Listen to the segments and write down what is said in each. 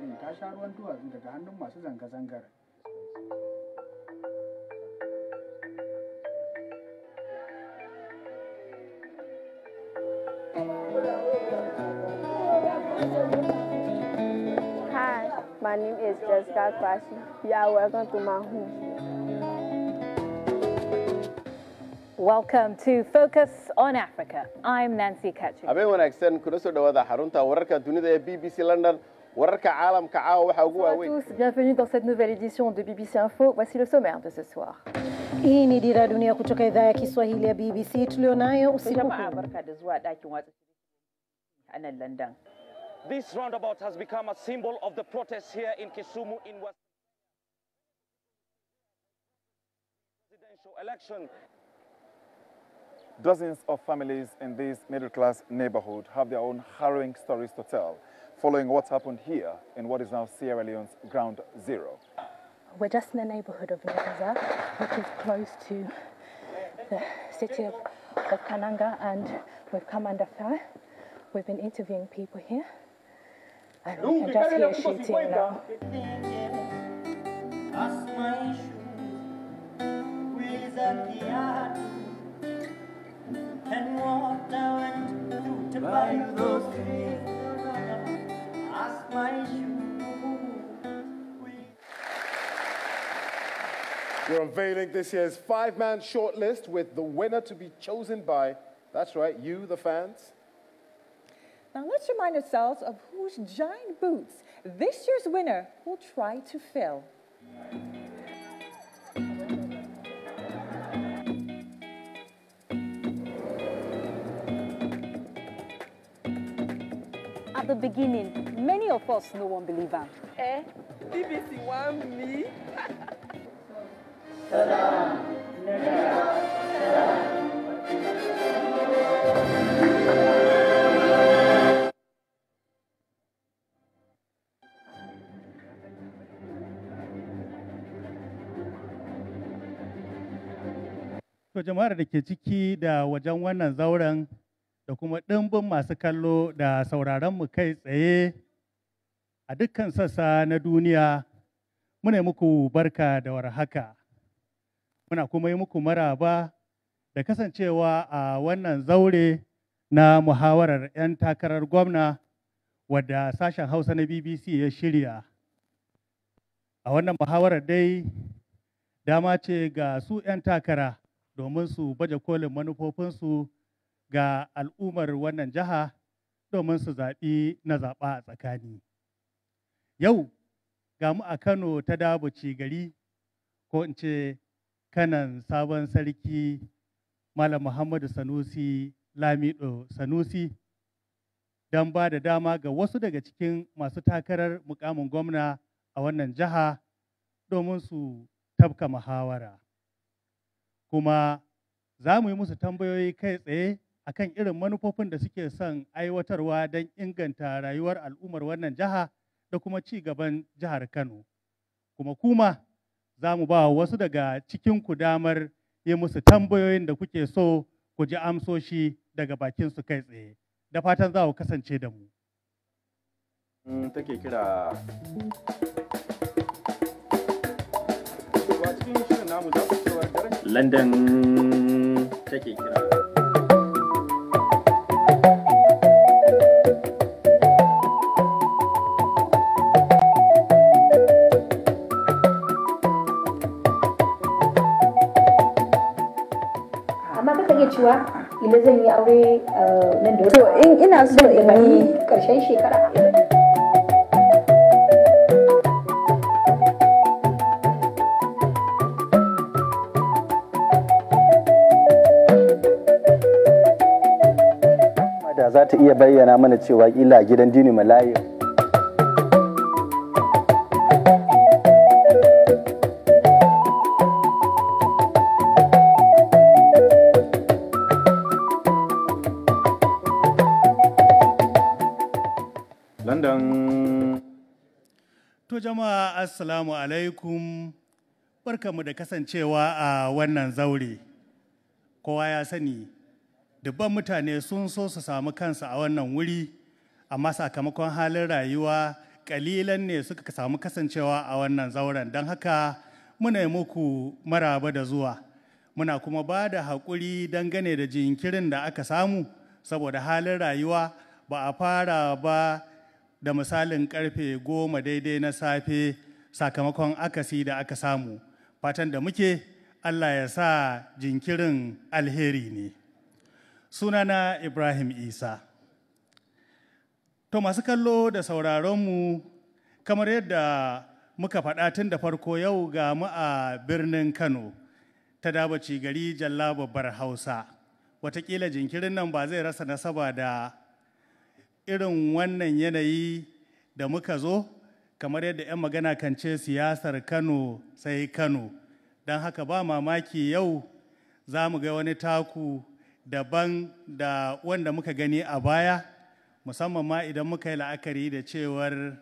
din ta sha ruwan duwatsu daga hannun masu zanga-zangar Hi, my name is Jessica Kwashi. You are welcome to my home. Welcome to Focus on Africa. I'm Nancy Kachi. Habeen wanaagsan kuna soo dhawaada to wararka dunida ee BBC London. Bonjour à tous. bienvenue dans cette nouvelle édition de BBC Info voici le sommaire de ce soir This roundabout has become a symbol of the protests here in Kisumu in West presidential election Dozens of families in this middle class neighborhood have their own harrowing stories to tell following what's happened here in what is now Sierra Leone's ground zero. We're just in the neighborhood of Nyaza, which is close to the city of, of Kananga, and we've come under fire. We've been interviewing people here, and we can just hear shooting now. And went through to buy those trees. We're unveiling this year's five-man shortlist with the winner to be chosen by, that's right, you, the fans. Now let's remind ourselves of whose giant boots this year's winner will try to fill. at the beginning, many of us no one believer. am. Eh? BBC wan me. Salam. Salam. To jama'ar da ke ciki da wajen wannan zauren da kuma ɗimbin masu kallo da sauraronmu kai tsaye a dukkan sassa na duniya muna muku barka da warhaka muna kuma yi muku maraba da kasancewa a wannan zaure na muhawarar 'yan takarar gwamna wadda sashen hausa na bbc ya shirya a wannan muhawarar dai dama ce ga su 'yan takara domin su baje kolin manufofinsu ga al'ummar wannan jiha domin su zaɓi na zaɓa a tsakani. Yau ga mu a Kano ta dabuci gari ko in ce kanan sabon sarki Malam Muhammadu Sanusi Lamido Sanusi don ba da dama ga wasu daga cikin masu takarar mukamin gwamna a wannan jiha domin su tabka muhawara. Kuma za mu yi musu tambayoyi kai tsaye akan irin manufofin da suke son aiwatarwa don inganta rayuwar al'ummar wannan jiha da kuma ci gaban jihar Kano. Kuma kuma za mu ba wasu daga cikinku damar yi musu tambayoyin da kuke so ku ji amsoshi daga bakin su kai tsaye. Da fatan za ku kasance da mu. Mm, take kira London take kira cewa ila zan yi aure uh, nan da to in ina so in yi karshen shekara za ta iya bayyana mana cewa ila gidan dini malayu Assalamu alaikum, mu da kasancewa a wannan zaure. Kowa ya sani, dubban mutane sun so su samu kansu a wannan wuri, amma sakamakon halin rayuwa kalilan ne suka samu kasancewa a wannan zauren don haka muna yi muku maraba da zuwa. Muna kuma ba da haƙuri dangane da jinkirin da aka samu, saboda halin rayuwa ba a fara ba da misalin karfe goma daidai na safe sakamakon akasi da aka samu fatan da muke Allah ya sa jinkirin alheri ne sunana Ibrahim Isa to masu kallo da sauraronmu kamar yadda muka faɗa tun da farko yau ga mu a birnin Kano ta dabaci gari jalla babbar Hausa watakila jinkirin nan ba zai rasa nasaba da irin wannan yanayi da muka zo kamar yadda 'yan magana kan ce siyasar kano sai kano don haka ba mamaki yau za mu ga wani taku daban da wanda muka gani a baya musamman ma idan muka yi la'akari da cewar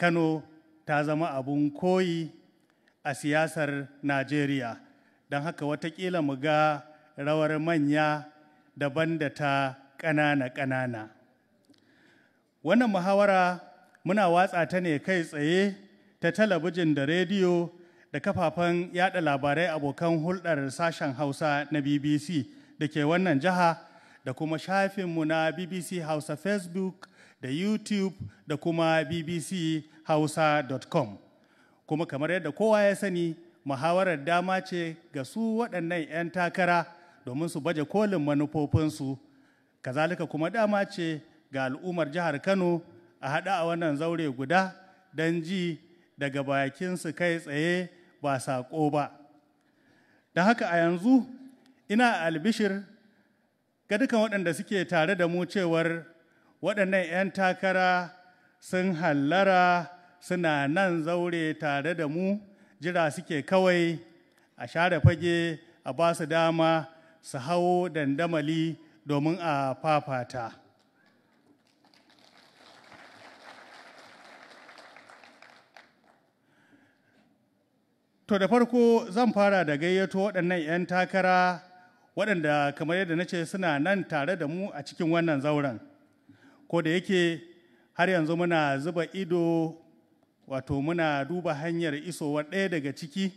kano ta zama abun koyi a siyasar najeriya don haka watakila mu ga rawar manya daban da ta ƙanana-ƙanana wannan muhawara muna watsa ta ne kai tsaye ta talabijin da rediyo da kafafen yada labarai abokan hulɗar sashen hausa na bbc da ke wannan jiha da kuma shafinmu na bbc hausa facebook da youtube da kuma bbc hausa.com kuma kamar yadda kowa ya sani muhawarar dama ce ga su waɗannan 'yan takara domin su baje kolin manufofinsu kazalika kuma dama ce ga al'ummar jihar kano a haɗa a wannan zaure guda don ji daga su kai tsaye ba saƙo ba da haka a yanzu ina albishir ga dukan waɗanda suke tare da mu cewar waɗannan 'yan takara sun hallara suna nan zaure tare da mu jira suke kawai a share fage a ba su dama su hau dandamali domin a fafata. To da farko zan fara da gayyato waɗannan 'yan takara waɗanda kamar yadda na ce suna nan tare da mu a cikin wannan zauren. Ko da yake har yanzu muna zuba ido wato muna duba hanyar isowa ɗaya daga ciki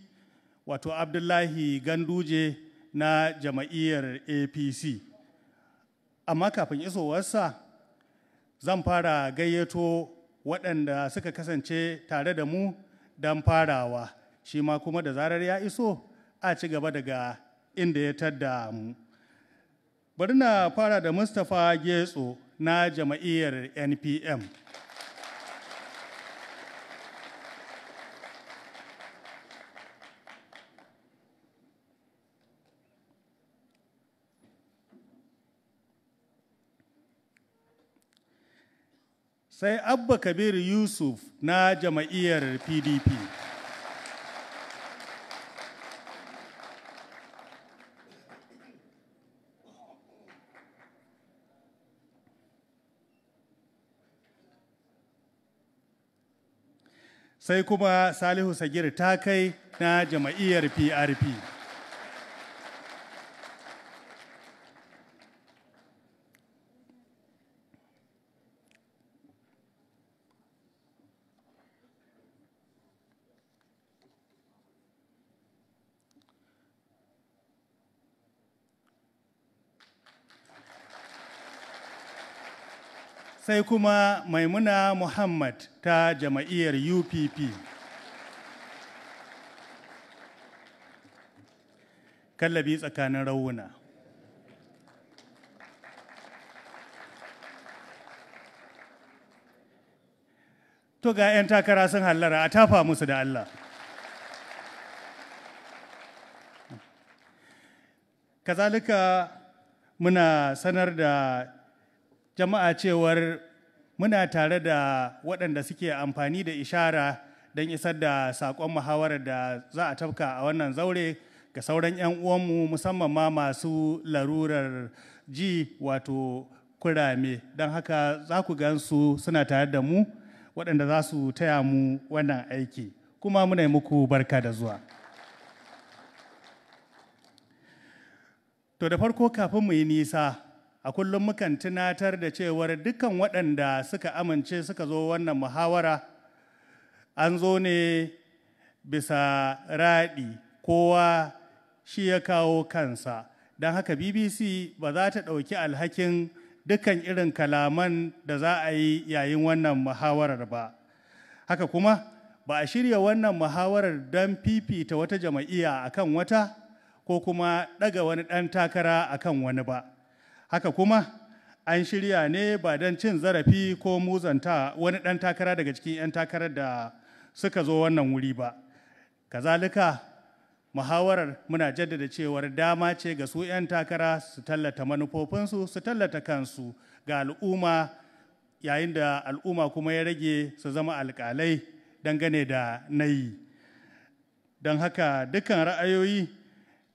wato Abdullahi Ganduje na jama'iyyar APC. Amma kafin isowarsa zan fara gayyato waɗanda suka kasance tare da mu don farawa. shi ma kuma da zarar ya iso a ci gaba daga inda ya tadda mu bari na fara da mustapha getso na jama'iyyar npm sai abba kabir yusuf na jama'iyyar pdp sai kuma Salihu Sagir ta kai na jama'iyyar PRP. sai kuma maimuna muhammad ta jama'iyyar upp kallabi tsakanin rauna to ga 'yan takara sun hallara a tafa musu da allah kazalika muna sanar da jama'a cewar muna tare da waɗanda suke amfani da ishara don isar da saƙon muhawarar da za a tafka a wannan zaure ga sauran 'yan uwanmu musamman ma masu larurar ji wato kurame don haka za ku gansu suna tare da mu waɗanda za su taya mu wannan aiki kuma muna muku barka da zuwa to da farko kafin mu yi nisa a kullum mukan tunatar da cewar dukkan waɗanda suka amince suka zo wannan muhawara an zo ne bisa raɗi kowa shi ya kawo kansa don haka bbc ba za ta ɗauki alhakin dukkan irin kalaman da za a yi yayin wannan muhawarar ba haka kuma ba a shirya wannan muhawarar don fifita wata jama'iyya akan wata ko kuma ɗaga wani ɗan takara akan wani ba haka kuma an shirya ne ba don cin zarafi ko muzanta wani ɗan takara daga cikin 'yan takarar da suka zo wannan wuri ba kazalika muhawarar muna jaddada cewar dama ce ga su 'yan takara su tallata manufofinsu su tallata kansu ga al'umma yayin da al'umma kuma ya rage su zama alƙalai dangane da nayi don haka dukkan ra'ayoyi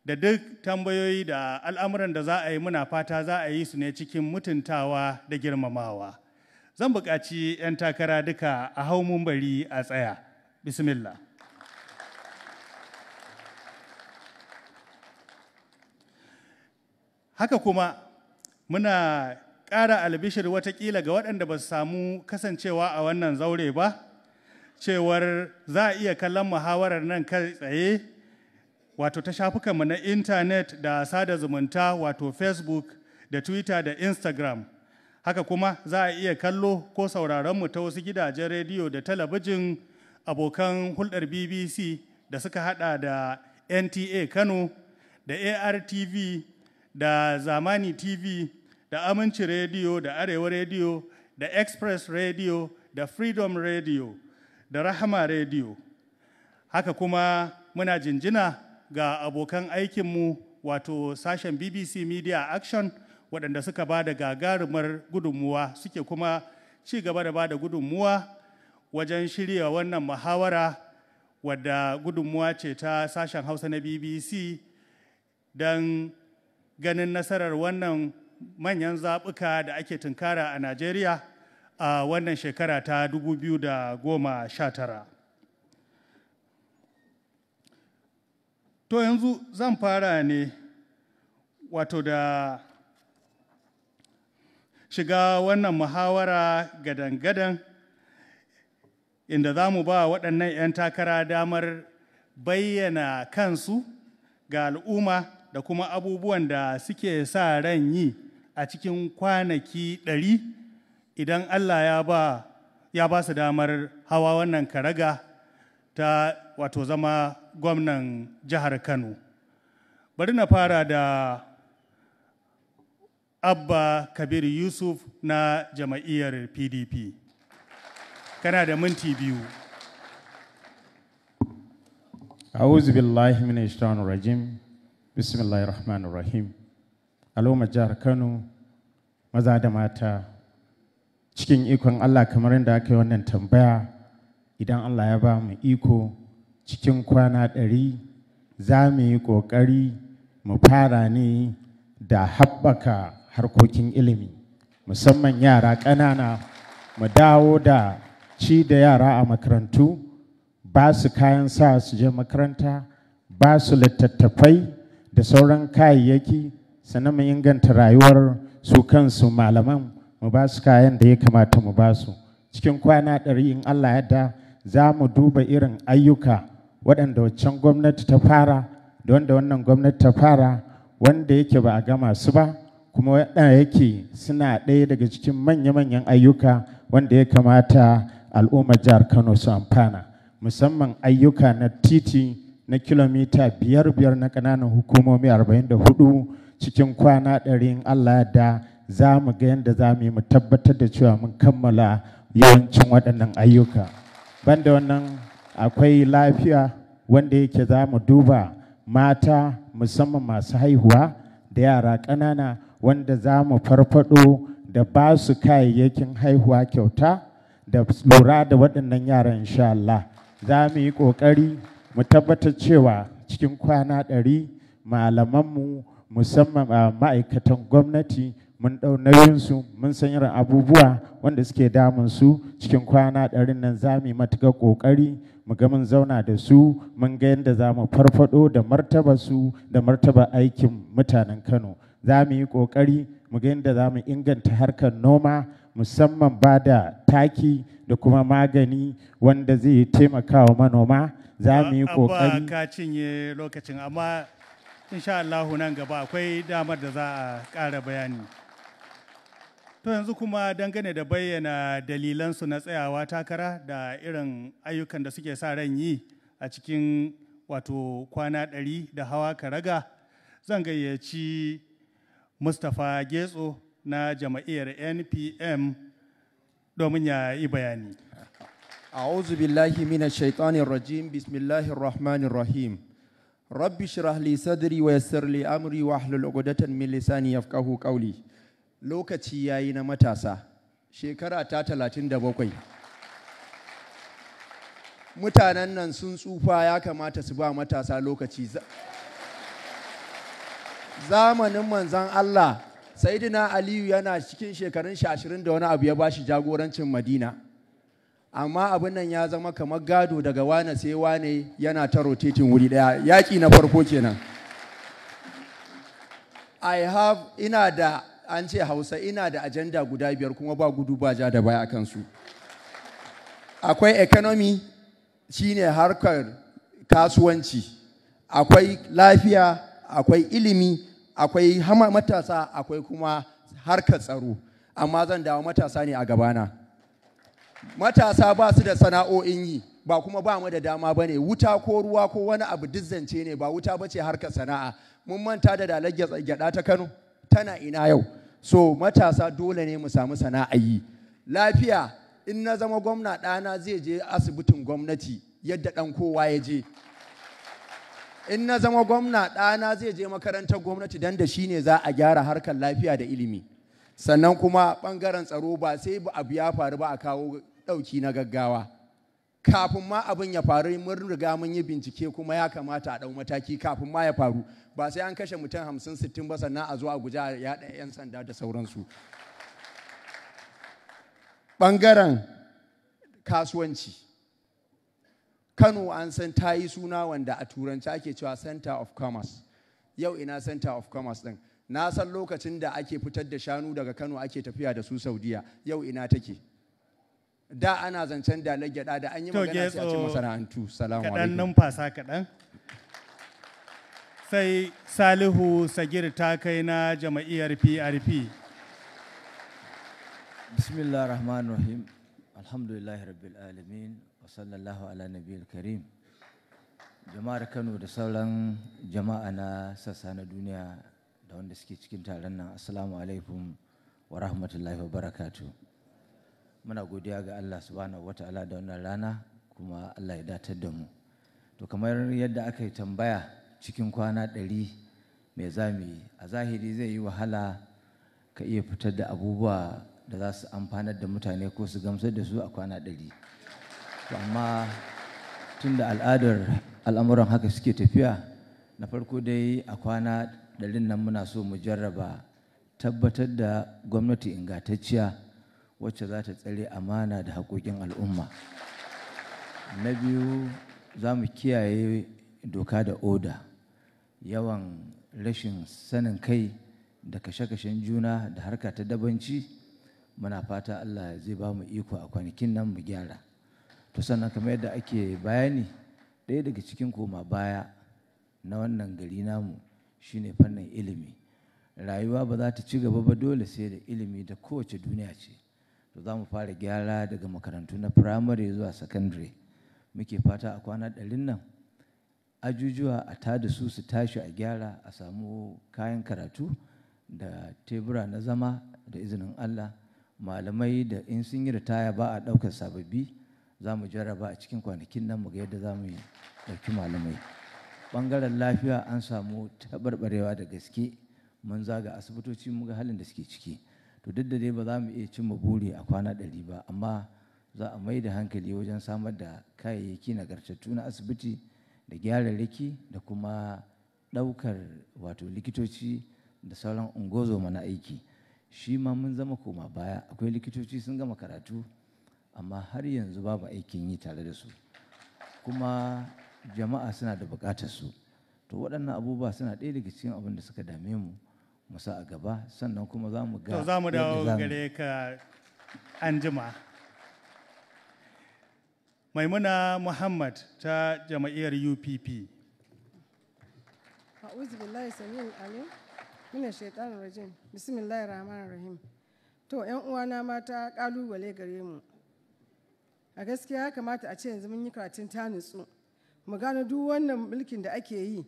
da duk tambayoyi da al'amuran da za a yi muna fata za a yi su ne cikin mutuntawa da girmamawa. Zan buƙaci 'yan takara duka a hau mumbari a tsaya. Bismillah. Haka kuma muna ƙara albishir watakila ga waɗanda ba su samu kasancewa a wannan zaure ba, cewar za a iya kallon muhawarar nan kai tsaye wato ta shafukanmu na intanet da sada zumunta wato facebook da twitter da instagram haka kuma za a iya kallo ko mu ta wasu gidajen rediyo da talabijin abokan hulɗar bbc da suka hada da nta kano da artv da zamani tv da aminci rediyo da arewa rediyo da express rediyo da freedom rediyo da rahama rediyo haka kuma muna jinjina ga abokan aikinmu wato sashen BBC Media Action waɗanda suka ba da gagarumar gudunmuwa suke kuma ci gaba da ba da gudunmuwa wajen shirya wannan muhawara wadda gudunmuwa ce ta sashen Hausa na BBC don ganin nasarar wannan manyan zaɓuka da ake tunkara a Najeriya a wannan shekara ta 2019. To yanzu zan fara ne wato da shiga wannan muhawara gadan-gadan inda za mu ba waɗannan 'yan takara damar bayyana kansu ga al'umma da kuma abubuwan da suke sa ran yi a cikin kwanaki ɗari idan Allah ya ba ya ba su damar hawa wannan karaga ta wato zama gwamnan jihar Kano. Bari na fara da Abba Kabir Yusuf na jama'iyyar PDP. Kana da minti biyu. أعوذ billahi من الشيطان rajim. Bismillahir rahmanir rahim. الرحيم jihar kano maza da mata cikin ikon allah kamar inda aka yi wannan tambaya idan allah ya ba mu iko cikin kwana ɗari za mu yi ƙoƙari mu fara ne da haɓaka harkokin ilimi musamman yara ƙanana mu dawo da ci da yara a makarantu ba su kayan sa su je makaranta ba su littattafai da sauran kayayyaki sannan mu inganta rayuwar su kansu malaman mu ba su kayan da ya kamata mu ba su cikin kwana ɗari in allah yadda za mu duba irin ayyuka waɗanda waccan gwamnati ta fara da wanda wannan gwamnati ta fara wanda yake ba a gama su ba kuma waɗanda yake suna ɗaya daga cikin manya-manyan ayyuka wanda ya kamata al'ummar jihar kano su amfana musamman ayyuka na titi na kilomita biyar biyar na ƙananan hukumomi 44 cikin kwana ɗari in allah da za mu ga yadda za mu yi mu tabbatar da cewa mun kammala yawancin waɗannan ayyuka banda wannan akwai lafiya wanda yake za mu duba mata musamman masu haihuwa da yara ƙanana wanda za mu farfado da ba su kayayyakin haihuwa kyauta da lura da waɗannan yaran insha Allah za mu yi ƙoƙari mu tabbatar cewa cikin kwana ɗari malamanmu musamman a ah, ma'aikatan gwamnati mun ɗau nauyinsu mun san irin abubuwa wanda suke damunsu su cikin kwana ɗarin nan za mu yi matuƙar ƙoƙari mu ga mun zauna da su mun ga yadda za mu farfado da martaba su da martaba aikin mutanen Kano za mu yi ƙoƙari mu ga yadda za mu inganta harkar noma musamman ba da taki da kuma magani wanda zai taimaka wa manoma za mu yi ƙoƙari ka cinye lokacin amma insha Allah nan gaba akwai damar da za a ƙara bayani To yanzu kuma dangane da bayyana dalilansu na tsayawa takara da irin ayyukan da suke sa ran yi a cikin wato kwana ɗari da hawa karaga zan gayyaci Mustapha Getso na jama'iyyar NPM domin ya yi bayani. A'udhu billahi mina shaitanir rajim bismillahir rahmanir rahim rabbi shirahli li sadri wa yassir li wa ahlul 'uqdatan ya fi yafqahu qawli lokaci ya yi na matasa shekara ta talatin da mutanen nan sun tsufa ya kamata su ba matasa lokaci zamanin manzan Allah Saidina Aliyu yana cikin shekarun shi ashirin da wani abu ya ba shi jagorancin Madina amma abin nan ya zama kamar gado daga wane sai wane yana ta rotating wuri daya. yaƙi na farko kenan I have ina da an ce hausa ina da ajanda guda biyar kuma ba gudu ba ja da baya a kansu akwai economy shine harkar kasuwanci akwai lafiya akwai ilimi akwai hama matasa akwai kuma harkar tsaro amma zan dawo matasa ne a gabana matasa ba su da sana'o'in yi ba kuma ba mu da dama ba ne wuta ko ruwa ko wani abu duk zance ne ba wuta ba ce harkar sana'a mun manta da dalar gyada ta kano tana ina yau so matasa dole ne mu samu sana'a yi lafiya in na zama gwamna ɗana zai je asibitin gwamnati yadda ɗan kowa ya je in na zama gwamna ɗana zai je makarantar gwamnati don da shi ne za a gyara harkar lafiya da ilimi sannan kuma ɓangaren tsaro ba sai abu ya faru ba a kawo ɗauki na gaggawa kafin ma abin ya faru mun riga mun yi bincike kuma ya kamata a dau mataki kafin ma ya faru ba sai an kashe mutum hamsin sittin ba sannan a zo a guja ya 'yan sanda da sauransu ɓangaren kasuwanci kano an san ta yi suna wanda a turanci ake cewa center of commerce yau ina center of commerce ɗin na san lokacin da ake fitar da shanu daga kano ake tafiya da su saudiya yau ina take da ana zancen dalar gyada da an yi magana sai a ce masana'antu salamu kaɗan numfasa kaɗan sai salihu sagir ta kai na jama'iyyar prp bismillah rahman rahim alhamdulillah rabbil alamin wa sallallahu ala nabiyil karim jama'ar kano da sauran jama'a na sassa na duniya da wanda suke cikin taron nan assalamu alaikum wa rahmatullahi wa barakatuh muna godiya ga Allah subhanahu wata'ala da wannan rana kuma Allah ya datar da mu to kamar yadda aka yi tambaya cikin kwana ɗari mai zami a zahiri zai yi wahala ka iya fitar da abubuwa da za su amfanar da mutane ko su gamsar da su a kwana ɗari amma tun da al'adar al'amuran haka suke tafiya na farko dai a kwana ɗarin nan muna so mu jarraba tabbatar da gwamnati ingantacciya wacce za ta tsare amana da haƙoƙin al'umma na biyu za mu kiyaye doka da oda yawan rashin sanin kai da kashe-kashen juna da harka ta dabanci muna fata allah zai ba mu iko a kwanakin nan mu gyara to sannan kamar yadda ake bayani ɗaya daga cikin koma baya na wannan gari namu shine fannin ilimi rayuwa ba za ta ci gaba ba dole sai da ilimi da kowace duniya ce to za mu fara gyara daga makarantu na firamare zuwa sakandare muke fata a kwana ɗarin nan ajujuwa a ta-da su su tashi a gyara a samu kayan karatu da tebura na zama da izinin allah malamai da in sun yi ritaya ba a ɗaukar sababbi za mu jarraba a cikin kwanakin nan mu ga yadda za mu yi ɗauki malamai ɓangaren lafiya an samu taɓarɓarewa da gaske mun zaga asibitoci mun ga halin da suke ciki to duk da dai ba za mu iya cimma buri a kwana ɗari ba amma za a mai da hankali wajen samar da kayayyaki nagartattu na asibiti da gyararraki da kuma ɗaukar wato likitoci da sauran ungozoma na aiki shi ma mun zama koma baya akwai likitoci sun gama karatu amma har yanzu babu aikin yi tare da su kuma jama'a suna da bukatar su to waɗannan abubuwa suna ɗaya daga cikin abin da suka dame mu mu a gaba sannan kuma za mu ga za mu dawo gare ka an jima maimuna muhammad ta jama'iyyar upp a'udhu billahi samiul alim mina shaitanir rajim bismillahir rahmanir rahim to yan uwana mata kalubale gare mu a gaskiya ya kamata a ce yanzu mun yi karatun ta nutsu mu gano duk wannan mulkin da ake yi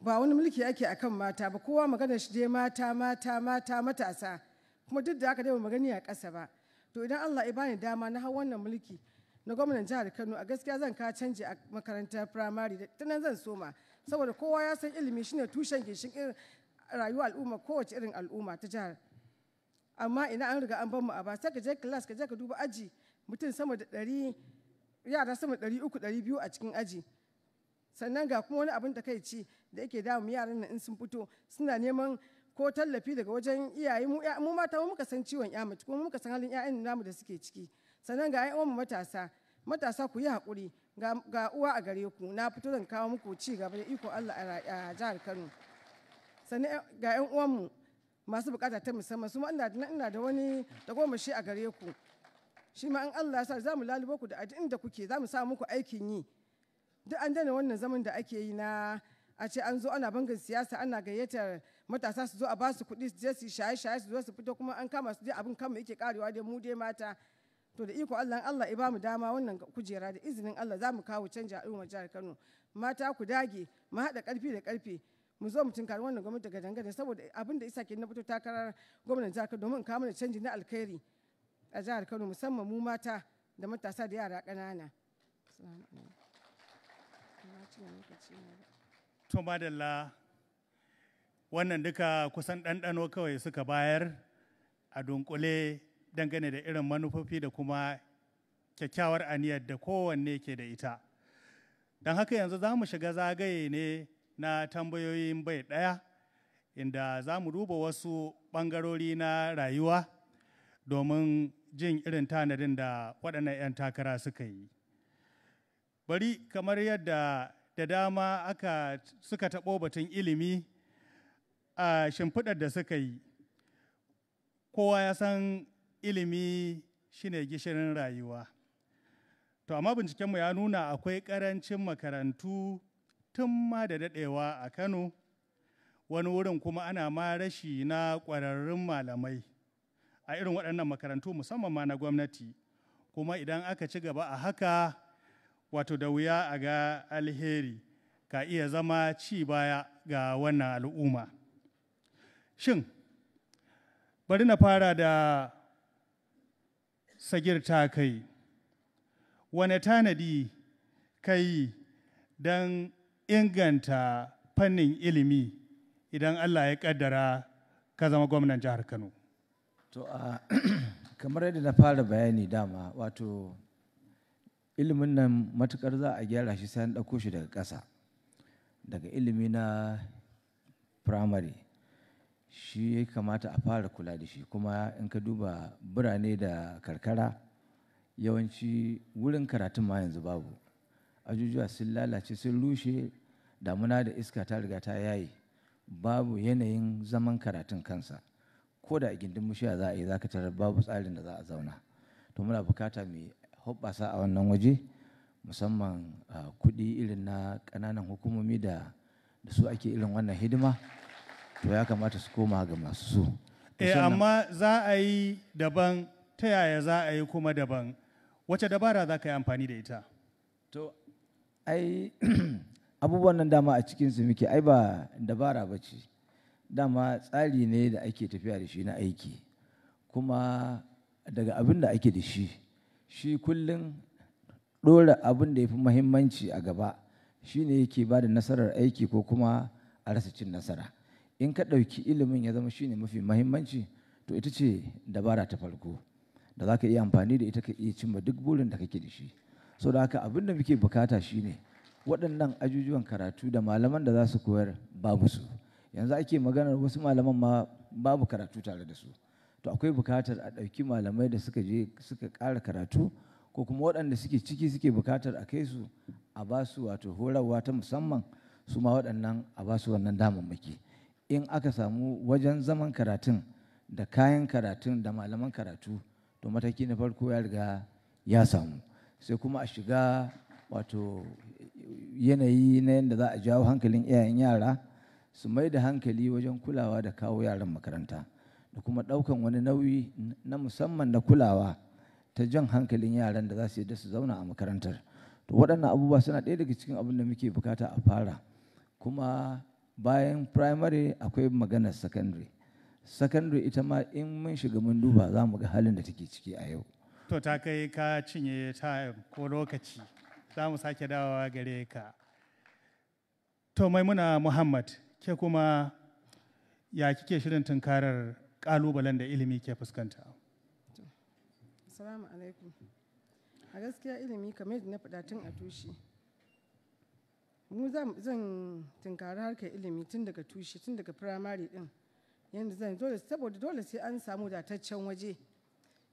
ba wani mulki ake a kan mata ba kowa magana shi dai mata mata mata matasa kuma duk da aka dai magani a kasa ba to idan Allah ya bani dama na hau wannan mulki na gwamnan jihar Kano a gaskiya zan ka canji a makarantar firamare da tunan zan soma saboda kowa ya san ilimi shine tushen gishin rayuwa al'umma kowace irin al'umma ta jihar amma ina an riga an ban mu a ba sai ka je class ka je ka duba aji mutum sama da ɗari yara sama da ɗari uku a cikin aji sannan ga kuma wani abin takaici da yake damu yaran nan in sun fito suna neman ko tallafi daga wajen iyaye mu mu mata mu muka san ciwon ya mace kuma muka san halin ƴaƴan namu da suke ciki sannan ga ƴan matasa matasa ku yi hakuri ga uwa a gare ku na fito zan kawo muku ci gaba da iko Allah a jihar Kano sannan ga ƴan mu masu bukata ta musamman su ma ina da wani tagomashi a gare ku shi ma in Allah ya sa za mu lalubo ku da inda kuke za mu samu muku aikin yi duk an dana wannan zaman da ake yi na a ce an zo ana bangar siyasa ana gayyatar matasa su zo a ba su kuɗi su je su shaye-shaye su zo su fito kuma an kama su je abin kama yake karewa dai mu dai mata to da iko Allah Allah iba bamu dama wannan kujera da izinin Allah za mu kawo canji a irin jihar Kano mata ku dage mu haɗa ƙarfi da ƙarfi mu zo mu tunkari wannan gwamnati daga dangane saboda abin da isa ke na fito takarar gwamnan jihar Kano domin kawo mana canji na alkhairi a jihar Kano musamman mu mata da matasa da yara ƙanana. To madalla wannan duka kusan ɗanɗano kawai suka bayar a dunkule dangane da irin manufofi da kuma kyakkyawar aniyar da kowanne ke da ita. Don haka yanzu za mu shiga zagaye ne na tambayoyin bai ɗaya inda za mu duba wasu ɓangarori na rayuwa domin jin irin tanadin da waɗannan 'yan takara suka yi. bari kamar yadda da dama aka suka taɓo batun ilimi a shimfiɗar da suka yi kowa ya san ilimi shine gishirin rayuwa to amma mu ya nuna akwai ƙarancin makarantu tun ma da daɗewa a kano wani wurin kuma ana ma rashi na ƙwararrun malamai a irin waɗannan makarantu musamman ma na gwamnati kuma idan aka ci gaba a haka wato da wuya a ga alheri ka iya zama ci baya ga wannan al'umma shin bari na fara da sagir ta kai wane tanadi kai don inganta fannin ilimi idan allah ya kaddara ka zama gwamnan jihar kano to kamar yadda na fara bayani dama wato ilimin nan matukar za a gyara shi sai an ɗauko shi daga ƙasa daga ilimi na firamare shi ya kamata a fara kula da shi kuma in ka duba birane da karkara yawanci wurin karatun ma yanzu babu ajujuwa sun lalace sun rushe damuna da iska ta riga ta yayi babu yanayin zaman karatun kansa ko da a gindin mushiya za a yi za ka tarar babu tsarin da za a zauna to muna bukata mai hoɓɓasa a wannan waje musamman kuɗi irin na ƙananan hukumomi da da su ake irin wannan hidima to ya kamata su koma ga masu su. Eh amma za a yi daban ta yaya za a yi kuma daban wace dabara za ka yi amfani da ita? To ai abubuwan nan dama a cikin su muke ai ba dabara ba ce dama tsari ne da ake tafiya da shi na aiki kuma daga abin da ake da shi shi kullum ɗora abin da ya fi muhimmanci a gaba shi ne yake ba da nasarar aiki ko kuma a rasa cin nasara in ka ɗauki ilimin ya zama shi ne mafi muhimmanci to ita ce dabara ta farko da za ka iya amfani da ita ka iya cimma duk burin da kake da shi so da haka abin da muke bukata shi ne waɗannan ajujuwan karatu da malaman da za su koyar babu su yanzu ake maganar wasu malaman ma babu karatu tare da su to akwai bukatar a ɗauki malamai da suka je suka ƙara karatu ko kuma waɗanda suke ciki suke bukatar a kai su a ba su wato horarwa ta musamman su ma waɗannan a ba su wannan damammaki in aka samu wajen zaman karatun da kayan karatun da malaman karatu to mataki na farko ya riga ya samu sai kuma a shiga wato yanayi na yadda za a jawo hankalin iyayen yara su mai da hankali wajen kulawa da kawo yaran makaranta da kuma ɗaukan wani nauyi na musamman na kulawa ta jan hankalin yaran da za su da su zauna a makarantar to waɗannan abubuwa suna ɗaya daga cikin abin da muke bukata a fara kuma bayan primary akwai maganar secondary secondary ita ma in mun shiga mun duba za mu ga halin da take ciki a yau to ta kai ka cinye ta ko lokaci za mu sake dawowa gare ka to maimuna muhammad ke kuma ya kike shirin tunkarar kalubalen da ilimi ke fuskanta assalamu alaikum a gaskiya ilimi kamar yadda na faɗa tun a tushe mu zan tunkari harkar ilimi tun daga tushe tun daga firamare din yadda zan dole saboda dole sai an samu dataccen waje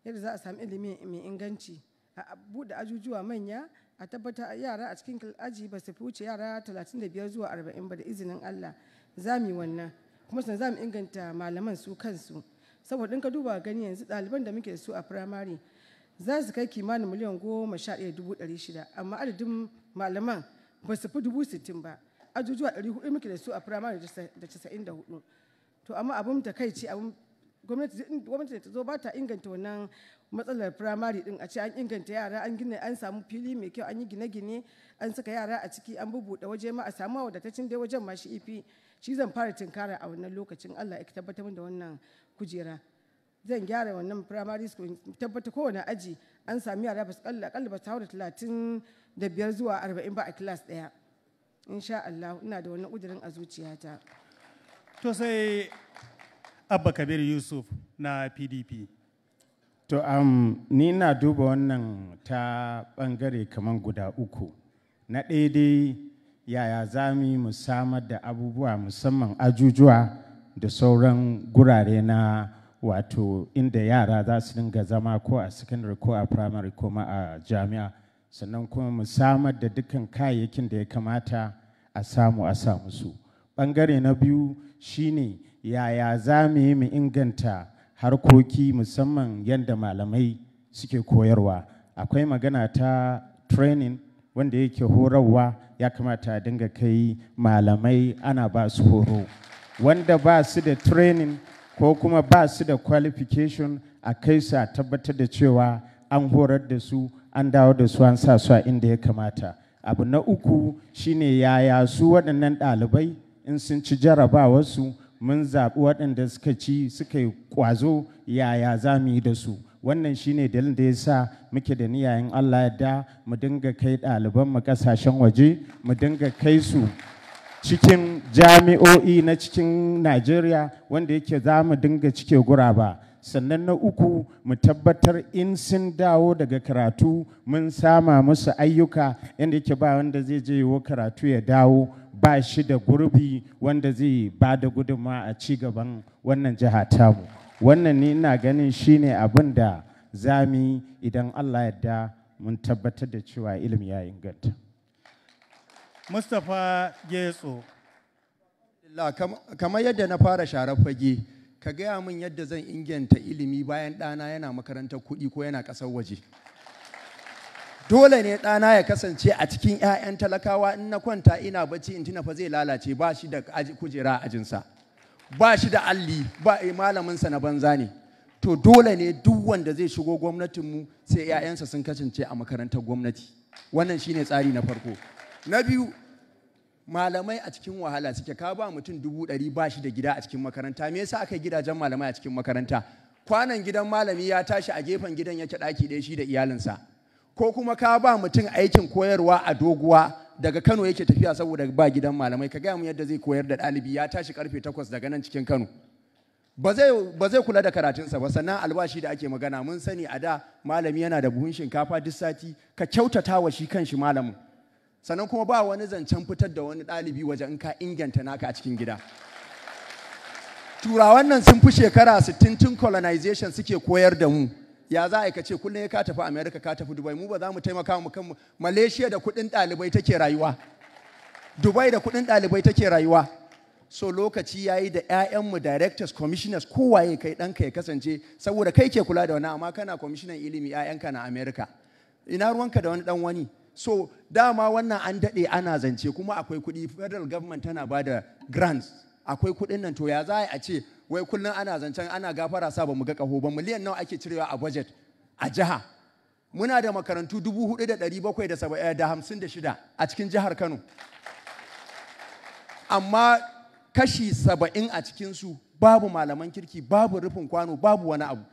yadda za a samu ilimi mai inganci a buɗe ajujuwa manya a tabbatar yara a cikin aji ba su wuce yara talatin da biyar zuwa arba'in ba da izinin Allah za mu yi wannan kuma sun za inganta malaman su kansu saboda in ka duba gani yanzu ɗaliban da muke da su a firamare za su kai kimanin miliyan goma sha ɗaya dubu ɗari shida amma adadin malaman ba su fi dubu sittin ba ajujuwa ɗari hudu muke da su a firamare da casa'in da hudu to amma abin takaici abin gwamnati ta zo ba ta inganta wannan matsalar firamare din a ce an inganta yara an gina an samu fili mai kyau an yi gine-gine an saka yara a ciki an bubuɗe waje ma a samu wadataccen dai wajen ma shi ifi e shi zan fara tinkara a wannan lokacin Allah ya tabbatar da wannan kujera zan gyara wannan primary school tabbata kowane aji an sami yara ba su kalla ba su talatin da biyar zuwa arba'in ba a kilas ɗaya insha Allah ina da wannan ƙudurin a zuciyata to sai abba kabir yusuf na pdp to um, ni na duba wannan ta bangare kamar guda uku na ɗaya dai yaya za mu yi mu samar da abubuwa musamman ajujuwa da sauran gurare na wato inda yara za su dinga zama ko a secondary ko a primary ko ma a jami'a sannan kuma mu samar da dukkan kayayyakin da ya kamata a samu a sa musu. Bangare na biyu shine yaya za mu yi mu inganta harkoki musamman yadda malamai suke koyarwa akwai magana ta training wanda yake horarwa ya kamata a dinga kai malamai ana ba su horo wanda ba su da training ko kuma ba su da qualification a kai su a tabbatar da cewa an horar da su an dawo da su an sa su a inda ya kamata abu na uku shine yaya su waɗannan ɗalibai in sun ci jarabawarsu mun zaɓi waɗanda suka ci suka yi ƙwazo yaya za mu yi da su wannan shine dalilin da ya sa muke da niyayen Allah ya da mu dinga kai ɗaliban mu ƙasashen waje mu dinga kai su cikin jami'o'i na cikin Najeriya wanda yake za mu dinga cike gura ba sannan na uku mu tabbatar in sun dawo daga karatu mun sama musu ayyuka inda yake ba wanda zai je yiwo karatu ya dawo ba shi da gurbi wanda zai ba da gudunmawa a ci gaban wannan jiha tamu. wannan ni ina ganin shine abin da za mu yi idan allah yadda mun tabbatar da cewa ilimi ya inganta mustapha getso kamar yadda na fara sharar fage ka gaya min yadda zan inganta ilimi bayan ɗana yana makarantar kuɗi ko yana ƙasar waje dole ne ɗana ya kasance a cikin 'ya'yan talakawa in na kwanta ina bacci in tuna fa zai lalace ba shi da kujera a ajinsa ba shi da alli ba eh, malaminsa na banza ne to dole ne duk wanda zai shigo gwamnatin mu sai 'ya'yansa sun kasance a makarantar gwamnati wannan shine tsari na farko na biyu malamai a cikin wahala suke ka ba mutum dubu ɗari ba shi da gida a cikin makaranta me yasa aka gidajen malamai a cikin makaranta kwanan gidan malami ya tashi a gefen gidan yake ɗaki ɗaya shi da iyalinsa ko kuma ka ba mutum aikin koyarwa a doguwa daga Kano yake tafiya saboda ba gidan malamai ka gaya mu yadda zai koyar da ɗalibi ya tashi karfe takwas daga nan cikin Kano ba zai kula da karatunsa ba sannan albashi da ake magana mun sani a da malami yana da buhun shinkafa duk sati ka kyautata wa shi kanshi malamin sannan kuma ba wani zancen fitar da wani ɗalibi waje in ka inganta naka a cikin gida turawan nan sun fi shekara 60 tun colonization suke koyar da mu ya za a ce kullum ka tafi america ka tafi dubai mu ba za mu taimaka mu kanmu malaysia da kuɗin ɗalibai take rayuwa dubai da kuɗin ɗalibai take rayuwa so lokaci ya yi da 'ya'yanmu directors commissioners ya kai ɗanka ya kasance saboda kai ke kula da wani amma kana commissioner ilimi 'ya'yanka na america ina ruwanka da wani dan wani so dama wannan an daɗe ana zance kuma akwai kuɗi federal government tana bada da grants akwai kuɗin nan to ya za a ce wai kullum ana zancen ana gafara sa ba mu ga kaho ba miliyan nawa ake cirewa a budget a jiha muna da makarantu dubu eh, shida a cikin jihar Kano amma kashi saba'in a cikin su babu malaman kirki babu rufin kwano babu wani abu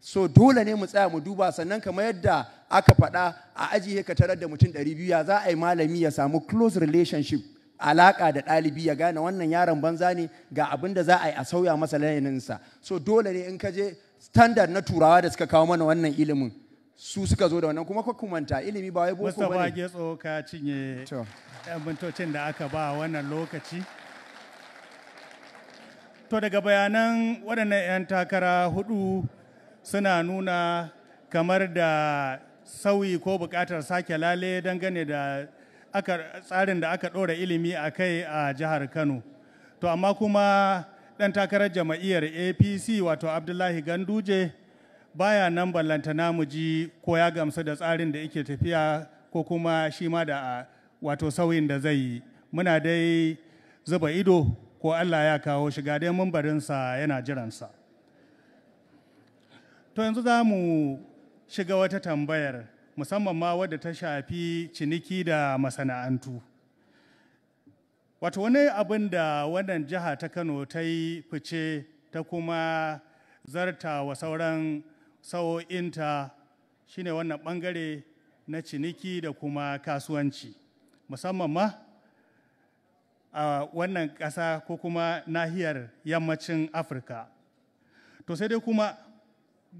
so dole ne mu tsaya mu duba sannan kamar yadda aka faɗa a ajiye ka tarar da mutum ɗari biyu ya za a yi malami ya samu close relationship alaƙa da ɗalibi ya gane wannan yaron banza ne ga abin da za a yi a sauya masa la'ininsa so dole ne in ka je standard na turawa da suka kawo mana wannan ilimin su suka zo da wannan kuma kumanta ilimi ba wai boko ba ne ka cinye ɗan da aka ba wannan lokaci to daga bayanan waɗannan 'yan takara hudu suna nuna kamar da sauyi ko buƙatar sake lale dangane da aka tsarin da aka ɗora ilimi a kai a jihar Kano. To amma kuma ɗan takarar jama'iyyar APC wato Abdullahi Ganduje baya nan ballanta mu ji ko ya gamsu da tsarin da yake tafiya ko kuma shi ma da wato sauyin da zai yi. Muna dai zuba ido ko Allah ya kawo shiga dai mambarinsa yana jiransa. To yanzu za mu shiga wata tambayar. musamman ma wadda ta shafi ciniki da masana'antu wato wani abin da wannan jiha ta kano ta yi fice ta kuma zarta wa sauran shi ne wannan bangare na ciniki da kuma kasuwanci musamman ma a wannan ƙasa ko kuma nahiyar yammacin afirka to sai dai kuma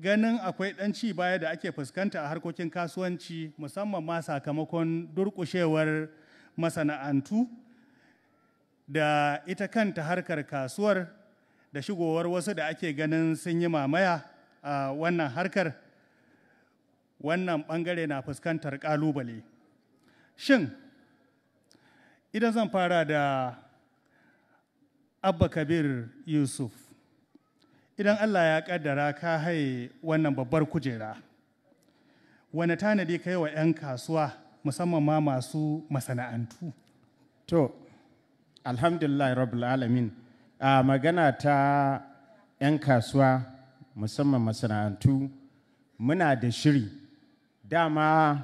ganin akwai ɗan ci baya da ake fuskanta a harkokin kasuwanci musamman ma sakamakon durƙushewar masana'antu da ita kanta harkar kasuwar da shigowar wasu da ake ganin sun yi mamaya a wannan harkar wannan ɓangare na fuskantar ƙalubale shin idan zan fara da abba kabir yusuf idan Allah ya kaddara ka haye wannan babbar kujera wane tanadi ka yi wa 'yan kasuwa musamman ma masu masana'antu to alhamdulillah rabbil alamin a magana ta 'yan kasuwa musamman masana'antu muna da shiri dama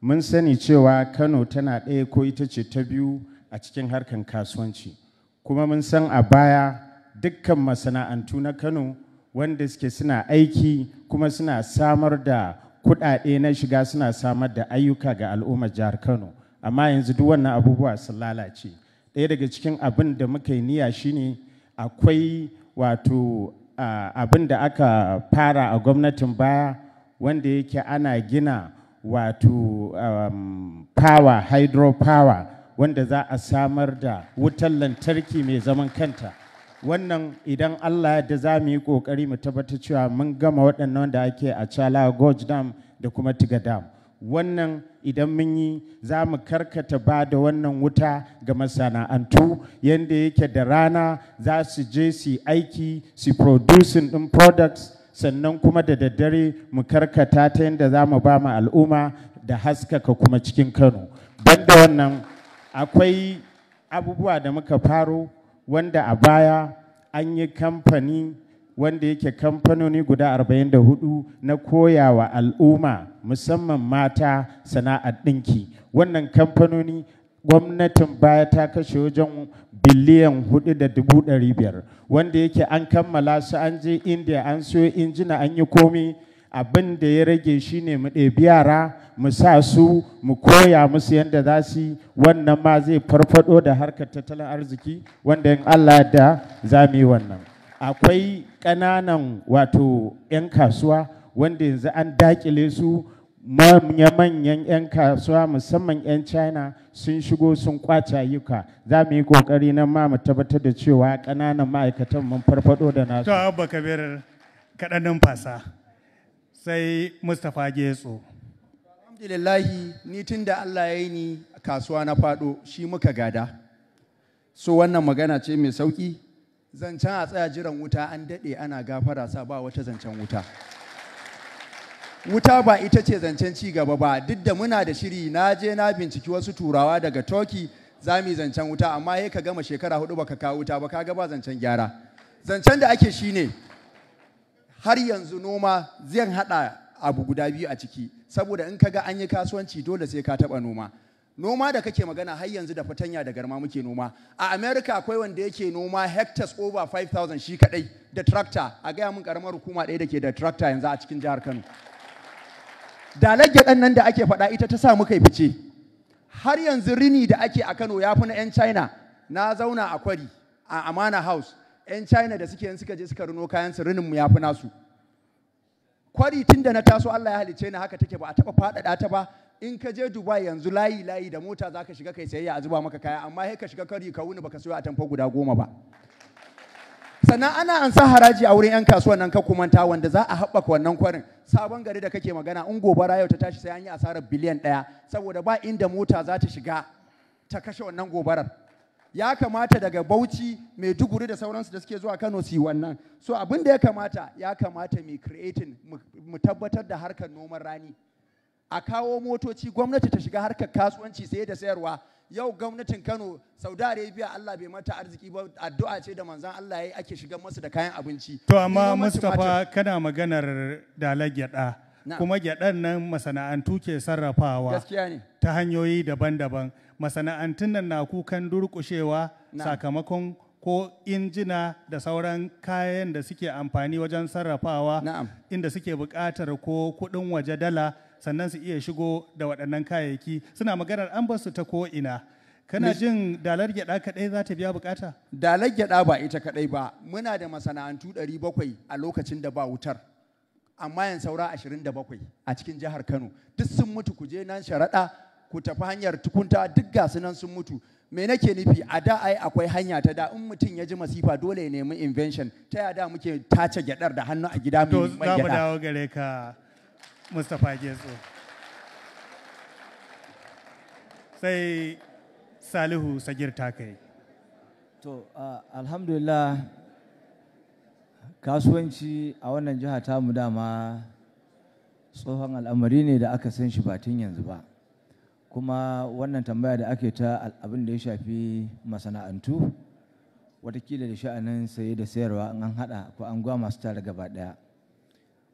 mun sani cewa kano tana ɗaya ko ita ce ta biyu a cikin harkan kasuwanci kuma mun san a baya dukkan masana'antu na Kano wanda suke suna aiki kuma suna samar da kuɗaɗe na shiga suna samar da ayyuka ga al'ummar jihar Kano amma yanzu duk wannan abubuwa sun lalace ɗaya daga cikin abin da muka yi niyya shine akwai wato abin da aka fara a gwamnatin baya wanda yake ana gina wato um, power power wanda za a samar da wutar lantarki mai zaman kanta wannan idan Allah ya da za mu yi ƙoƙari mu tabbatar cewa mun gama waɗannan da ake a Chala Gorge Dam da kuma Tiga Dam. Wannan idan mun yi za mu karkata ba da wannan wuta ga masana'antu yadda yake da rana za su je su aiki su producing ɗin products sannan kuma da daddare mu karkata ta yadda za mu ba mu al'umma da haskaka kuma cikin Kano. Banda wannan akwai abubuwa da muka faro wanda a baya an yi kamfani wanda yake kamfanoni guda 44 na koyawa al'umma musamman mata sana'ar ɗinki wannan kamfanoni gwamnatin baya ta kashe wajen biliyan hudu biyar wanda yake an kammala su an je india an siyo injina an yi komi abin da ya rage shi ne mu ɗebi yara mu sa su mu koya musu yadda za su wannan ma zai farfado da harkar tattalin arziki wanda in Allah da za mu yi wannan akwai ƙananan wato 'yan kasuwa wanda yanzu an dakile su manya-manyan 'yan kasuwa musamman 'yan china sun shigo sun kwace ayyuka za mu yi kokari nan ma mu tabbatar da cewa ƙananan ma'aikatan mun farfado da nasu ta abba sai Mustapha Getso. Alhamdulillah ni tun da Allah ya yi ni kasuwa na faɗo shi muka gada. So wannan magana ce mai sauƙi zancen a tsaya jiran wuta an daɗe ana gafara sa ba wata zancen wuta. Wuta ba ita ce zancen ci gaba ba duk da muna da shiri na je na binciki wasu turawa daga Turkey za mu yi zancen wuta amma ya ka gama shekara hudu baka kawo wuta ba ka gaba ba zancen gyara. Zancen da ake shi ne. har yanzu noma zai haɗa abu guda biyu a ciki saboda in ka ga an yi kasuwanci dole sai ka taɓa noma noma da kake magana har yanzu da fatanya da garma muke noma a america akwai wanda yake noma hectares over 5000 shi kadai da tractor a gaya mun karamar hukuma ɗaya da ke da tractor yanzu a cikin jihar kano da lagyaɗan nan da ake faɗa ita ta sa muka yi fice har yanzu rini da ake a kano ya fi na 'yan china na zauna a kwari a amana house 'yan china da suke suka je suka rino kayan su rininmu ya fi nasu kwari tun da na taso Allah ya halice ni haka take ba a taɓa faɗaɗa ta ba in ka je Dubai yanzu layi layi da mota za ka shiga kai sayayya a zuba maka kaya amma sai ka shiga kari ka wuni baka sayo a tamfa guda goma ba sannan ana ansa haraji a wurin 'yan kasuwan nan ka kumanta wanda za a haɓaka wannan kwarin sabon gari da kake magana in gobara yau ta tashi sai an yi asarar biliyan ɗaya saboda ba inda mota za ta shiga ta kashe wannan gobarar ya kamata daga Bauchi mai duguri da sauransu da suke zuwa Kano su yi wannan so abin da ya kamata ya kamata mai creating mu tabbatar da harkar noman rani a kawo motoci gwamnati ta shiga harkar kasuwanci saye da sayarwa yau gwamnatin Kano Saudi Arabia Allah bai mata arziki ba addu'a ce da manzan Allah yayi ake shiga masu da kayan abinci to amma Mustapha kana maganar dalar gyada kuma gyadan nan masana'antu ke sarrafawa gaskiya ne ta hanyoyi daban-daban masana'antun nan na kukan durƙushewa sakamakon ko injina da sauran kayan da suke amfani wajen sarrafawa inda suke buƙatar ko kuɗin waje dala sannan su iya shigo da waɗannan kayayyaki suna maganar an basu ta ko'ina kana jin dalar gyaɗa kaɗai za ta biya buƙata dalar gyaɗa ba ita kaɗai ba muna da masana'antu 700 a lokacin da ba wutar amma yan saura 27 a cikin jihar kano duk sun mutu kuje nan sharaɗa ku tafi hanyar tukunta duk gasu nan sun mutu me nake nufi a da ai akwai hanya ta da in mutum ya ji masifa dole ya nemi invention ta yada muke tace gyadar da hannu a gida mai gyada. mu dawo gare ka Mustapha Getso. Sai Salihu Sagir ta kai. To alhamdulillah kasuwanci a wannan jiha ta mu dama tsohon al'amari ne da aka san shi ba tun yanzu ba. kuma wannan tambaya da ake ta abin da ya shafi masana'antu watakila da sha'anin saye da sayarwa an haɗa ko an gwa masu tare gaba daya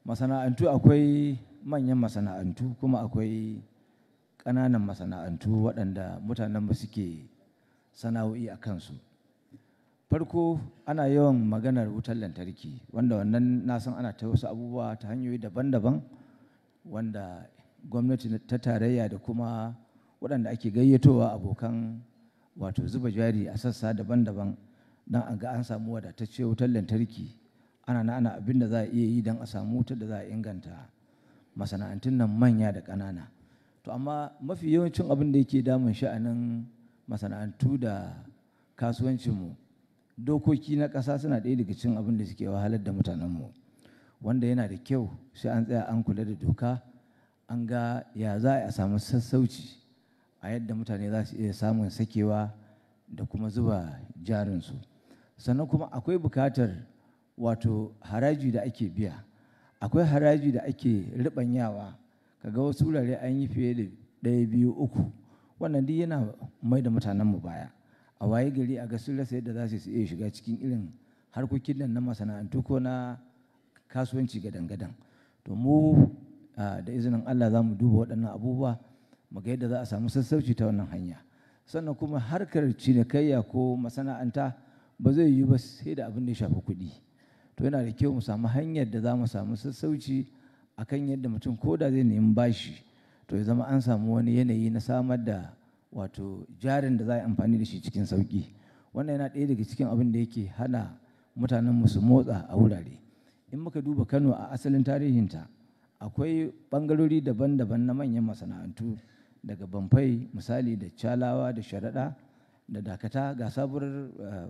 masana'antu akwai manyan masana'antu kuma akwai ƙananan masana'antu waɗanda mutanen ba suke sana'o'i a kansu farko ana yawan maganar wutar lantarki wanda wannan na san ana ta wasu abubuwa ta hanyoyi daban-daban wanda gwamnati ta tarayya da kuma waɗanda ake gayyatowa abokan wato zuba jari a sassa daban-daban don a ga an samu wadatacce wutar lantarki ana na ana abin da za a iya yi don a samu wutar da za a inganta masana'antun nan manya da ƙanana to amma mafi yawancin abin da yake damun sha'anin masana'antu da kasuwancinmu dokoki na ƙasa suna ɗaya daga cin abin da suke wahalar da mutanenmu wanda yana da kyau sai an tsaya an kula da doka an ga ya za a samu sassauci a yadda mutane za su iya samun sakewa da kuma zuba jarinsu sannan kuma akwai bukatar wato haraji da ake biya akwai haraji da ake ribanyawa ga wasu wurare an yi fiye da ɗaya biyu uku wannan duk yana mai da mutanen mu baya a waye gari a gasar rasa yadda za su iya shiga cikin irin harkokin nan na masana'antu ko na kasuwanci gadan-gadan to mu ah, da izinin allah za mu duba waɗannan abubuwa muga yadda za a samu sassauci ta wannan hanya sannan kuma harkar cinikayya ko masana'anta ba zai yi ba sai da abin da ya shafi kuɗi to yana da kyau mu samu hanyar da za mu samu sassauci a kan yadda mutum ko da zai nemi bashi to ya zama an samu wani yanayi na samar da wato jarin da za a yi amfani da shi cikin sauƙi wannan yana ɗaya daga cikin abin da yake hana mutanen su motsa a wurare in muka duba kano a asalin tarihinta akwai ɓangarori daban-daban na manyan masana'antu daga bamfai misali da calawa da sharaɗa da dakata ga sabuwar eh,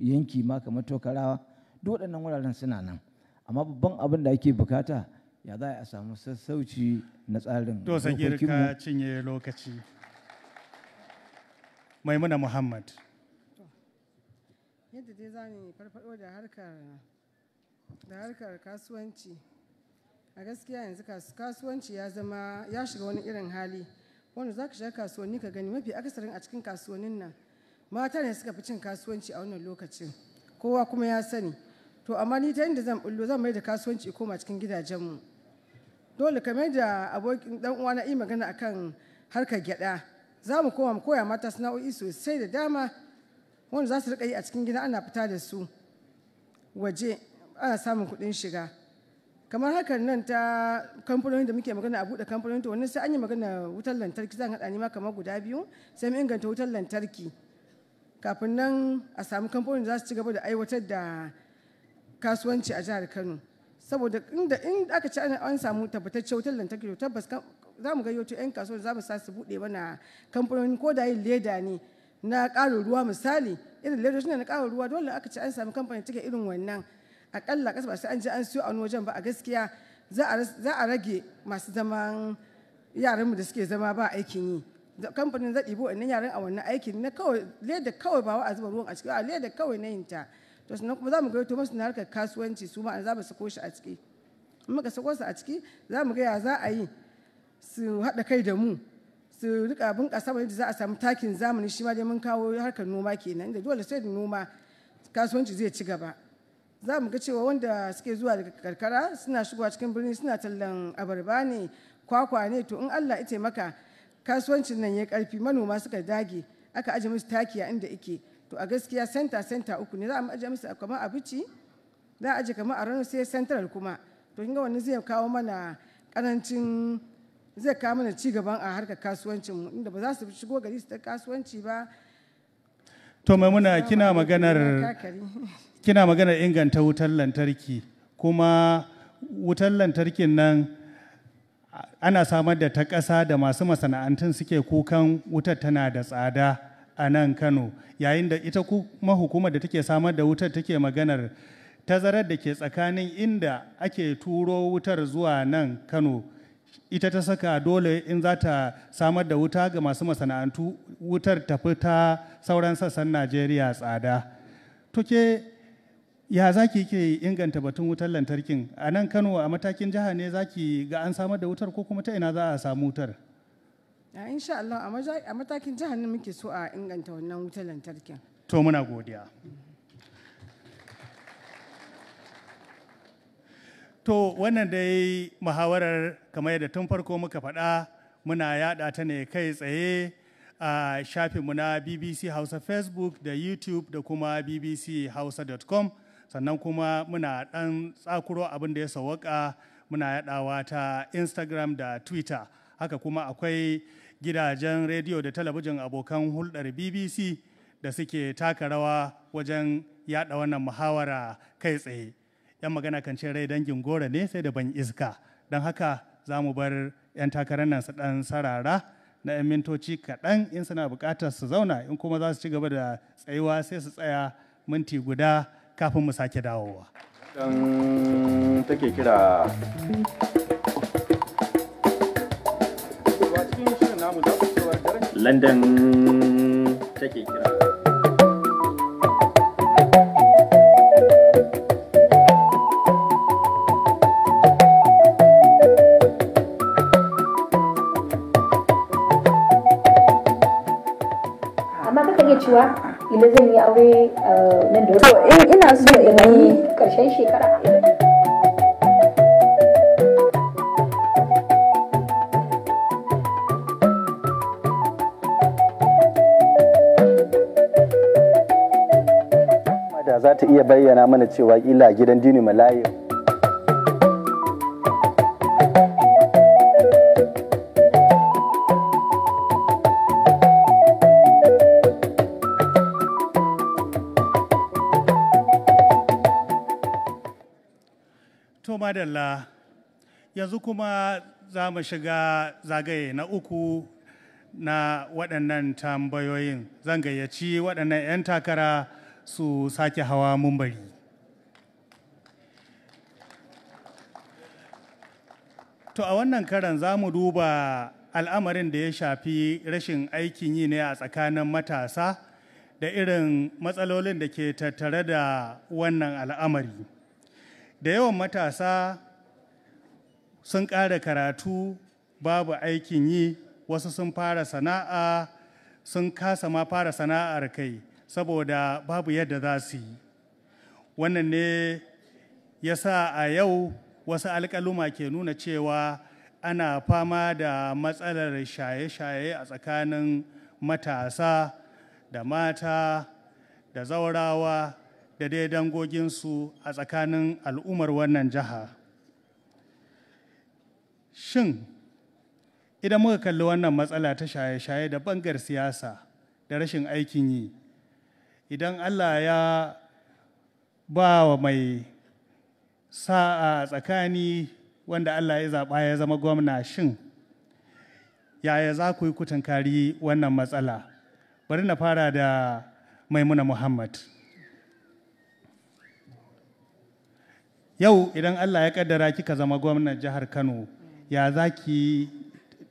yanki ma kamar tokarawa duk waɗannan wuraren suna nan amma babban abin da ake bukata ya za a samu sassauci na tsarin to ka cinye maimuna muhammad yadda dai za mu farfado da harkar kasuwanci a gaskiya yanzu kasuwanci ya zama ya shiga wani irin hali wanda za ka shiga kasuwanni ka gani mafi akasarin a cikin kasuwannin nan mata ne suka fi cin kasuwanci a wannan lokacin kowa kuma ya sani to amma ni ta inda zan bullo zan mai da kasuwanci koma cikin gidajenmu dole kamar da abokin dan uwa na yi magana akan harkar gyada za mu koma mu koya mata sana'o'i sosai da dama wanda za su riƙa yi a cikin gida ana fita da su waje ana samun kuɗin shiga kamar hakan nan ta kamfanonin da muke magana a buɗe kamfanonin to wannan sai an yi magana wutar lantarki zan haɗa ni ma kamar guda biyu sai mu inganta wutar lantarki kafin nan a samu kamfanonin za su ci gaba da aiwatar da kasuwanci a jihar Kano saboda inda in aka ci an samu tabbataccen wutar lantarki to tabbas za mu to 'yan kasuwar za mu sa su buɗe mana kamfanonin ko da yin leda ne na ƙarin ruwa misali irin ledojin na ƙarin ruwa dole aka ci an samu kamfanin cike irin wannan akalla kasa ba sai an je an siyo a wani wajen ba a gaskiya za a rage masu zaman yaranmu da suke zama ba aikin yi kamfanin zai ibo wannan yaran a wannan aikin na kawai leda kawai ba a zuba ruwan a ciki a leda kawai na yinta to sannan kuma za mu gaito masu na harkar kasuwanci su ma za mu sako shi a ciki in muka sako su a ciki za mu ga za a yi su haɗa kai da mu su rika bunƙasa wani da za a samu takin zamani shi ma dai mun kawo harkar noma kenan da dole sai da noma kasuwanci zai ci gaba za mu ga cewa wanda suke zuwa daga karkara suna shigowa cikin birni suna tallan abarba ne kwakwa ne to in allah ya taimaka kasuwancin nan ya karfi manoma suka dage aka aje musu taki a inda ike to a gaskiya senta senta uku ne za a aje musu kamar abici za a aje kamar a ranar sai central kuma to kinga wani zai kawo mana karancin zai kawo mana ci gaban a harkar kasuwancin mu inda ba za su shigo gari su ta kasuwanci ba to maimuna kina maganar kina maganar inganta wutar lantarki kuma wutar lantarkin nan ana samar da ta ƙasa da masu masana'antun suke kukan wutar tana da tsada a nan kano yayin da ita kuma hukumar da take samar da wutar take maganar tazarar da ke tsakanin inda ake turo wutar zuwa nan kano ita ta saka dole in za ta samar da wuta ga masu masana'antu wutar tafi ta sauran sassan najeriya tsada to ke ya za ki ke inganta batun wutar lantarkin a nan kano a matakin jiha ne za ki ga an samar da wutar ko kuma ta ina za a samu wutar insha Allah a matakin jiha ne muke so a inganta wannan wutar lantarkin to muna godiya to wannan dai muhawarar kamar yadda tun farko muka faɗa muna yada ta ne kai tsaye a shafinmu na bbc hausa facebook da youtube da kuma bbchausa.com sannan kuma muna ɗan tsakuro abin da ya sawaka muna yaɗawa ta instagram da twitter haka kuma akwai gidajen rediyo da talabijin abokan hulɗar bbc da suke taka rawa wajen yaɗa wannan muhawara kai tsaye yan magana kan ce rai dangin gora ne sai da ban iska don haka za mu bar 'yan takarar nan su ɗan sarara na 'yan mintoci kaɗan in suna buƙatar su zauna in kuma za su ci gaba da tsayuwa sai su tsaya minti guda kafin mu sake dawowa. Dan take kira London take kira. Amma kaka iya cewa ina zan yi aure eh, nan da to in eh, ina so in yi karshen shekara za ta iya bayyana mana cewa ila gidan dini malayu madalla yanzu kuma za mu shiga zagaye na uku na waɗannan tambayoyin zan gayyaci waɗannan 'yan takara su sake hawa mumbari. To a wannan karan za mu duba al'amarin da ya shafi rashin aikin yi ne a tsakanin matasa da irin matsalolin da ke tattare da wannan al'amari. da yawan matasa sun ƙara karatu babu aikin yi wasu sun fara sana'a sun kasa ma fara sana'ar kai saboda babu yadda za su yi wannan ne ya sa a yau wasu alƙaluma ke nuna cewa ana fama da matsalar shaye-shaye a tsakanin matasa da mata da zaurawa da dai dangoginsu a tsakanin al'ummar wannan jiha. Shin, idan muka kalli wannan matsala ta shaye-shaye da bangar siyasa da rashin aikin yi, idan Allah ya ba wa mai sa'a tsakani wanda Allah ya zaɓa ya zama gwamna shin, yaya za ku yi kari wannan matsala? Bari na fara da Maimuna Muhammad. yau idan Allah ya kaddara kika zama gwamnan jihar Kano ya zaki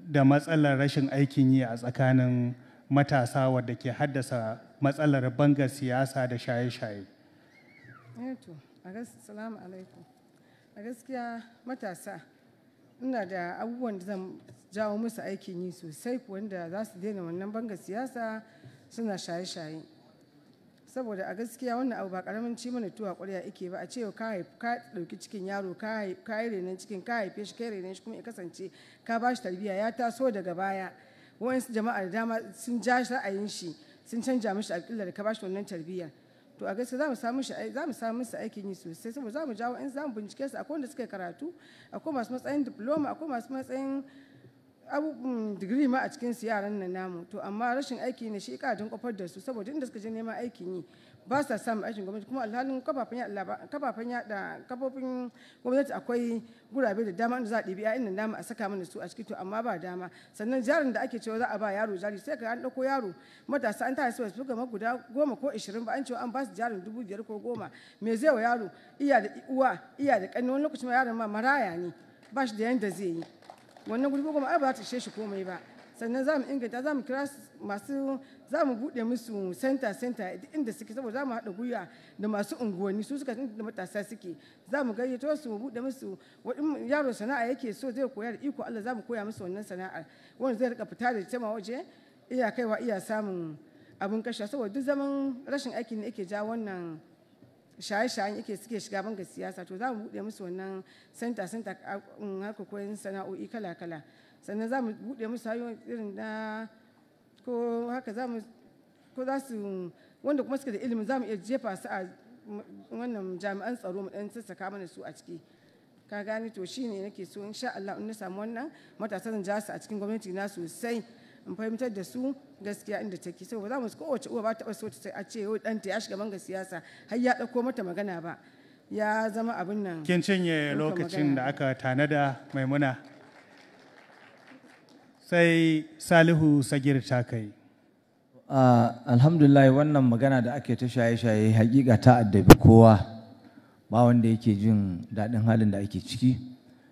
da matsalar rashin aikin yi a tsakanin matasa wadda ke haddasa matsalar bangar siyasa da shaye-shaye. Eh a gaskiya matasa ina da abubuwan da zan jawo musu aikin yi sosai wanda za su daina wannan bangar siyasa suna shaye-shaye saboda a gaskiya wannan abu ba karamin ci mana tuwa ƙwarya ike ba a ce ka ka ɗauki cikin yaro ka yi renon cikin ka haife shi ka yi renon shi kuma ya kasance ka ba shi tarbiyya ya taso daga baya wa'ansu jama'a da dama sun ja ra'ayin shi sun canja mishi alƙilla da ka ba shi wannan tarbiyya to a gaskiya za mu samu shi musu aikin yi sosai saboda za mu jawo in za mu bincike su akwai wanda suka karatu akwai masu matsayin diploma akwai masu matsayin digiri ma a cikin su yaran nan namu to amma rashin aiki ne shi kadin kofar da su saboda inda suka je neman aikin yi ba sa samun aikin gwamnati kuma alhalin kafafen yada kafofin gwamnati akwai gurabe da dama inda za a ɗibi ƴaƴan nan namu a saka mana su a ciki to amma ba dama sannan jarin da ake cewa za a ba yaro jari sai ka an ɗauko yaro matasa an tare su su gama guda goma ko ishirin ba an cewa an ba su jarin dubu biyar ko goma me zai wa yaro iya da uwa iya da ƙanni wani lokacin ma yaron ma maraya ne ba shi da yanda zai yi wannan gurbi kuma ai ba ta sheshi komai ba sannan za mu inganta za mu kira masu za mu buɗe musu center center inda suke saboda za mu haɗa gwiwa da masu unguwanni su suka da matasa suke za mu gayyato su mu buɗe musu wani yaro sana'a yake so zai koya da iko Allah za mu koya musu wannan sana'a. wani zai rika fita da ita ma waje iya kaiwa iya samun abin kasha saboda duk zaman rashin aikin ne yake ja wannan shaye shaye yake suke shiga banga siyasa to za mu buɗe musu wannan santa santa um, harkokin sana'o'i kala-kala sannan za mu buɗe musu hanyoyin irin na ko haka za mu ko za su wanda kuma suka da ilimin za mu iya jefa su a wannan jami'an tsaro mu ɗan sassaka mana su a ciki ka gane to ne nake so insha Allah in na samu wannan matasan za su a cikin gwamnati na sosai in fahimtar da su gaskiya inda take saboda za mu kowace uwa ba taɓa so ta a ce ta ya shiga manga siyasa har ya dauko mata magana ba ya zama abin nan kin cinye lokacin da aka tanada maimuna sai salihu sagir ta kai alhamdulillah wannan magana da ake ta shaye-shaye hakika ta addabi kowa ba wanda yake jin daɗin halin da ake ciki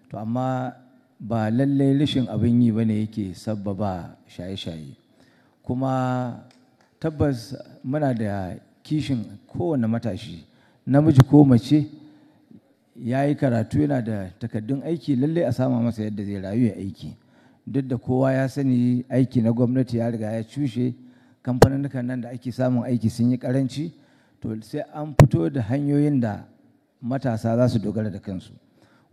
to amma ba lallai rashin abin yi ba ne yake sabbaba shaye-shaye kuma tabbas muna da kishin kowane matashi namiji ko mace ya yi karatu yana da takaddun aiki lallai a sama masa yadda zai rayu ya aiki duk da kowa ya sani aiki na gwamnati ya riga ya cushe kamfanin nan da ake samun aiki sun yi karanci to sai an fito da hanyoyin da matasa za su dogara da kansu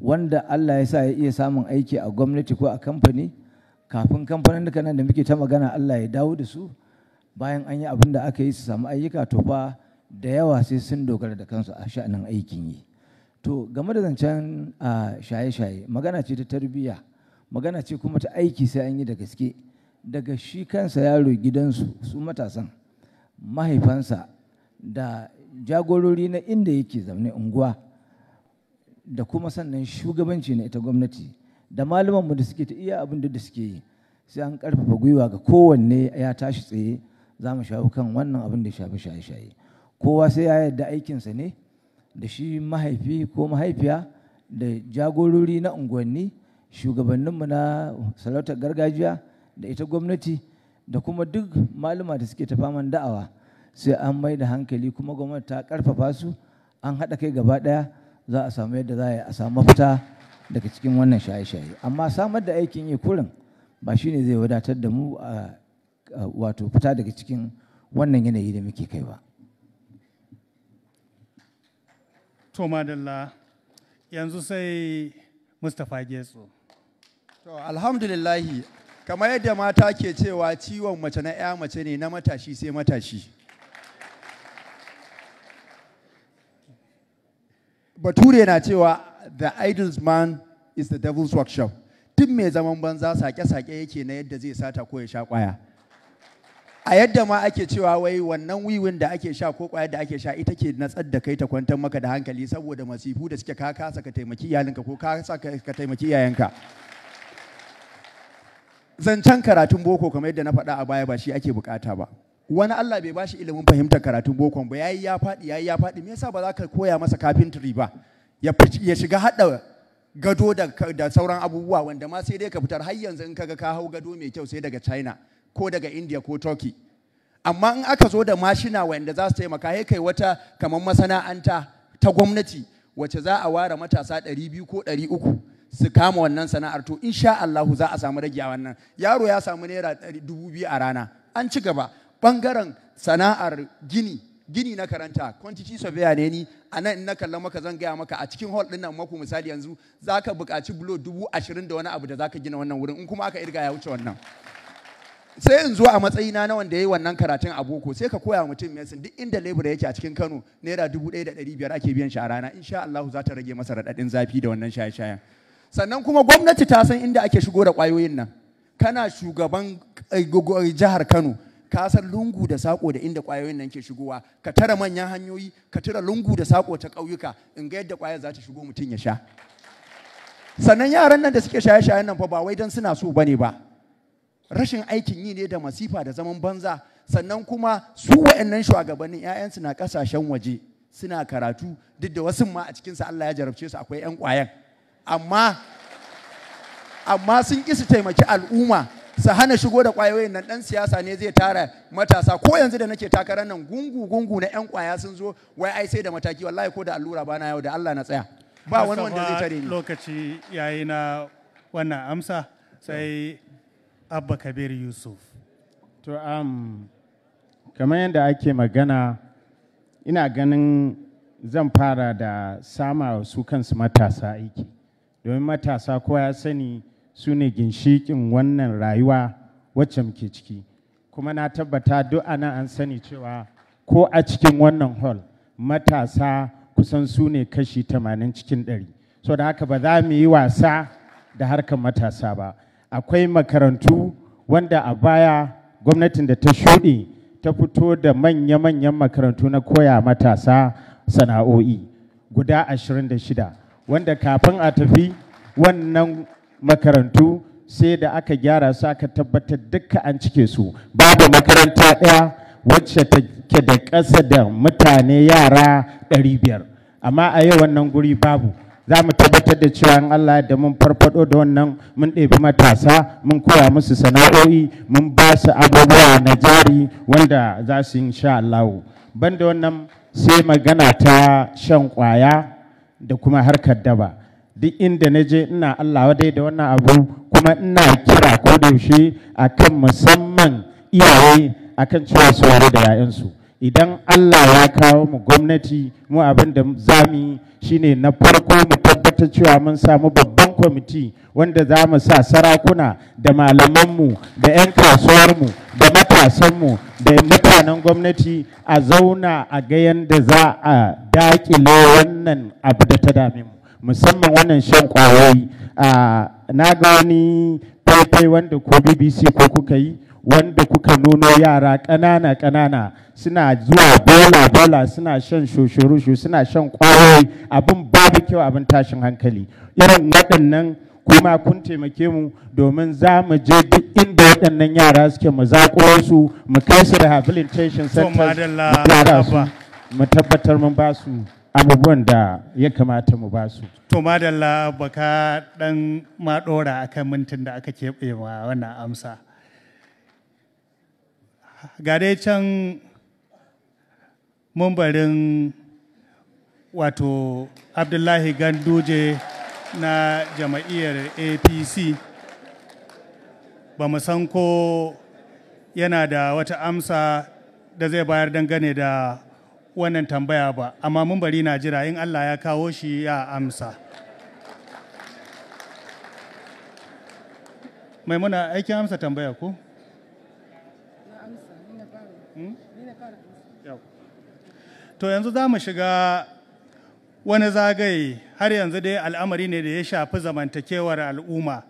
wanda Allah ya sa ya iya samun aiki a gwamnati ko a kamfani kafin kamfanin nan da muke ta magana Allah ya dawo da su bayan an yi abin da aka yi su samu ayyuka to fa da yawa sai sun dogara da kansu a sha'anin aikin yi to game da zancen shaye-shaye magana ce ta tarbiyya magana ce kuma ta aiki sai an yi da gaske daga shi kansa yaro gidansu su matasan mahaifansa da jagorori na inda yake zaune unguwa da kuma sannan shugabanci na ita gwamnati da malamanmu da suke ta iya abin da suke yi sai an karfafa gwiwa ga kowanne ya tashi tsaye za mu shawo kan wannan abin da shafi shaye-shaye kowa sai ya yarda aikinsa ne da shi mahaifi ko mahaifiya da jagorori na unguwanni shugabanninmu na salautar gargajiya da ita gwamnati da kuma duk malama da suke ta faman da'awa sai an mai da hankali kuma gwamnati ta karfafa su an haɗa kai gaba ɗaya za a samu yadda za a samu mafita daga cikin wannan shaye-shaye amma samar da aikin yi kurin ba shi ne zai wadatar da mu a wato fita daga cikin wannan yanayi da muke kai ba yanzu sai mustapha getso alhamdulillahi kamar yadda mata ke cewa ciwon mace na 'ya mace ne na matashi sai matashi bature na cewa the Idols man is the devil's workshop duk mai zaman banza sake-sake yake na yadda zai sata ko ya sha kwaya a yadda ma ake cewa wai wannan wiwin da ake sha ko kwaya da ake sha ita ke natsar da kai ta kwantar maka da hankali saboda masifu da suke ka kasa ka taimaki iyalinka ko ka kasa ka taimaki iyayenka zancen karatun boko kamar yadda na faɗa a baya ba shi ake bukata ba wani Allah bai bashi ilimin fahimtar karatun bokon ba yayi ya faɗi yayi ya faɗi me yasa ba za ka koya masa carpentry ba ya ya shiga hada gado da, da sauran abubuwa wanda ma sai dai ka fitar har yanzu in kaga ka hau gado mai kyau sai daga China ko daga India ko Turkey amma in aka zo da mashina wanda za su taimaka sai kai wata kamar masana'anta ta gwamnati wace za a ware matasa 200 ko 300 su kama wannan sana'ar to insha Allah za a samu rage a wannan yaro ya samu naira biyu a rana an ci gaba ɓangaren sana'ar gini gini na karanta quantity surveyor ne ni a nan in na kallon maka zan gaya maka a cikin hall ɗinnan maku misali yanzu za ka buƙaci bulo dubu ashirin da wani abu da za ka gina wannan wurin in kuma aka irga ya wuce wannan sai in zo a matsayina na wanda ya yi wannan karatun a boko sai ka koya mutum mesin duk inda lebura yake a cikin kano naira dubu ɗaya da ɗari biyar ake biyan shi a rana insha allahu za ta rage masa raɗaɗin zafi da wannan shaye-shayen sannan kuma gwamnati ta san inda ake shigo da ƙwayoyin nan kana shugaban eh, eh, jihar kano ka san lungu da sako da inda ƙwayoyin nan ke shigowa ka tara manyan hanyoyi ka tara lungu da sako ta ƙauyuka in ga yadda ƙwayar za ta shigo mutum ya sha sannan yaran nan da suke shaye-shayen nan fa ba wai don suna so ne ba rashin aikin yi ne da masifa da zaman banza sannan kuma su wa'annan shugabannin 'ya'yansu na kasashen waje suna karatu duk da wasu ma a cikinsu Allah ya jarabce su akwai 'yan ƙwayan amma amma sun ƙi su taimaki al'umma su hana shigo da kwayoyin nan dan siyasa ne zai tara matasa ko yanzu da nake takarar nan gungu gungu na yan kwaya sun zo wai ai sai da mataki wallahi ko da allura bana yau da Allah na tsaya ba wani wanda zai tare ni lokaci yayi na wannan amsa sai Abba Kabir Yusuf to am um, kamar yadda ake magana ina ganin zan fara da sama su kansu matasa aiki domin matasa kowa ya sani su ne ginshikin wannan rayuwa wacce muke ciki kuma na tabbata duk ana an sani cewa ko a cikin wannan hall matasa kusan su ne kashi 80 cikin 100 saboda haka ba za mu yi wasa da harkar matasa ba akwai makarantu wanda a baya gwamnatin da ta shuɗe ta fito da manya-manyan makarantu na koya matasa sana'o'i guda 26 wanda kafin a tafi wannan makarantu sai da aka gyara su aka tabbatar dukka an cike su babu makaranta ɗaya wacce take da ƙasa da mutane yara 500 amma a yau wannan guri babu za mu tabbatar da cewa in Allah da mun farfado da wannan mun ɗebi matasa mun koya musu sana'o'i mun ba su abubuwa na jari wanda za su yi insha Allah banda wannan sai magana ta shan kwaya da kuma harkar daba duk inda na je ina Allah wadai da wannan abu kuma ina kira ko da yaushe akan musamman iyaye akan cewa su da 'ya'yansu idan Allah ya kawo mu gwamnati mu abin da za mu yi shine na farko mu tabbatar cewa mun samu babban kwamiti wanda za mu sa sarakuna da malamanmu da 'yan kasuwarmu da matasanmu da mutanen gwamnati a zauna a ga yadda za a daƙile wannan abu da ta dame mu musamman wannan shan kwayoyi na ga wani faifai wanda ko bbc ko kuka yi wanda kuka nuno yara ƙanana ƙanana suna zuwa bola bola suna shan shoshorushu suna shan kwayoyi abin babu kyau abin tashin hankali irin waɗannan kuma kun taimake mu domin za mu je duk inda waɗannan yara suke mu zaƙo su mu kai su rehabilitation centers mu tabbatar mun ba su abubuwan da ya kamata mu basu. su. To madalla baka ɗan maɗora a kan mintin da aka keɓe wa wannan amsa. Ga dai can mumbarin wato Abdullahi Ganduje na jama'iyyar APC ba san ko yana da wata amsa da zai bayar dangane da wannan tambaya ba amma mun bari na jira in Allah ya kawo shi ya amsa maimuna aikin amsa tambaya ko hmm? to yanzu za mu shiga wani zagaye har yanzu dai al'amari ne da ya shafi zamantakewar al'umma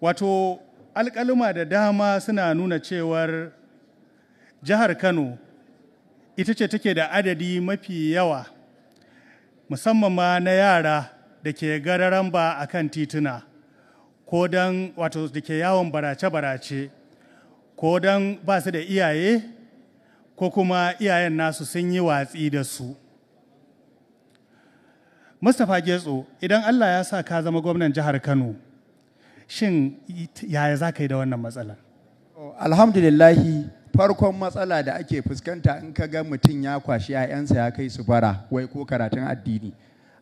wato alƙaluma da dama suna nuna cewar jihar kano ita ce take da adadi mafi yawa musamman ma na yara da ke gararan ba a kan tituna ko don wato da ke yawon barace-barace ko don ba su da iyaye ko kuma iyayen nasu sun yi watsi da su mustapha getso idan allah ya sa ka zama gwamnan jihar kano shin yaya za ka yi da wannan matsalar alhamdulillahi farkon matsala da ake fuskanta in ka ga mutum ya kwashi 'ya'yansa ya kai su fara, wai ko karatun addini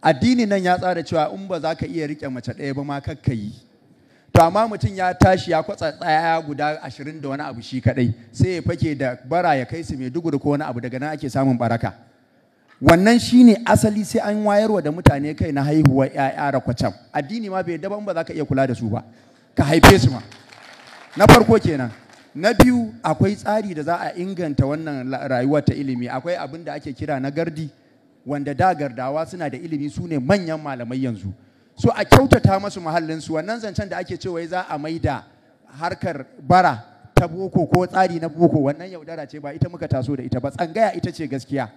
addini nan ya tsara cewa in ba za ka iya riƙe mace ɗaya ba ma kakka yi to amma mutum ya tashi ya kwatsa tsaya guda ashirin da wani abu shi kaɗai sai ya fake da bara ya kai su mai duguri ko wani abu daga nan ake samun baraka wannan shine asali sai an wayarwa da mutane kai na haihuwar 'ya'ya rakwacam addini ma bai daban ba za ka iya kula da su ba ka haife su ma na farko kenan na biyu akwai tsari da za a inganta wannan rayuwar ta ilimi akwai abin da ake kira na gardi wanda da gardawa suna da ilimi su ne manyan malamai yanzu so a kyautata masu mahallinsu wannan zancen da ake cewa za a da harkar bara ta boko ko tsari na boko wannan yaudara ce ba ita muka taso da ita ba tsangaya ita ce gaskiya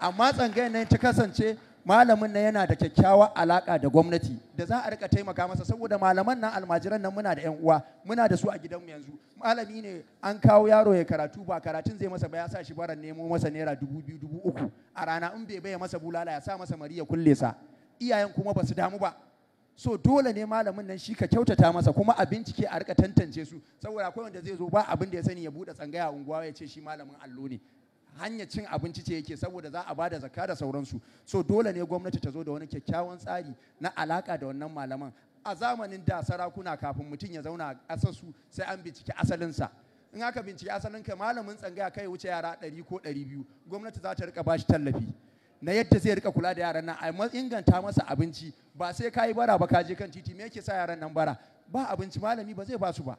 amma tsangaya nan ta kasance malamin nan yana da kyakkyawa alaka da gwamnati da za a rika taimaka masa saboda malaman nan almajiran nan muna da yan uwa muna da su a gidanmu yanzu malami ne an kawo yaro ya karatu ba karatun zai masa ba ya sa shi baran nemo masa naira dubu biyu dubu uku a rana in bai baya masa bulala ya sa masa mari ya kulle sa iyayen kuma ba su damu ba so dole ne malamin nan shi ka kyautata masa kuma a bincike a rika tantance su saboda akwai wanda zai zo ba abin da ya sani ya buɗe tsangaya unguwa ya ce shi malamin allo ne hanyar cin abinci ce yake saboda za a bada zakka da sauransu so dole ne gwamnati ta zo da wani kyakkyawan tsari na alaka da wannan malaman a zamanin da sarakuna kafin mutum ya zauna a ƙasarsu sai an binciki asalinsa in aka binciki asalin ka malamin tsangaya kai wuce yara ɗari ko ɗari biyu gwamnati za ta rika bashi tallafi na yadda zai rika kula da yaran nan a inganta masa abinci ba sai ka bara ba ka je kan titi me yake sa yaran nan bara ba abinci malami ba zai ba su ba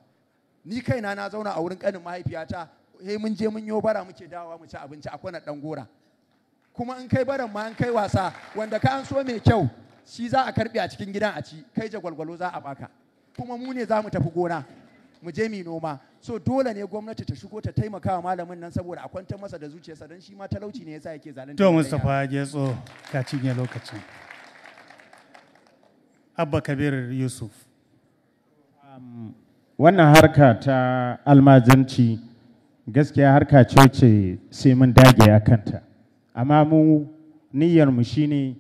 ni kaina na zauna a wurin kanin mahaifiyata he mun je mun yo bara muke dawowa mu ci abinci a kwana dan gora kuma in kai baran ma in kai wasa wanda ka an so mai kyau shi za a karbe a cikin gidan a ci kai gwalgwalo za a baka kuma mu ne za mu tafi gona mu je mu noma so dole ne gwamnati ta shigo ta taimaka wa malamin nan saboda a kwantar masa da zuciyarsa don shi ma talauci ne yasa yake zalunta to Mustapha Getso ka cinye lokacin Abba Kabir Yusuf um, wannan harka ta almajirci gaskiya harka ce ce sai mun dage a kanta amma mu niyyarmu shine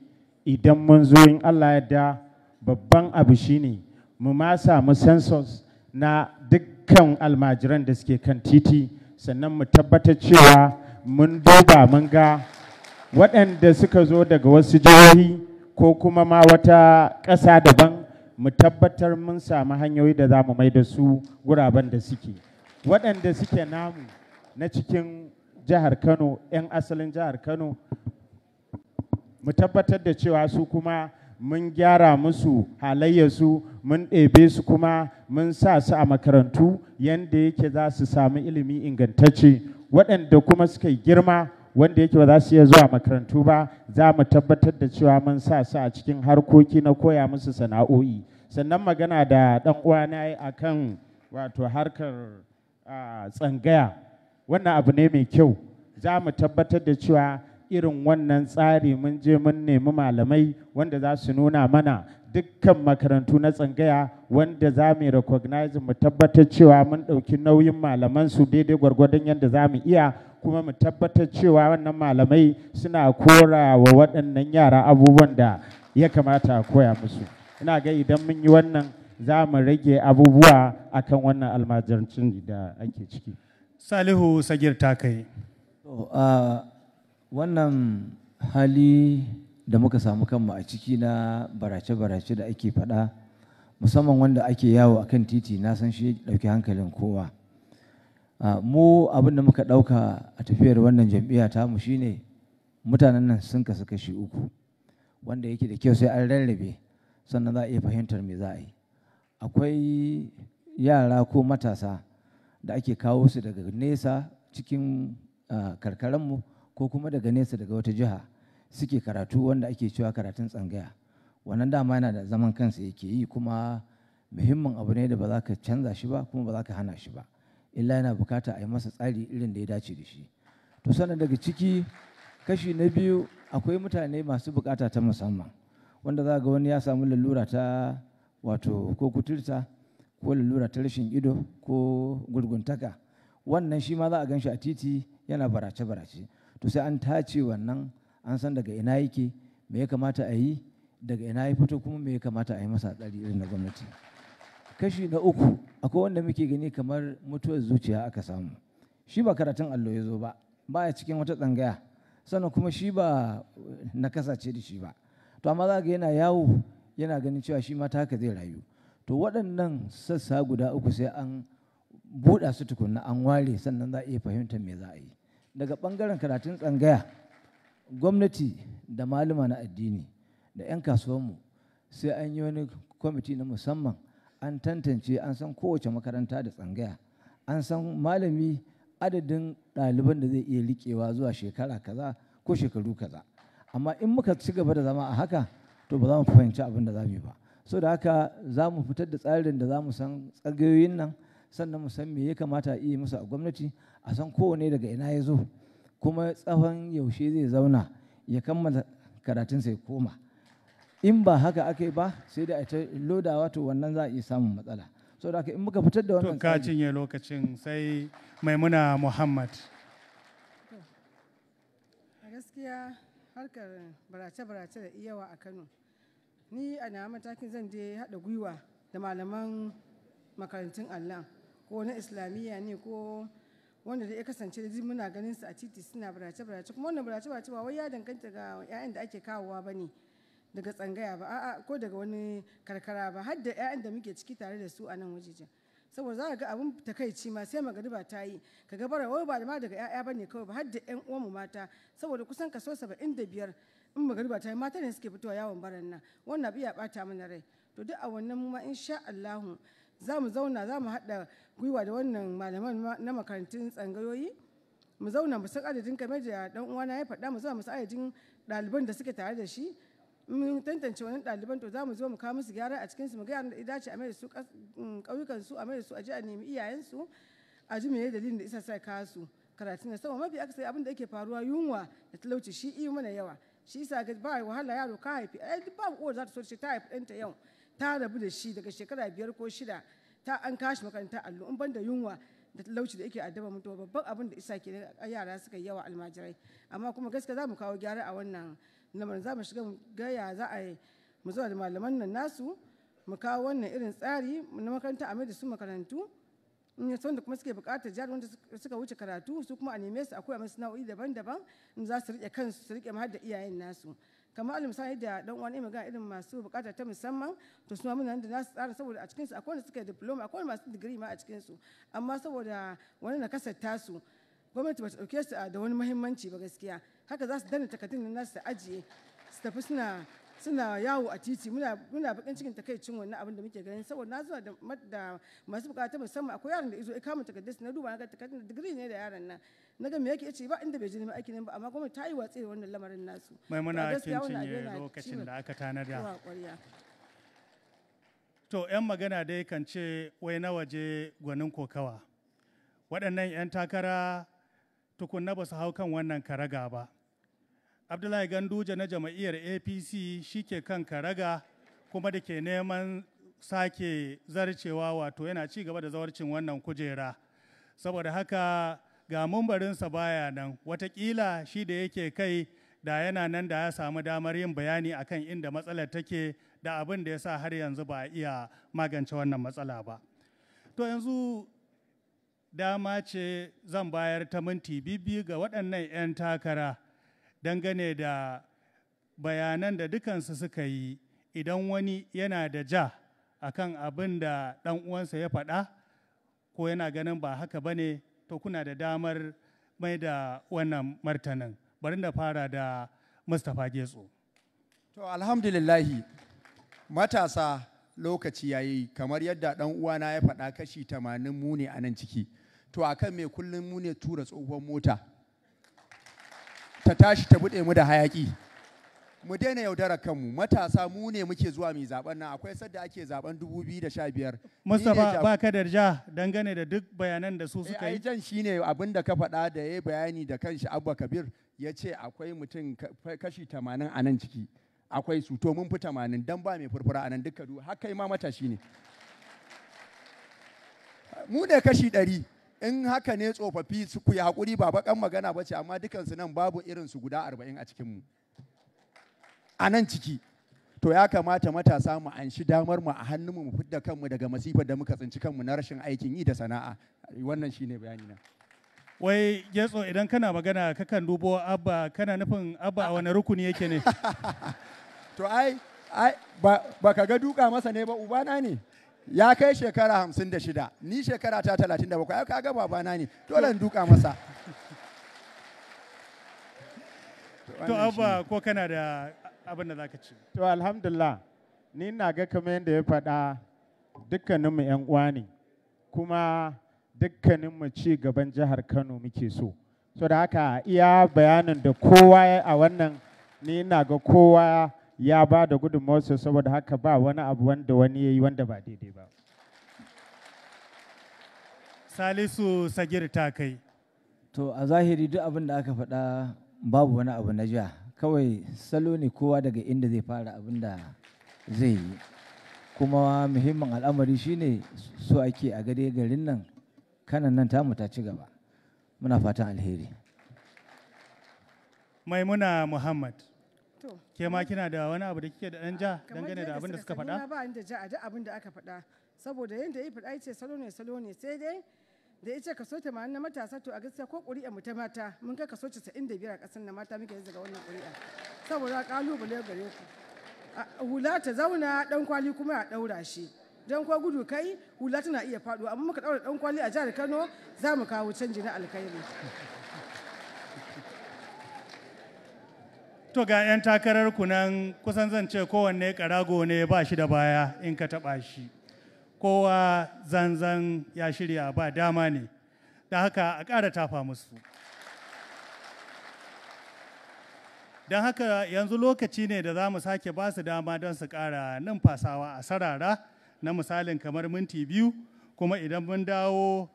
idan mun zo in Allah ya da babban abu shine mu ma samu census na dukkan almajiran da suke kan titi sannan mu tabbatar cewa mun duba mun ga waɗanda suka zo daga wasu jihohi ko kuma ma wata ƙasa daban mu tabbatar mun samu hanyoyi da za mu mai da su guraben da suke. waɗanda suke namu na cikin jihar kano 'yan asalin jihar kano mu tabbatar da cewa su kuma mun gyara musu halayyarsu mun ɗebe su kuma mun sa su a makarantu yadda yake za su samu ilimi ingantacce waɗanda kuma suka yi girma wanda yake ba za su iya zuwa makarantu ba za mu tabbatar da cewa mun sa su a cikin harkoki na koya musu sana'o'i sannan magana da ɗan uwa uwana a kan wato harkar tsangaya wannan abu ne mai kyau za mu tabbatar da cewa irin wannan tsari mun je mun nemi malamai wanda za su nuna mana dukkan makarantu na tsangaya wanda za mu recognize mu tabbatar cewa mun ɗauki nauyin malaman su daidai gwargwadon yadda za mu iya kuma mu tabbatar cewa wannan malamai suna kora wa waɗannan yara abubuwan da ya kamata a koya musu ina ga idan mun yi wannan za mu rage abubuwa akan wannan almajirancin da ake ciki salihu sagir ta kai wannan hali da muka samu kanmu a ciki na barace-barace da ake faɗa musamman wanda ake yawo a kan titi na san shi ɗauki hankalin kowa mu abin da muka ɗauka a tafiyar wannan jam'iyya mu shine mutanen nan sun kasu kashi uku wanda yake da kyau sai an rarrabe sannan za a iya fahimtar me za a yi akwai yara ko matasa da ake kawo su daga nesa cikin karkaranmu ko kuma daga nesa daga wata jiha suke karatu wanda ake cewa karatun tsangaya wannan dama yana da zaman kansa yake yi kuma muhimmin abu ne da ba za ka canza shi ba kuma ba za ka hana shi ba illa yana bukata a yi masa tsari irin da ya dace da shi to sannan daga ciki kashi na biyu akwai mutane masu bukata ta musamman wanda za ga wani ya samu lalura ta wato ko kuturta ko lalura ta rashin ido ko gurguntaka wannan shi ma za a gan shi a titi yana barace-barace to sai an tace wannan an san daga ina yake me ya kamata a yi daga ina ya fito kuma me ya kamata a yi masa tsari irin na gwamnati kashi na uku akwai wanda muke gani kamar mutuwar zuciya aka samu shi ba karatun allo ya zo ba ba ya cikin wata tsangaya sannan kuma shi ba na ce da shi ba to amma za ga yana yawo yana ganin cewa shi mataka zai rayu to waɗannan sassa guda uku sai an buɗa su tukunna an ware sannan za a iya fahimtar me za a yi daga ɓangaren karatun tsangaya gwamnati da malama na addini da 'yan kasuwanmu sai an yi wani kwamiti na musamman an tantance an san kowace makaranta da tsangaya an san malami adadin ɗaliban da zai iya riƙewa zuwa shekara kaza ko shekaru kaza amma in muka ci gaba da zama a haka to ba za mu fahimci abin da za mu yi ba so da haka za mu fitar da tsarin da za mu san tsagayoyin nan sannan mu san me ya kamata a iya musu a gwamnati a san kowane daga ina ya zo kuma tsawon yaushe zai zauna ya kammala karatun sai koma in ba haka aka yi ba sai da ita loda wato wannan za a iya samun matsala so da haka in muka fitar da wannan ka cinye lokacin sai maimuna muhammad gaskiya harkar barace-barace da iyawa a kano ni a na matakin zan je haɗa gwiwa da malaman makarantun allah ko na islamiyya ne ko wanda da ya kasance da muna ganin su a titi suna barace barace kuma wannan barace barace ba wai ya danganta ga 'ya'yan da ake kawowa ba ne daga tsangaya ba a'a ko daga wani karkara ba har da 'ya'yan da muke ciki tare da su a nan wajejen saboda za ka ga abin takaici ma sai magariba ta yi ka ga bara wai ba da ma daga 'ya'ya bane kawai ba har da 'yan uwanmu mata saboda kusan kaso biyar in magariba ta yi mata ne suke fitowa yawon baran nan wannan abu ya bata mana rai to duk a wannan mu ma insha Allahu za mu zauna za mu haɗa gwiwa da wannan malaman na makarantun tsangayoyi mu zauna mu san adadin kamar da dan uwana ya faɗa mu zauna mu san adadin ɗaliban da suke tare da shi mun tantance wani ɗaliban to za mu zo mu kawo musu gyara a cikinsu mu ga yaran da dace a mai da su mm, ƙauyukan su a mai da su a ji a nemi iyayensu a ji mene dalilin da isa sai su karatun na sama mafi akasari abin da yake faruwa yunwa da talauci shi iya mana yawa shi isa ga ba wahala yaro ka haifi ai duk babu uwar za ta so ce ta haifi ɗanta yau ta rabu da shi daga shekara biyar ko shida ta an kashi makaranta allo in banda yunwa da talauci da yake addaba mutuwa babban abin da isa ke yara suka yawa almajirai amma kuma gaskiya za mu kawo gyara a wannan na za mu shiga gaya za a yi mu zuwa da malaman nan nasu mu kawo wannan irin tsari na makaranta a da su makarantu in ya da kuma suke bukatar jihar wanda suka wuce karatu su kuma a neme su akwai masu nau'i daban-daban in za su riƙe kansu su riƙe mahar da iyayen nasu kamar alim sai da dan uwan ga irin masu bukata ta musamman to su nan da nasu tsara saboda a cikin su akwai wanda suka yi diploma akwai masu digiri ma a cikin su amma saboda wani na kasar tasu gwamnati ba ta dauke su da wani muhimmanci ba gaskiya haka za su danna takardun nan su ajiye su tafi suna suna yawo a titi muna muna bakin cikin takaicin wannan abin da muke ganin saboda na zuwa da masu bukata musamman akwai yaran da izo ya kama takardun na duba na ga takardun da digiri ne da yaran nan na ga me yake yace ba inda bai je neman aikin ba amma kuma ta yi watsi da wannan lamarin nasu mai muna cinye lokacin da aka da to yan magana dai kan ce wai na waje gwanin kokawa waɗannan yan takara tukunna ba su hau kan wannan karaga ba abdullahi ganduje na jama'iyyar apc shi ke kan karaga kuma da ke neman sake zarcewa wato yana ci gaba da zawarcin wannan kujera saboda haka ga mumbarinsa baya nan watakila shi da yake kai da yana nan da ya samu damar yin bayani akan inda matsalar take da abin da ya sa har yanzu ba a iya magance wannan matsala ba to yanzu dama ce zan bayar ta minti biyu ga waɗannan 'yan takara dangane da bayanan da dukansu suka yi idan wani yana da ja akan abin da ɗan uwansa ya faɗa ko yana ganin ba haka ba ne to kuna da damar mai da wannan martanin bari da fara da mustapha getso to alhamdulillahi matasa lokaci ya yi kamar yadda ɗan uwana ya faɗa kashi tamanin mu ne a nan ciki to akan mai kullum mu ne tura tsohon mota ta tashi ta buɗe mu da hayaƙi mu daina yaudarar kanmu matasa mu ne muke zuwa mai zaben nan akwai sadda ake zaben 2015 Mustapha ba ka da ja dangane da duk bayanan da su eh, suka yi jan shine abin da ka faɗa da ya bayani da kanshi Abba Kabir ya ce akwai mutum kashi 80 a nan ciki akwai su to mun fi 80 dan ba mai furfura a nan duka kai ma matashi ne mu ne kashi ɗari. in haka ne tsofaffi su ku yi haƙuri ba baƙan magana ba ce amma dukansu nan babu irin su guda arba'in a cikinmu a nan ciki to ya kamata matasa mu an shi damar mu a hannunmu mu fidda kanmu daga masifar da muka tsinci kanmu na rashin aikin yi da sana'a wannan shine bayani na wai getso idan kana magana kakan dubo abba kana nufin abba a wani rukuni yake ne to ai ai ba ka ga duka masa ne ba ubana ne ya kai shekara hamsin da shida ni shekara ta talatin da bakwai kaga ga babana ne dole in duka masa to abba ko kana da abin da zaka ce to alhamdulillah ni na ga kamar yadda ya faɗa dukkaninmu yan uwa ne kuma dukkaninmu ci gaban jihar kano muke so so da haka iya bayanin da kowa a wannan ni na ga kowa ya ba da gudunmawarsa saboda haka ba wani abu wanda wani ya yi wanda ba daidai ba. Salisu Sagir ta kai. To a zahiri duk abin da aka faɗa babu wani abu na jiya kawai salo ne kowa daga inda zai fara abin da zai yi. Kuma muhimmin al'amari shine so ake a gare garin nan kanan nan tamu ta ci gaba. Muna fatan alheri. Maimuna Muhammad. ke ma kina da wani abu da kike da ɗan ja ah, dangane da abin da suka faɗa? ba inda ja a duk abin da aka faɗa saboda yanda ya faɗa ce salo ne salo ne sai dai da ya ce kaso 80 na matasa to a gaskiya ko ƙuri'a mu ta mata mun kai kaso 95 a ƙasar na mata muke yanzu ga wannan ƙuri'a saboda ƙalubale gare ku hula ta zauna ɗan kwali kuma a ɗaura shi dan kwa gudu kai hula tana iya faɗo amma muka ɗaura ɗan kwali a jihar kano za mu kawo canji na alkhairi to ga 'yan takarar ku nan kusan zan ce kowanne karago ne ba shi da baya in ka taɓa shi kowa zanzan ya shirya ba dama ne da haka a ƙara tafa musu don haka yanzu lokaci ne da za mu sake ba su dama don su ƙara numfasawa a sarara na misalin kamar minti biyu kuma idan mun dawo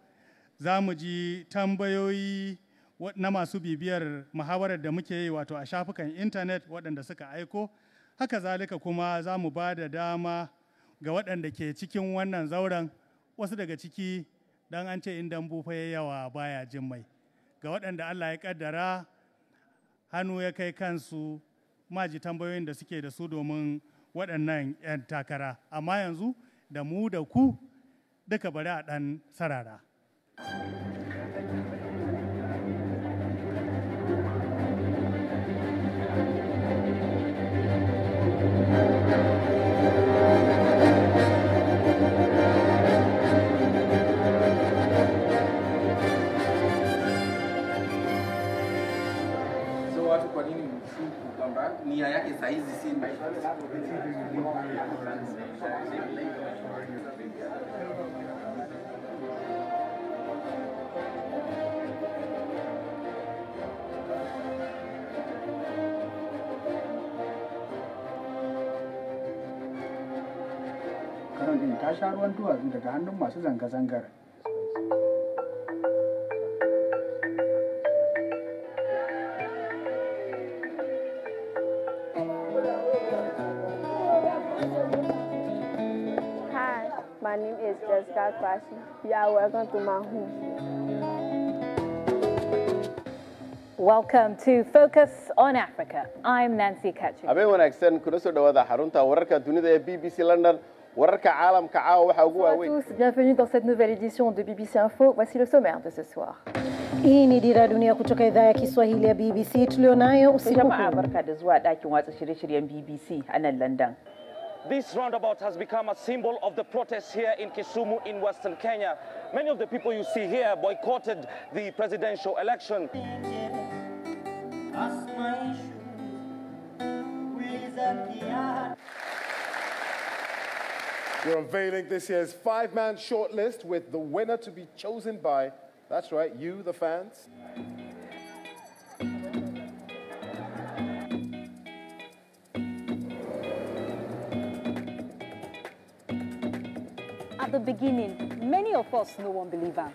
za mu ji tambayoyi na masu bibiyar muhawarar da muke yi wato a shafukan intanet waɗanda suka aiko haka zalika kuma za mu ba da dama ga waɗanda ke cikin wannan zauren wasu daga ciki don an ce in dambu fa yawa baya jin mai ga waɗanda allah ya ƙaddara hannu ya kai kansu maji tambayoyin da suke da su domin waɗannan 'yan takara amma yanzu da mu da ku duka bari a ɗan sarara. dunia yake saa hizi Simba. Karantin ta sha ruwan duwatsu daga hannun masu zanga-zangar passion. welcome to my home. Welcome to Focus on Africa. I'm Nancy Ketchum. Habeen dunida BBC London. Ah Bienvenue dans cette nouvelle édition de BBC Info. Voici le sommaire de ce soir. Hii ni Dira Dunia kutoka idhaa ya Kiswahili ya BBC tulionayo usiku huu. Jama'a barka da zuwa dakin watsa shirye-shiryen BBC a nan London. This roundabout has become a symbol of the protests here in Kisumu in Western Kenya. Many of the people you see here boycotted the presidential election. We're unveiling this year's five-man shortlist with the winner to be chosen by, that's right, you, the fans. at the beginning, many of us no one believe her.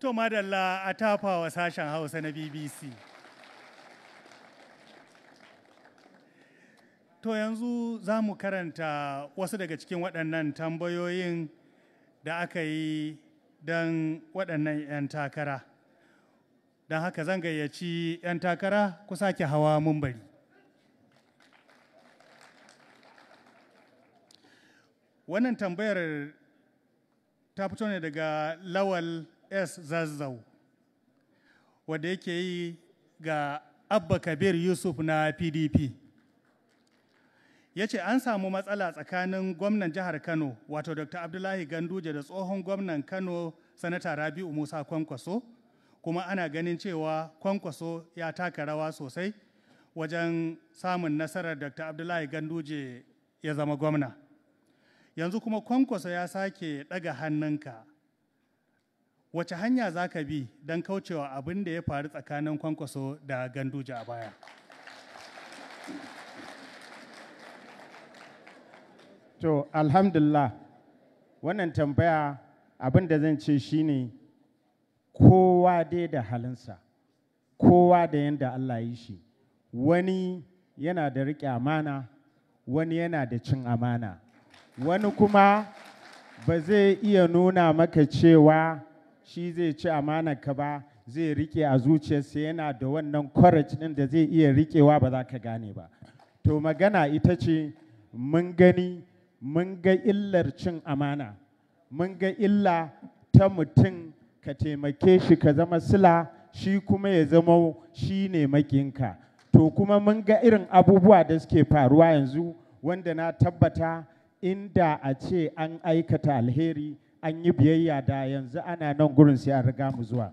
To madalla a tafawa sashen Hausa na BBC. To yanzu za mu karanta wasu daga cikin waɗannan tambayoyin da aka yi don waɗannan 'yan takara. don haka zan gayyaci 'yan takara ku sake hawa mumbari wannan tambayar ta fito ne daga lawal s zazzau wadda yake yi ga abba kabir yusuf na pdp ya ce an samu matsala tsakanin gwamnan jihar kano wato dr abdullahi ganduje da tsohon gwamnan kano sanata rabi'u musa kwankwaso kuma ana ganin cewa kwankwaso ya taka rawa sosai wajen samun nasarar dr abdullahi ganduje ya zama gwamna yanzu kuma kwankwaso ya sake ɗaga hannunka wace hanya za ka bi don kaucewa abin da ya faru tsakanin kwankwaso da ganduje a baya to alhamdulillah wannan tambaya abin da zan ce shine kowa dai da halinsa kowa da yadda Allah yi shi wani yana da riƙe amana wani yana da cin amana wani kuma ba zai iya nuna maka cewa shi zai ci amana ka ba zai riƙe a zuciyarsa yana da wannan courage ɗin da zai iya rikewa ba za ka gane ba to magana ita ce mun gani mun ga illar cin amana mun ga illa ta mutum ka taimake shi ka zama sila shi kuma ya zama shi ne makinka to kuma mun ga irin abubuwa da suke faruwa yanzu wanda na tabbata inda a ce an aikata alheri an yi biyayya da yanzu ana nan gurin sai an riga mu zuwa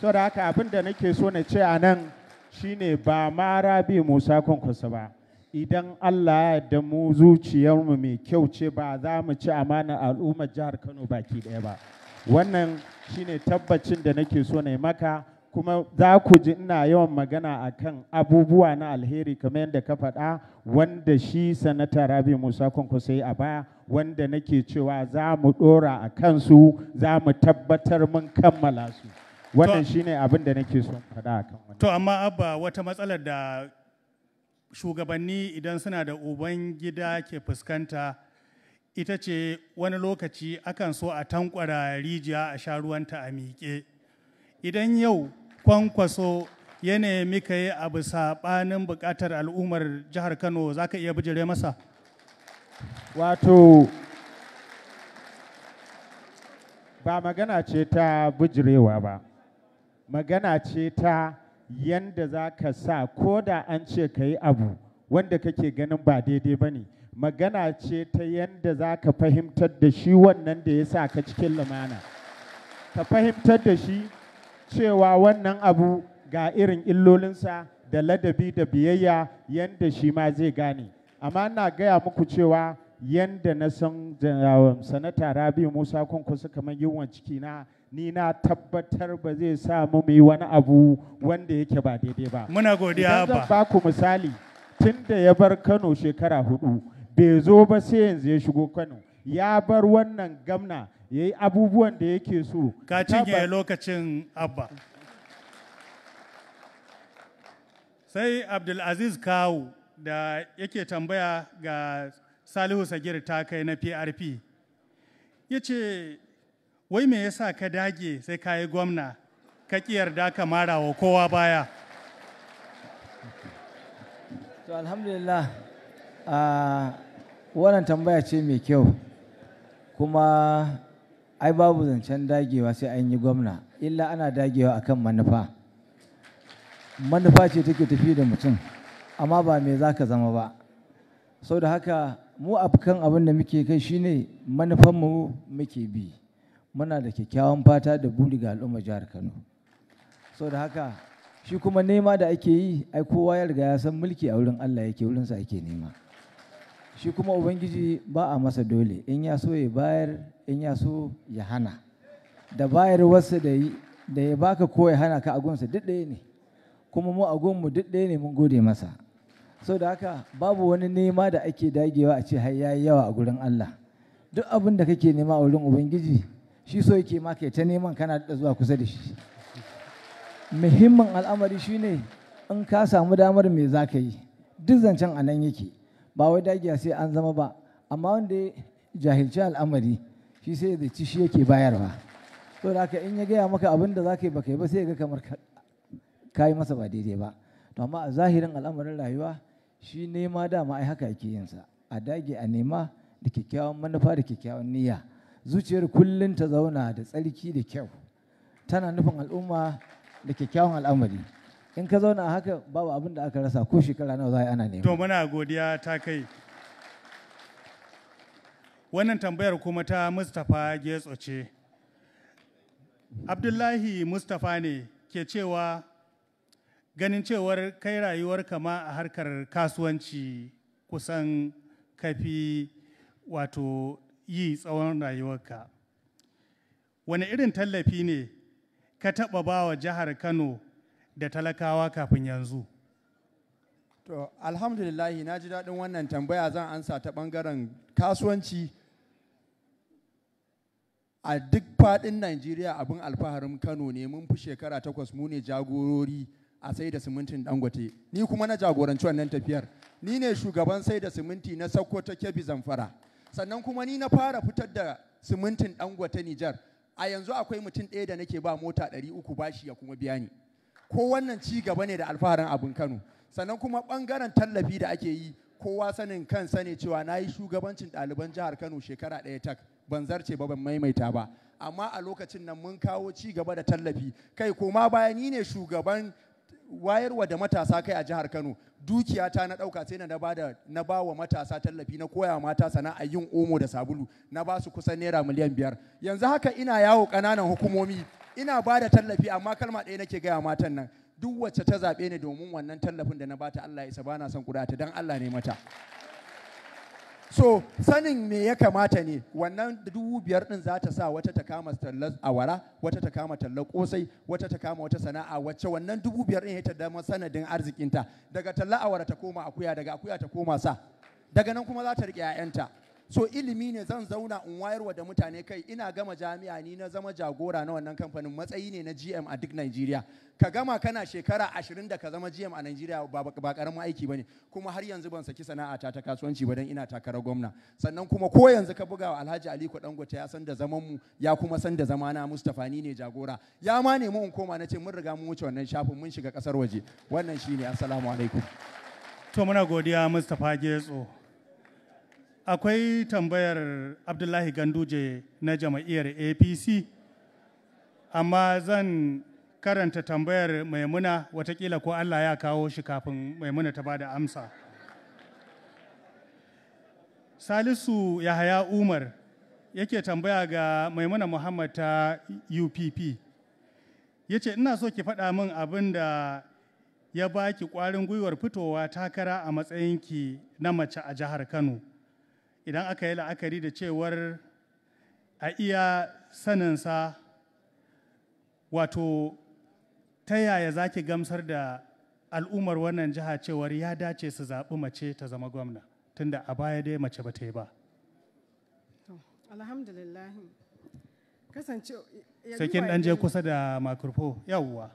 so da haka abin da nake so na ce a nan shine ba ma rabi musa kwankwasa ba idan allah ya da mu zuciyarmu mai kyau ce ba za mu ci amanar al'ummar jihar kano baki ɗaya ba wannan shine tabbacin da nake so na maka kuma za ku ji ina yawan magana a kan abubuwa na alheri kamar yadda ka faɗa wanda shi sanata rabi musa sai a baya wanda nake cewa za mu ɗora a kansu za mu tabbatar mun kammala su wannan shine abin da nake so faɗa a kan to amma abba wata matsalar da shugabanni idan suna da uban gida ke fuskanta ita ce wani lokaci akan so a tankwara rijiya a sha ruwanta a miƙe idan yau kwankwaso ya nemi ka yi abu saɓanin buƙatar al'ummar jihar kano za ka iya bijire masa wato ba magana ce ta bijirewa ba magana ce ta yanda za ka sa ko da an ce ka yi abu wanda kake ganin ba daidai ba ne magana ce ta yadda za ka fahimtar da shi wannan da ya sa ka cikin lumana ka fahimtar da shi cewa wannan abu ga irin illolinsa da ladabi da biyayya yadda shi ma zai gane amma na gaya muku cewa yadda na san um, sanata rabi musa kunku suka man yi ciki na ni na tabbatar ba zai samu mu yi wani abu wanda yake ba daidai ba muna godiya ba ba ku misali tun da ya bar kano shekara hudu bai zo ba sai yanzu ya shigo Kano ya bar wannan gamna ya yi abubuwan da yake so ka cinye lokacin abba sai abdulaziz kawu da yake tambaya ga salihu sagir ta kai na prp ya ce wai me yasa ka dage sai ka yi gwamna ka ƙi yarda ka mara wa kowa baya to alhamdulillah ah, wannan tambaya ce mai kyau kuma ai babu zancen dagewa sai an yi gwamna illa ana dagewa akan manufa manufa ce take tafi da mutum amma ba me za ka zama ba sau da haka mu kan abin da muke kai shine manufanmu muke bi muna da kyakkyawan fata da buri ga al'ummar jihar kano sau da haka shi kuma nema da ake yi ai kowa ya riga ya san mulki a wurin allah yake wurinsa ake nema shi kuma ubangiji ba a masa dole in ya so ya bayar in ya so ya hana da bayar wasu da yi da ya baka ko ya hana ka agunsa duk ɗaya ne kuma mu agunmu duk ɗaya ne mun gode masa so da haka babu wani nema da ake dagewa a ce har yayi yawa a gurin Allah duk abin da kake nema a wurin ubangiji shi so yake ma kai ta neman kana da zuwa kusa da shi muhimmin al'amari shine in ka samu damar me za yi duk zancen a nan yake ba wai dagiya sai an zama ba amma wanda ya jahilci al'amari shi sai da ci shi yake bayarwa to da haka in ya gaya maka abin da zaka yi baka yi ba sai ga kamar ka yi masa ba daidai ba to amma a zahirin al'amarin rayuwa shi nema dama ai haka ake yin sa a dage a nema da kyakkyawan manufa da kyakkyawan niyya zuciyar kullum ta zauna da tsarki da kyau tana nufin al'umma da kyakkyawan al'amari in ka zauna haka babu abin da aka rasa ko shekara nawa za a yi ana nema to muna godiya ta kai wannan tambayar kuma ta mustapha getso ce abdullahi mustapha ne ke cewa ganin cewar kai rayuwar kama a harkar kasuwanci kusan kafi wato yi tsawon rayuwarka wani irin tallafi ne ka taɓa ba wa jihar kano da talakawa kafin yanzu? To, alhamdulillahi na ji daɗin wannan tambaya zan ansa ta ɓangaren kasuwanci a duk faɗin Najeriya abin alfaharin Kano ne mun fi shekara takwas mu ne jagorori a sai da simintin Dangote. Ni kuma na jagoranci wannan tafiyar. Ni ne shugaban sai da siminti na ta Kebbi Zamfara. Sannan kuma ni na fara fitar da simintin Dangote Nijar. A yanzu akwai mutum ɗaya da nake ba mota ɗari uku bashi ya kuma biya ni. ko wannan ci gaba ne da alfaharin abin Kano sannan kuma bangaren tallafi da ake yi kowa sanin kansa ne cewa na yi shugabancin ɗaliban jihar Kano shekara ɗaya tak ban zarce ba ban maimaita ba amma a lokacin nan mun kawo ci gaba da tallafi kai koma baya ni ne shugaban wayarwa da matasa kai a jihar Kano dukiyata na ɗauka sai na bada na ba wa matasa tallafi na koya mata sana'a yin omo da sabulu na ba su kusan naira miliyan biyar yanzu haka ina yawo ƙananan hukumomi ina ba da tallafi amma kalma ɗaya nake gaya matan nan duk wacce ta zaɓe ni domin wannan tallafin da na bata Allah ya isa na son kudata dan Allah ne mata so sanin me ya kamata ne wannan dubu biyar din za ta sa wata ta kama tallar awara wata ta kama tallar kosai wata ta kama wata sana'a wacce wannan dubu biyar din ya ta dama sanadin arzikinta daga tallar awara ta koma akuya daga akuya ta koma sa daga nan kuma za ta riƙe 'ya'yanta so ilimi ne zan zauna in wayarwa da mutane kai ina gama jami'a ni na zama jagora na wannan kamfanin matsayi ne na GM a duk Najeriya ka gama kana shekara ashirin da ka zama GM a Najeriya ba karamin aiki ne kuma har yanzu ban saki sana'ata ta kasuwanci ba dan ina takarar gwamna sannan kuma ko yanzu ka buga wa Alhaji Aliko Dangote ya san da zaman mu ya kuma san da zama na Mustafa ni ne jagora ya ma nemi in koma na ce mun riga mun wuce wannan shafin mun shiga kasar waje wannan shine assalamu alaikum to muna godiya Mustafa Getso akwai tambayar abdullahi ganduje na jama'iyyar apc amma zan karanta tambayar maimuna watakila ko allah ya kawo shi kafin maimuna ta bada amsa salisu yahaya umar yake tambaya ga maimuna muhammad ta upp ya ce ina so ki faɗa min abin da ya baki ƙwarin gwiwar fitowa takara a matsayinki na mace a jihar kano idan aka yi la'akari da cewar a iya saninsa wato ta yaya za ki gamsar da al'ummar wannan jiha cewar ya dace su zaɓi mace ta zama gwamna tunda a baya dai mace ba ta yi ba alhamdulillah kasance sakin dan je kusa da makurfo yawwa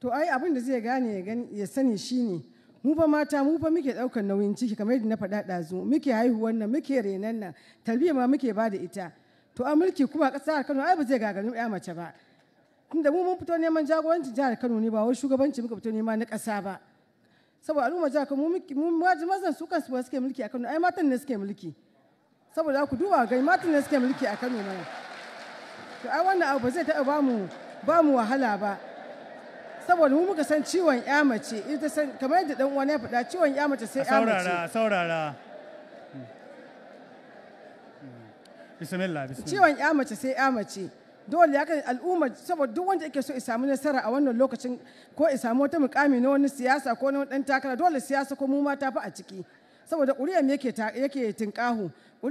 to ai abin da zai gane ya sani shine mu fa mata mu fa muke daukar nauyin ciki kamar yadda na faɗa ɗazu muke haihuwar nan muke renan nan tarbiyya ma muke ba da ita to a mulki kuma ƙasar Kano ai ba zai gagarin ya mace ba tunda mu mun fito neman jagoranci jihar Kano ne ba wai shugabanci muka fito nema na ƙasa ba saboda al'umma jihar Kano mu mazan su kansu suke mulki a Kano ai matan ne suke mulki saboda ku duba ga matan ne suke mulki a Kano mana to ai wannan abu ba zai taɓa ba mu ba mu wahala ba saboda mu muka san ciwon ya mace ita san kamar yadda dan uwana ya faɗa ciwon ya mace sai ya mace saurara saurara hmm. bismillah bismillah ciwon ya mace sai ya mace dole ya al'umma saboda duk wanda yake so ya samu nasara a wannan lokacin ko ya samu wata mukami na wani siyasa ko na wani dan takara dole siyasa ko mu mata fa a ciki saboda ƙuriyar yake yake tinkahu da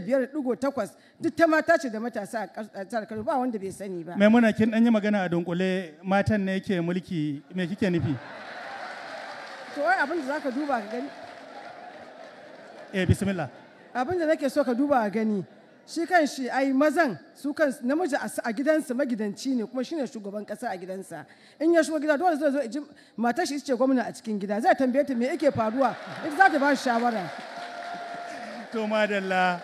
biyar kaso takwas duk ta mata ce da matasa a ƙasar Kano ba wanda bai sani ba. Maimuna kin dan yi magana a dunkule matan ne yake mulki me kike nufi? To wai abin da zaka duba ka gani. Eh bismillah. Abin da nake so ka duba a gani shi kan shi ai mazan su kan namiji a gidansa magidanci ne kuma shine shugaban kasa a gidansa in ya shigo gida dole zai zo matar shi ce gwamna a cikin gida zai tambaye ta me yake faruwa ita za ta ba shi shawara to madalla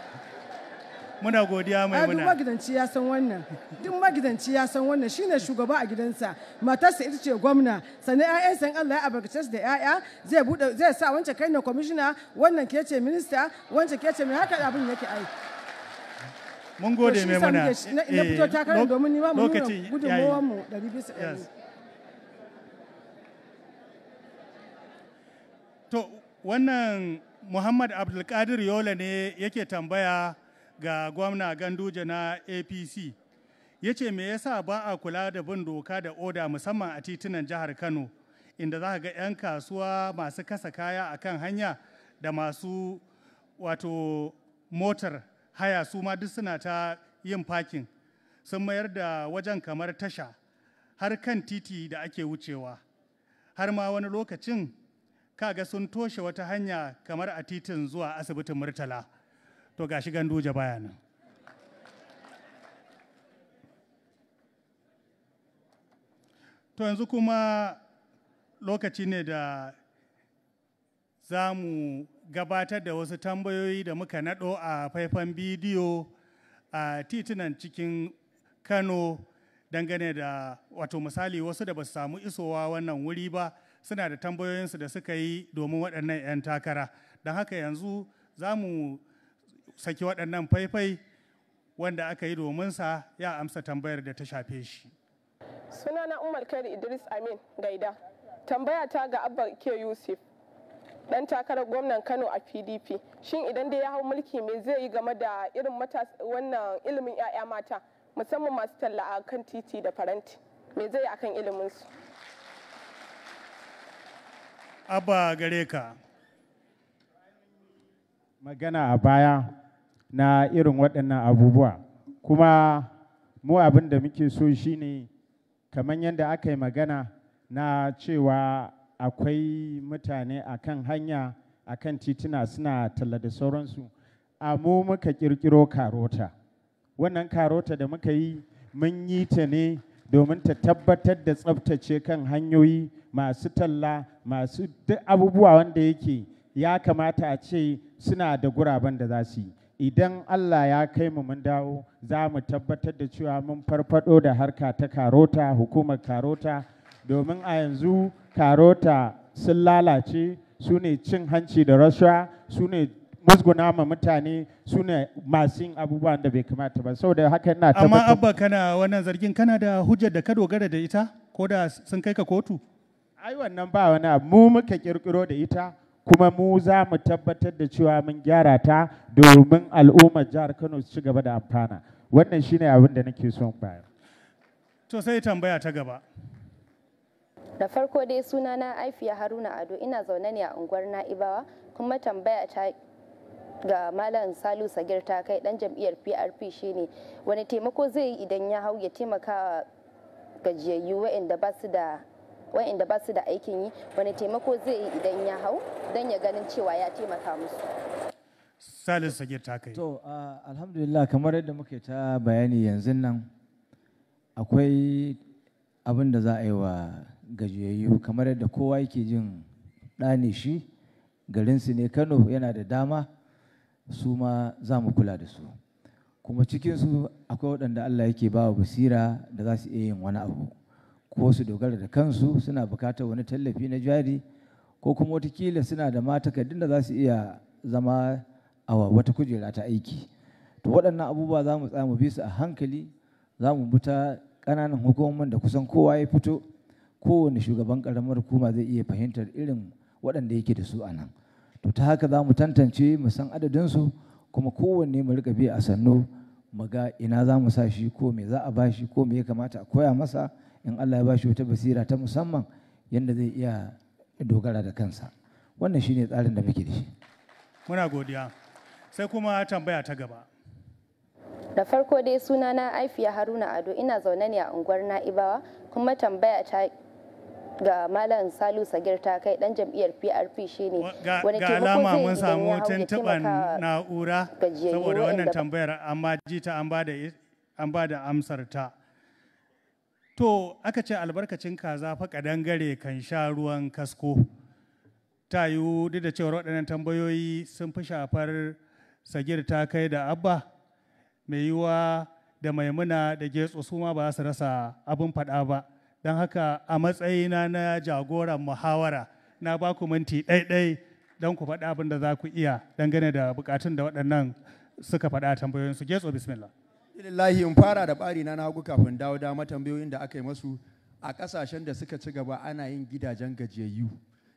muna godiya mai ah, muna duk magidanci ya san wannan duk magidanci ya san wannan shine shugaba a gidansa matarsa ita ce gwamna sannan ƴaƴan san Allah ya abarkace su da ƴaƴa zai bude zai sa wancan kai na commissioner wannan ke ce minister wancan ke ce mai haka abin yake ai mun gode mai muna na fito eh, takarar domin ni ma mu nuna gudunmawar mu 200 to wannan muhammad abdulkadir yola ne yake tambaya ga gwamna ganduje na apc ya ce me yasa ba a kula da bin doka da oda musamman a titunan jihar kano inda za ga 'yan kasuwa masu kasa kaya a kan hanya da masu wato motar haya su ma duk suna ta yin fakin sun mayar da wajen kamar tasha har kan titi da ake wucewa har ma wani lokacin kaga sun toshe wata hanya kamar a titin zuwa asibitin murtala to ga gashi ganduje baya nan to yanzu kuma lokaci ne da za mu gabatar da wasu tambayoyi da muka naɗo a faifan bidiyo a titunan cikin kano dangane da wato misali wasu da ba su samu isowa wannan wuri ba suna da tambayoyinsu da suka yi domin waɗannan 'yan takara don haka yanzu za mu saki waɗannan faifai wanda aka yi domin sa ya amsa tambayar da ta shafe shi suna na umar kari idris amin gaida tambaya ta ga abba ke yusuf dan takarar gwamnan kano a pdp shin idan dai ya hau mulki me zai yi game da irin wannan ilimin 'ya'ya mata musamman masu talla a kan titi da faranti me zai yi akan iliminsu abba gare ka magana a baya na irin waɗannan abubuwa kuma mu abin da muke so shine kamar yadda aka yi magana na cewa akwai mutane a kan hanya a kan tituna suna talla da sauransu a mu muka ƙirƙiro karota wannan karota da muka yi mun yi ta ne domin ta tabbatar da tsabtace kan hanyoyi masu talla masu duk abubuwa wanda yake ya kamata a ce suna da guraben da za su yi idan Allah ya kai mu mun dawo za mu tabbatar da cewa mun farfado da harka ta karota hukumar karota domin a yanzu karota sun lalace su ne cin hanci da rasha su ne musguna ma mutane su ne masu yin abubuwan da bai kamata ba da haka ina tabbatar amma abba kana wannan zargin kana da hujjar da ka dogara da ita ko da sun kai ka kotu ai wannan ba wani mu muka kirkiro da ita kuma mu za mu tabbatar da cewa mun gyara ta domin al'ummar jihar Kano su ci gaba da amfana wannan shine abin da nake son bayar to sai tambaya ta gaba da farko dai suna na aifiya haruna ado ina zaune ne a unguwar na'ibawa kuma tambaya ta ga malam salu sagir ta kai dan jam'iyyar prp shine wani taimako zai yi idan ya hau ya taimaka gajiyayyu waɗanda ba su da wayanda ba su da aikin yi wani taimako zai yi idan ya hau don ya ganin cewa ya taimaka musu salis sagir ta kai to alhamdulillah kamar yadda muke ta bayani yanzu nan akwai abin da za a yi wa gajiyayyu kamar yadda kowa yake jin ɗane shi garin su ne kano yana da dama su ma za mu kula da su kuma cikinsu akwai waɗanda allah yake ba wa basira da za su iya yin wani abu ko su dogara da kansu suna bukatar wani tallafi na jari ko kuma watakila suna da ma da za su iya zama a wata kujera ta aiki to waɗannan abubuwa za mu tsamu mu bi su a hankali za mu bi ƙananan hukumomin da kusan kowa ya fito kowane shugaban ƙaramar hukuma zai iya fahimtar irin waɗanda yake da su anan. to ta haka za mu tantance mu san adadinsu kuma kowanne mu riƙa bi a sannu mu ga ina za mu sa shi ko me za a ba shi ko me ya kamata a koya masa in Allah ya ba shi wata basira ta musamman yadda zai iya dogara da kansa wannan shine tsarin da muke da shi muna godiya sai kuma tambaya ta gaba da farko dai suna na aifiya haruna ado ina zaune ne a unguwar na'ibawa kuma tambaya ta ga malam salu sagir ta kai dan jam'iyyar prp shine wani ga alama mun samu tuntuban na'ura saboda wannan tambayar amma ji ta an ba da amsar ta to aka ce albarkacin kaza fa kadangare kan sha ruwan kasko ta yiwu duk da cewar waɗannan tambayoyi sun fi shafar sagir ta kai da abba mai yiwuwa da maimuna da getso su ma ba su rasa abin faɗa ba don haka a matsayina na jagoran muhawara na ba ku minti ɗaiɗai don ku faɗa abin da za ku iya dangane da bukatun da waɗannan suka faɗa tambayoyinsu getso bismillah alhamdulillahi in fara da bari na nagu kafin dawo dama tambayoyin da aka yi masu a kasashen da suka ci gaba ana yin gidajen gajiyayyu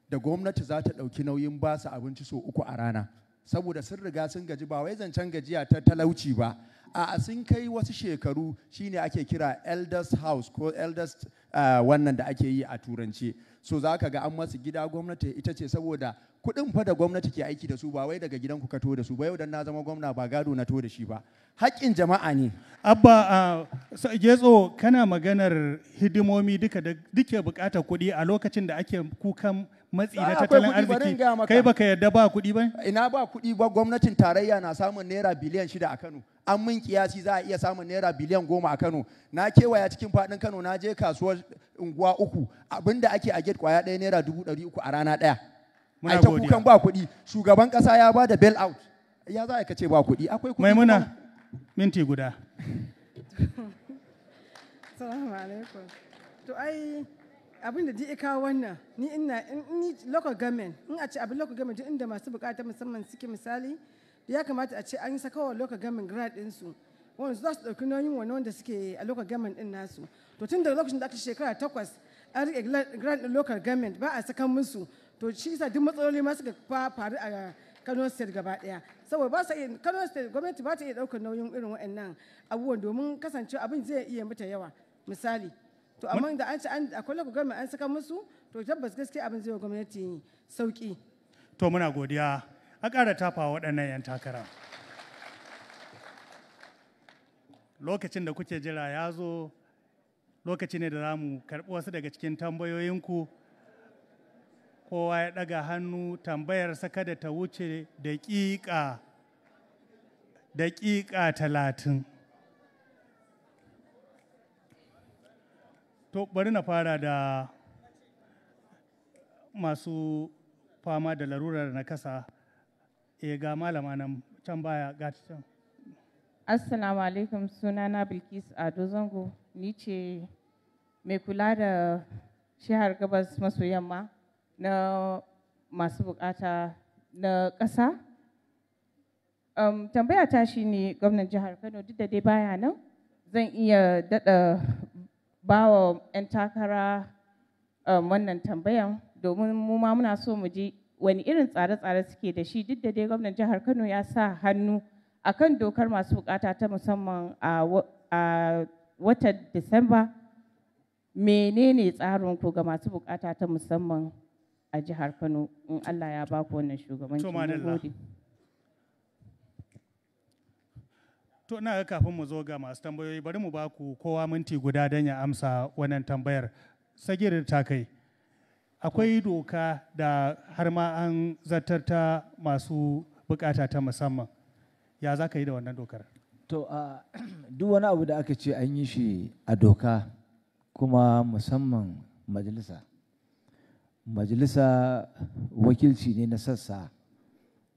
da gwamnati za ta ɗauki nauyin ba su abinci so uku a rana saboda sun riga sun gaji ba wai zancen gajiya ta talauci ba a sun kai wasu shekaru shine ake kira elders house ko elders wannan da ake yi a turance so za ka ga an masu gida gwamnati ita ce saboda kuɗin fa da gwamnati ke aiki da su ba wai daga gidan ku ka to da su ba yau dan na zama gwamna ba gado na to da shi ba haƙƙin jama'a ne abba uh, getso kana maganar hidimomi duka da duke bukatar kuɗi a lokacin da ake kukan matsi na tattalin arziki kai baka yarda ba kuɗi ba ina ba kuɗi ba gwamnatin tarayya na samun naira biliyan shida a kano an min kiyasi za a iya samun naira biliyan goma a kano na kewaya cikin faɗin kano na je kasuwar unguwa uku abinda ake a gate kwaya ɗaya naira dubu ɗari uku a rana ɗaya ai ta kukan ba kuɗi shugaban ƙasa ya ba da bail out ya za a kace ba kuɗi akwai kuɗi maimuna minti guda salamu alaikum to ai abin da ya kawo wannan ni ina ni local government in a ce abin local government inda masu bukata musamman suke misali ya kamata a ce an yi sakawa local government grant din su wanda za su dauki nauyin wani wanda suke a local government din nasu to tun daga lokacin da aka shekara takwas an rike grant din local government ba a sakan musu to shi yasa duk matsaloli ma suka faru a Kano state gaba daya saboda ba sa iya Kano State gwamnati ba ta iya ɗaukar nauyin irin waɗannan abubuwan domin kasance abin zai iya mata yawa misali to amma da an ci an akwai lokacin an saka musu to tabbas gaskiya abin zai wa gwamnati sauki to muna godiya a ƙara tafa waɗannan 'yan takara lokacin da kuke jira ya zo lokaci ne da za mu karɓi wasu daga cikin tambayoyinku kowa ya ɗaga hannu tambayar saka da ta wuce daƙiƙa daƙiƙa talatin to bari na fara da masu fama da larurar na kasa e eh, ga malama nan can baya ga can assalamu alaikum sunana bilkis ado zango ni ce mai kula da shahar gabas maso yamma na masu bukata na ƙasa. Um, tambaya ta shi ne gwamnan jihar Kano duk da dai baya nan zan iya daɗa ba wa 'yan takara um, wannan tambayan domin mu ma muna so mu ji wani irin tsare-tsare suke da shi duk da dai gwamnan jihar Kano ya sa hannu a kan dokar masu bukata ta musamman a watan Disamba menene tsarin ku ga masu bukata ta musamman a jihar Kano in Allah ya baku wannan shugabanci. To To ina ga kafin mu zo ga masu tambayoyi bari mu baku kowa minti guda dan ya amsa wannan tambayar. Sagir ta kai. Akwai doka da har ma an zartar ta masu bukata ta musamman. Ya za ka yi da wannan dokar? To duk wani abu da aka ce an yi shi a doka kuma musamman majalisa majalisa wakilci ne na sassa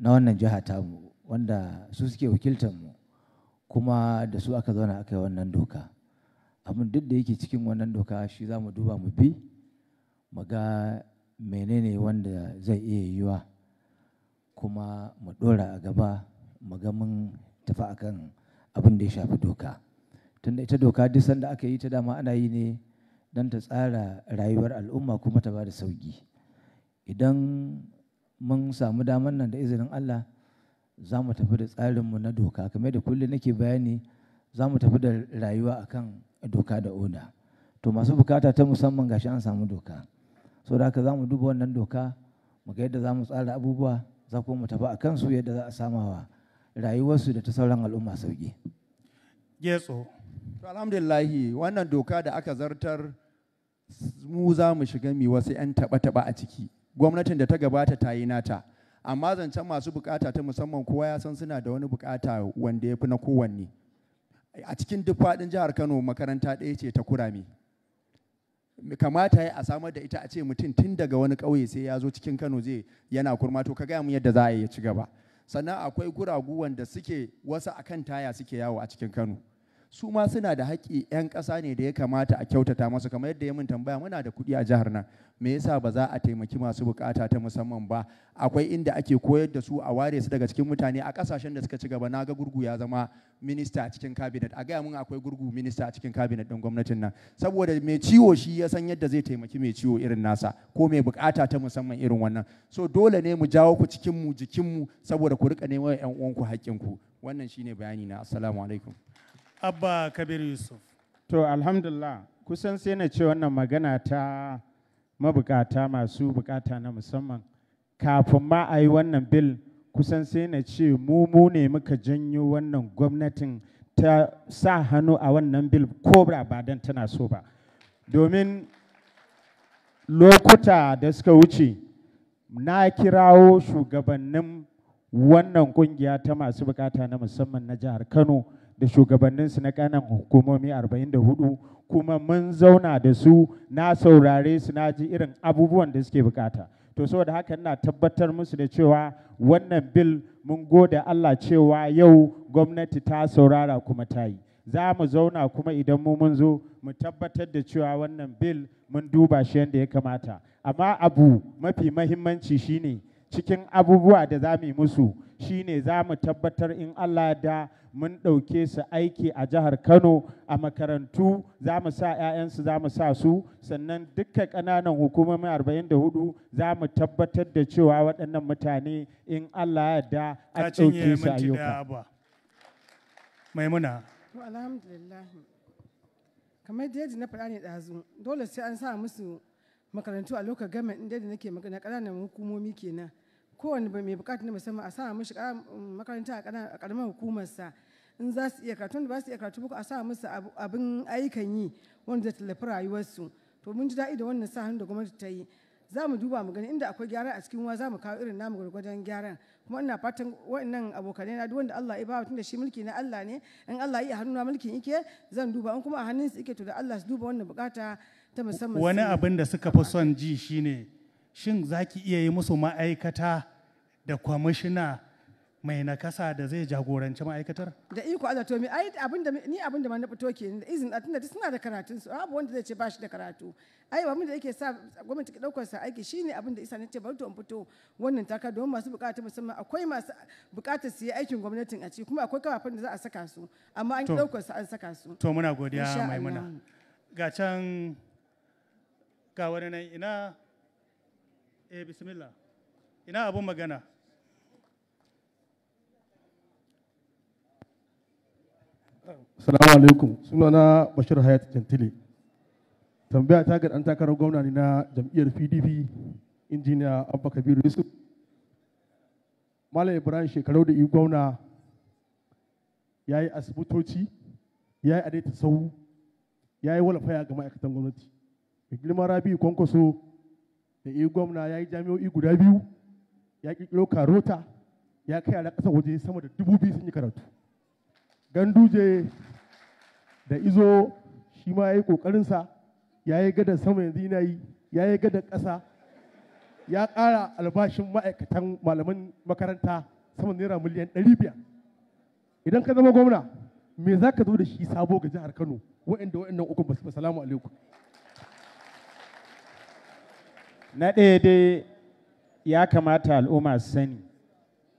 na wannan jiha tamu wanda su suke wakiltar mu kuma da su aka zauna aka yi wannan doka abin duk da yake cikin wannan doka shi za mu duba mu bi mu ga menene wanda zai iya yiwa kuma mu ɗora a gaba mu ga mun tafi akan abin da ya shafi doka tunda ita doka duk sanda aka yi ta dama ana yi ne don ta tsara rayuwar al'umma kuma ta ba da sauƙi idan mun samu damar nan da izinin Allah za mu tafi da tsarinmu na doka kamar da kullum nake bayani za mu tafi da rayuwa akan doka da oda to masu bukata ta musamman gashi an samu doka so da haka za mu duba wannan doka mu ga yadda za mu tsara abubuwa za kuma mu tafi a su yadda za a samawa rayuwarsu da ta sauran al'umma sauki Yeso, to alhamdulillahi wannan doka da aka zartar mu za mu shiga mi wasu 'yan taɓa-taɓa a ciki gwamnatin da ta gabata ta yi nata amma zancen masu bukata ta musamman kowa ya san suna da wani bukata wanda ya fi na kowanne a cikin duk faɗin jihar kano makaranta ɗaya ce ta kurame kamata ya a samar da ita a ce mutum tun daga wani ƙauye sai ya zo cikin kano zai yana kurma to ka gaya mu yadda za a yi ya ci gaba sannan akwai guragu wanda suke wasu akan taya suke yawo a cikin kano su ma suna da haƙƙi 'yan ƙasa ne da ya kamata a kyautata masu kamar yadda ya mun tambaya muna da kuɗi a jihar nan me yasa ba za a taimaki masu bukata ta musamman ba akwai inda ake koyar da su a ware su daga cikin mutane a ƙasashen da suka ci gaba na ga gurgu ya zama minista a cikin cabinet a gaya mun akwai gurgu minista a cikin cabinet ɗin gwamnatin nan saboda mai ciwo shi ya san yadda zai taimaki mai ciwo irin nasa ko mai bukata ta musamman irin wannan so dole ne mu jawo ku cikin mu jikin mu saboda ku rika neman 'yan uwanku haƙƙinku wannan shine bayani na assalamu alaikum Abba Kabir Yusuf. To, alhamdulillah, kusan sai na ce wannan magana ta mabukata masu bukata na musamman. Kafin ma a yi wannan bil, kusan sai na ce mu mu ne muka janyo wannan gwamnatin ta sa hannu a wannan bil ko ba don tana so ba. Domin lokuta da suka wuce, na kirawo shugabannin wannan kungiya ta masu bukata na musamman na jihar Kano. da shugabanninsu na kanan hukumomi 44 kuma mun zauna da su na saurare su na ji irin abubuwan da suke bukata to saboda haka ina tabbatar musu da cewa wannan bil mun gode Allah cewa yau gwamnati ta saurara kuma ta yi za mu zauna kuma idan mu mun zo mu tabbatar da cewa wannan bil mun duba shi yadda ya kamata amma abu mafi mahimmanci shine cikin abubuwa da za mu yi musu shi ne za mu tabbatar in Allah da mun ɗauke su aiki a jihar Kano a makarantu za mu sa 'ya'yansu za mu sa su sannan dukkan ƙananan hukumomi 44 za mu tabbatar da cewa waɗannan mutane in Allah da a ɗauke su ayyuka. Maimuna. Alhamdulillah. Kamar da na faɗa ne ɗazu dole sai an sa musu makarantu a lokacin gama inda da nake magana ƙananan hukumomi kenan. kowane mai bukatu na musamman a sa mishi mm, makaranta a karamar hukumarsa in za su iya karatu ba su iya karatu boko a sa musu abin ayyukan yi wanda zai tallafi rayuwarsu to mun ji daɗi da wannan sa hannu da gwamnati ta yi za mu duba mu gani inda akwai gyara a cikin wa za mu kawo irin namu gwargwadon gyaran kuma ina fatan waɗannan abokanai na duk wanda Allah ya bawa tunda shi mulki na Allah ne in Allah ya hannu na mulkin yake zan duba in kuma a hannun su yake to da Allah su duba wannan bukata ta musamman wani abin da suka fi son ji shine shin zaki iya yi musu ma'aikata da kwamishina mai nakasa da zai jagoranci ma'aikatar? Da iko Allah to ai abinda ni abinda ma na fito ke da izin tunda suna da karatun su abu wanda zai ce bashi da karatu ai abin da yake sa gwamnati daukar sa aiki shine abin da isa ce bari to in fito wannan taka don masu bukata musamman akwai masu bukata su yi aikin gwamnatin a ciki kuma akwai kafafen da za a saka su amma an daukar su an saka su. To muna godiya Maimuna. Ga can ga wani nan ina eh bismillah ina abun magana. Assalamu alaikum. Sunana Bashir Hayat Gentile Tambaya ta ga ɗan takarar gwamna ne na jam'iyyar PDP, injiniya Abba Kabiru Yusuf. Malam Ibrahim shekarau da gwamna ya yi asibitoci, ya yi adaita sau, ya yi walafaya ga ma'aikatan gwamnati. girma Rabi Kwankwaso da iya gwamna ya yi jami'o'i guda biyu, ya ƙirƙiro karota, ya kai a ta waje sama da dubu biyu sun yi karatu. ganduje da izo shi ma ya yi ƙoƙarinsa ya yi gada sama yanzu yana yi ya yi gada ƙasa ya ƙara albashin ma'aikatan malaman makaranta sama naira miliyan ɗari biyar idan ka zama gwamna me za ka zo da shi sabo ga jihar kano wa'anda wa'annan uku ba su salamu alaikum na ɗaya dai ya kamata al'umma sani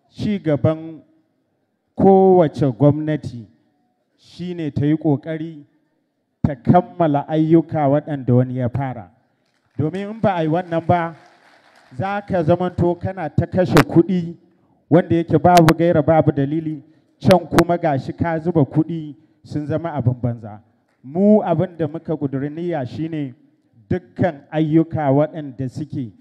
ci gaban kowace gwamnati shine ta yi ƙoƙari ta kammala ayyuka waɗanda wani ya fara domin in ba a yi wannan ba za ka zamanto kana ta kashe kuɗi wanda yake babu gaira babu dalili can kuma ga shi ka zuba kuɗi sun zama abin banza mu abin da muka ƙuduri niyya shine dukkan ayyuka waɗanda suke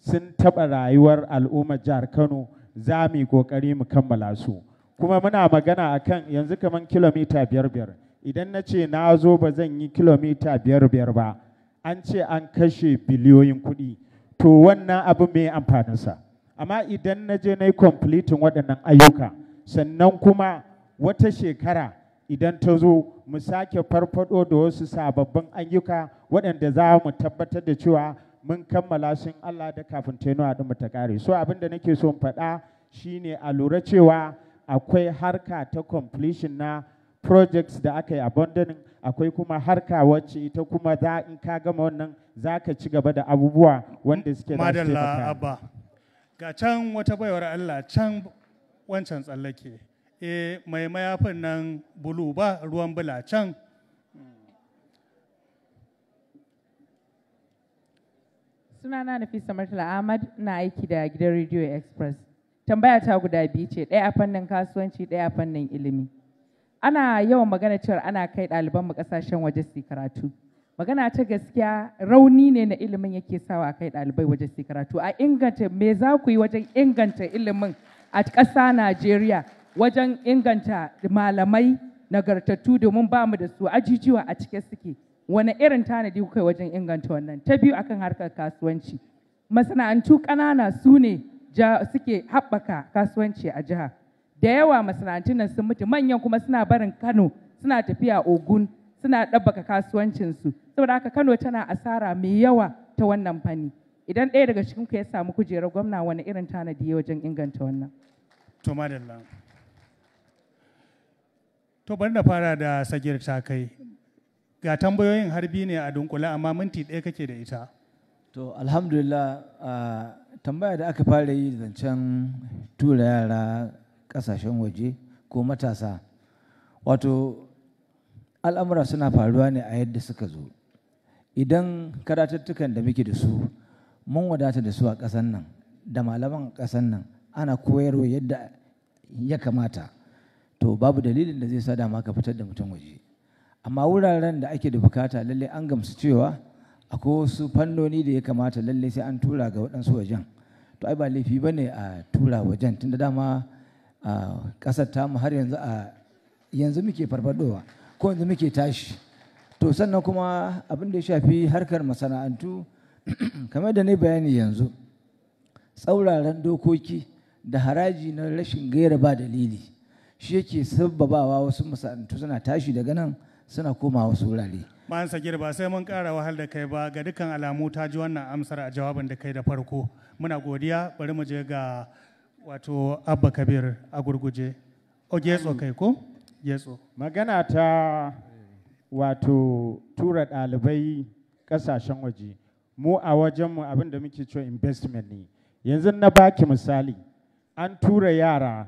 sun taɓa rayuwar al'ummar jihar kano za mu yi ƙoƙari mu kammala su kuma muna magana a kan yanzu kamar kilomita biyar biyar idan na ce na zo ba zan yi kilomita biyar biyar ba an ce an kashe biliyoyin kuɗi to wannan abu mai amfaninsa amma idan na je na yi kwamfilitin waɗannan ayyuka sannan kuma wata shekara idan ta zo mu sake farfado da wasu sababbin ayyuka waɗanda za mu tabbatar da cewa mun kammala sun Allah da kafin tenuwa ɗin mu ta kare so abin da nake so in faɗa shine a lura cewa akwai harka ta completion na projects da aka yi abandoning akwai kuma harka wacce ita kuma za in ka gama wannan za ka ci gaba da abubuwa wanda suke da madalla abba ga can wata baiwar Allah can wancan tsallake e mai mayafin nan bulu ba ruwan bula can sunana Nafisa Martala Ahmad na aiki da gidan Radio Express tambaya ta guda biyu ce ɗaya a fannin kasuwanci ɗaya a fannin ilimi ana yawan magana cewa ana kai ɗaliban mu ƙasashen waje su karatu magana ta gaskiya rauni ne na ilimin yake sawa a kai ɗalibai waje su karatu a inganta me za ku yi wajen inganta ilimin a ƙasa najeriya wajen inganta malamai nagartattu domin ba mu da su ajijiwa a cike suke wani irin tanadi kuka wajen inganta wannan ta biyu akan harkar kasuwanci masana'antu ƙanana su ne suke haɓaka kasuwanci a jiha da yawa masana'antun nan sun mutu manyan kuma suna barin kano suna tafiya ogun suna ɗabbaka kasuwancinsu saboda haka kano tana asara mai yawa ta wannan fanni idan ɗaya daga cikin ku ya samu kujerar gwamna wani irin tanadi ya wajen inganta wannan to madalla to bari na fara da sagir ta kai ga tambayoyin harbi ne a dunkule amma minti ɗaya kake da ita to alhamdulillah ah, tambaya da aka fara yi zancen tura yara ƙasashen waje ko matasa wato al'amura suna faruwa ne a yadda suka zo idan karatattukan da muke da su mun wadata da su a ƙasan nan da malaman ƙasan nan ana koyarwa yadda ya kamata to babu dalilin da zai sa dama ka fitar da mutum waje amma wuraren da ake da bukata lallai an gamsu cewa akwai wasu fannoni da ya kamata lalle sai an tura ga waɗansu wajen to ai ba laifi ba ne a tura wajen tunda dama a ƙasar tamu har yanzu a yanzu muke farfadowa ko yanzu muke tashi to sannan kuma abin da ya shafi harkar masana'antu kamar da na bayani yanzu tsauraran dokoki da haraji na rashin gaira ba dalili shi yake sabbabawa wasu masana'antu suna tashi daga nan suna komawa wasu wurare Ma'an Sakir ba sai mun ƙara wahal da kai ba ga dukkan alamu ta ji wannan amsar a jawabin da kai da farko. Muna godiya bari mu je ga wato Abba Kabir a gurguje. O getso kai ko? Getso. Magana ta wato tura ɗalibai ƙasashen waje. Mu a wajenmu abin da muke cewa investment ne. Yanzu na baki misali an tura yara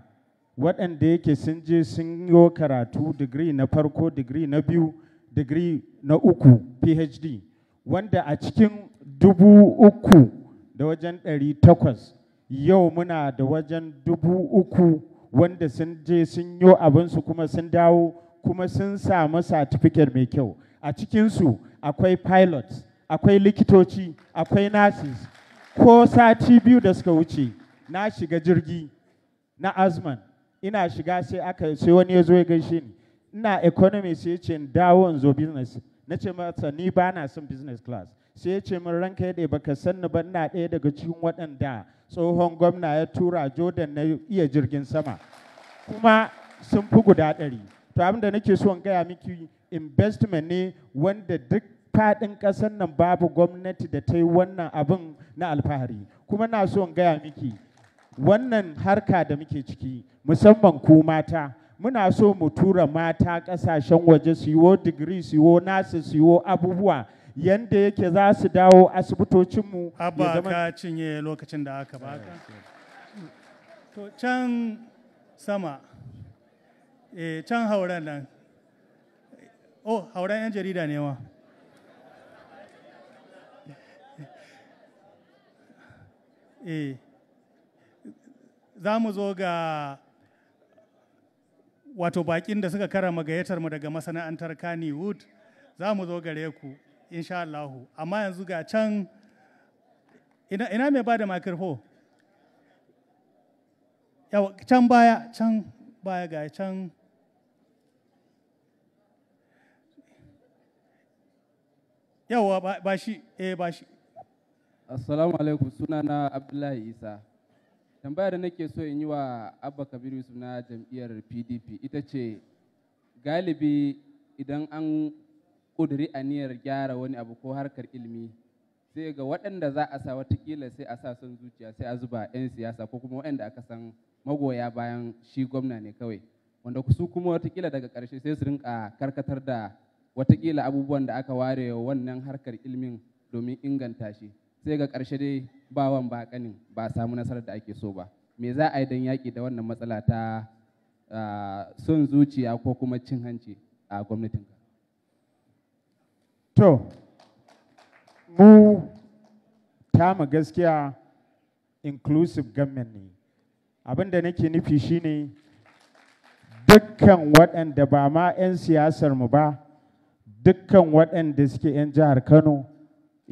waɗanda yake sun je sun yi karatu digiri na farko digiri na biyu digiri na uku phd wanda a cikin dubu uku da wajen ɗari takwas yau muna da wajen dubu uku wanda sun je sun yi abinsu kuma sun dawo kuma sun samu satifiket mai kyau a cikinsu akwai pilots akwai likitoci akwai nurses ko sati biyu da suka wuce na shiga jirgi na azman ina shiga sai aka sai wani ya zo ya gaishe ni ina economy sai ce dawo in zo business na ce masa ni ba na son business class sai ya ce min ranka ya ba ka sanni ba ina ɗaya daga cikin waɗanda tsohon gwamna ya tura jordan na iya jirgin sama kuma sun fi guda ɗari to abinda da nake so in gaya miki investment ne wanda duk faɗin ƙasar nan babu gwamnati da ta yi wannan abin na alfahari kuma na son gaya miki wannan harka da muke ciki musamman ku mata muna so mu tura mata ƙasashen waje su yiwo digiri su yiwo nasu su yiwo abubuwa yadda yake za su dawo asibitocinmu Abba ka cinye lokacin da aka baka eh, to can sama eh, can hauren nan oh hauren yan jarida ne wa eh, za mu zo ga wato bakin da suka karama gayyatar mu daga masana'antar Kannywood za mu zo gare ku insha Allahu amma yanzu ga can ina, ina mai bada da yawa can baya can baya ga can yawa ba shi eh ba shi assalamu alaikum sunana abdullahi isa tambaya da nake so in yi wa abba kabiru yusuf na jam'iyyar pdp ita ce galibi idan an kuduri aniyar gyara wani abu ko harkar ilimi sai ga waɗanda za a sa watakila sai a sa son zuciya sai a zuba 'yan siyasa ko kuma waɗanda aka san magoya bayan shi gwamna ne kawai wanda su kuma watakila daga ƙarshe sai su rinka karkatar da watakila abubuwan da aka ware wannan harkar ilimin domin inganta shi sai ga ƙarshe dai bawan ba kanin ba samu nasarar da ake so ba me za a yi don yaƙi da wannan matsala ta son zuciya ko kuma cin hanci a gwamnatin to mu tamu gaskiya inclusive government ne abin da nake nufi shine dukkan waɗanda ba ma 'yan siyasar mu ba dukkan waɗanda suke 'yan jihar kano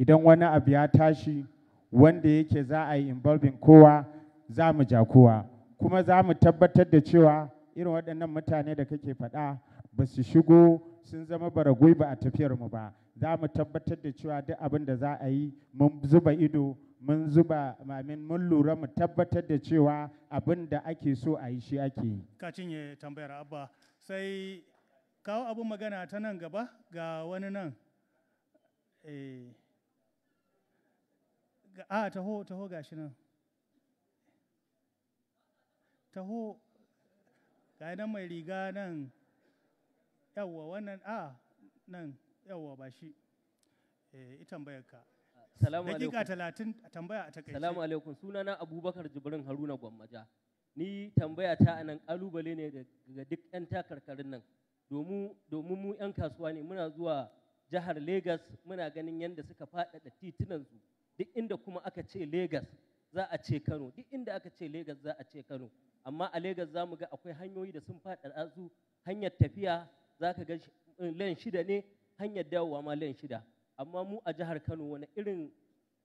idan wani abu ya tashi wanda yake za a yi involving kowa za mu ja kowa kuma za mu tabbatar da cewa irin waɗannan mutane da kake faɗa ba su shigo sun zama baragui ba a tafiyar mu ba za mu tabbatar da cewa duk abin da za a yi mun zuba ido mun zuba mamin mun lura mu tabbatar da cewa abin da ake so a yi shi ake yi ka cinye tambayar abba sai kawo abin magana ta nan gaba ga wani nan eh a taho taho gashi nan taho ga nan mai riga nan yawwa wannan a nan yawwa ba shi eh, ita tambayar ka dakika talatin tambaya a takaice salamu alaikum sunana abubakar jibrin haruna gwammaja ni tambaya ta anan kalubale ne ga duk yan takarkarin nan domin mu yan kasuwa ne muna zuwa jihar Legas muna ganin yadda suka faɗaɗa su. duk inda kuma aka ce Legas za a ce Kano duk inda aka ce Legas za a ce Kano amma a Legas za mu ga akwai hanyoyi da sun faɗaɗa su hanyar tafiya za ka ga eh, len shida ne hanyar dawowa ma len shida amma mu a jihar Kano wani irin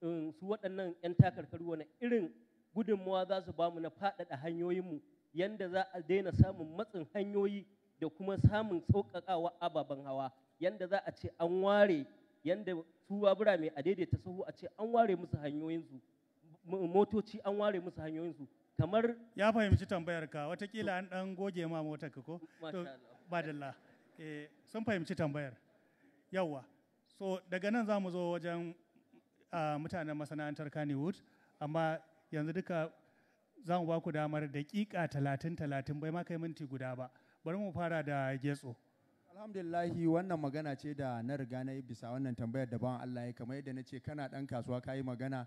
eh, su waɗannan 'yan takarkaru wani irin gudunmawa za su bamu na faɗaɗa hanyoyinmu yanda za a daina samun matsin hanyoyi da kuma samun sauƙaƙawa ababen hawa yanda za a ce an ware yanda su babura mai a daidaita sahu a ce an ware musu hanyoyinsu motoci an ware musu hanyoyinsu kamar ya fahimci tambayar ka watakila an dan goge ma motar ka ko to dalla eh, sun fahimci tambayar yawa so daga nan za mu zo wajen mutanen masana'antar Kannywood amma yanzu duka za mu ba ku damar daƙiƙa talatin talatin bai ma kai minti guda ba bari mu fara da getso alhamdulillahi wannan magana ce da na riga na yi bisa wannan tambayar da ban Allah ya kamar yadda na ce kana dan kasuwa ka yi magana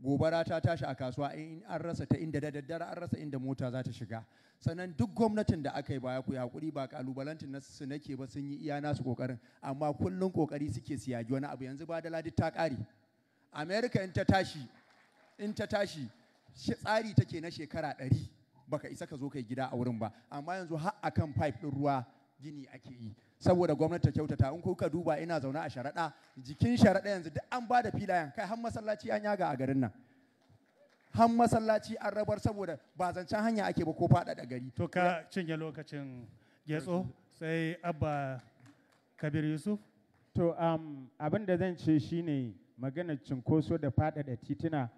gobara ta tashi a kasuwa in an rasa ta inda da daddare an rasa inda mota za ta shiga sannan duk gwamnatin da aka yi baya ku hakuri ba kalubalantin na su nake ba sun yi iya nasu kokarin amma kullum kokari suke su yagi wani abu yanzu ba da ladi ta kare america in ta tashi in ta tashi tsari take na shekara ɗari baka isa ka zo kai gida a wurin ba amma yanzu har akan pipe ɗin ruwa gini ake yi saboda gwamnati ta kyautata in kuka duba ina zaune a sharaɗa jikin sharaɗa yanzu duk an ba da filayen kai har masallaci an yaga a garin nan har masallaci an rabar saboda ba zancen hanya ake ba ko faɗaɗa gari to ka cinye lokacin getso sai abba kabir yusuf to um, abin da zan ce shine maganar cinkoso da faɗaɗa tituna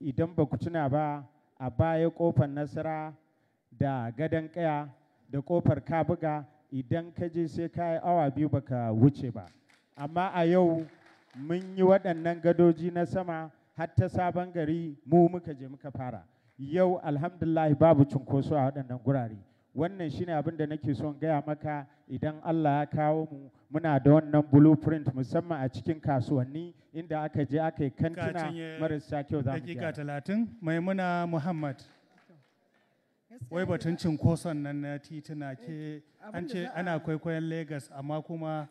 idan ba ku tuna ba a baya kofar nasara da gadon kaya da ka kabuga idan ka je sai ka yi awa biyu baka wuce ba amma a yau mun yi waɗannan gadoji na sama har ta sabon gari mu muka je muka fara yau alhamdulillah babu cunkoso a waɗannan gurare wannan shine abin da nake son gaya maka idan Allah ya kawo mu muna da wannan blueprint musamman a cikin kasuwanni inda aka je aka yi kantina marasa kyau za mu gyara. talatin Maimuna Muhammad. wai batun cinkoson nan na tituna eh, ke an ce ana kwaikwayon Legas amma kuma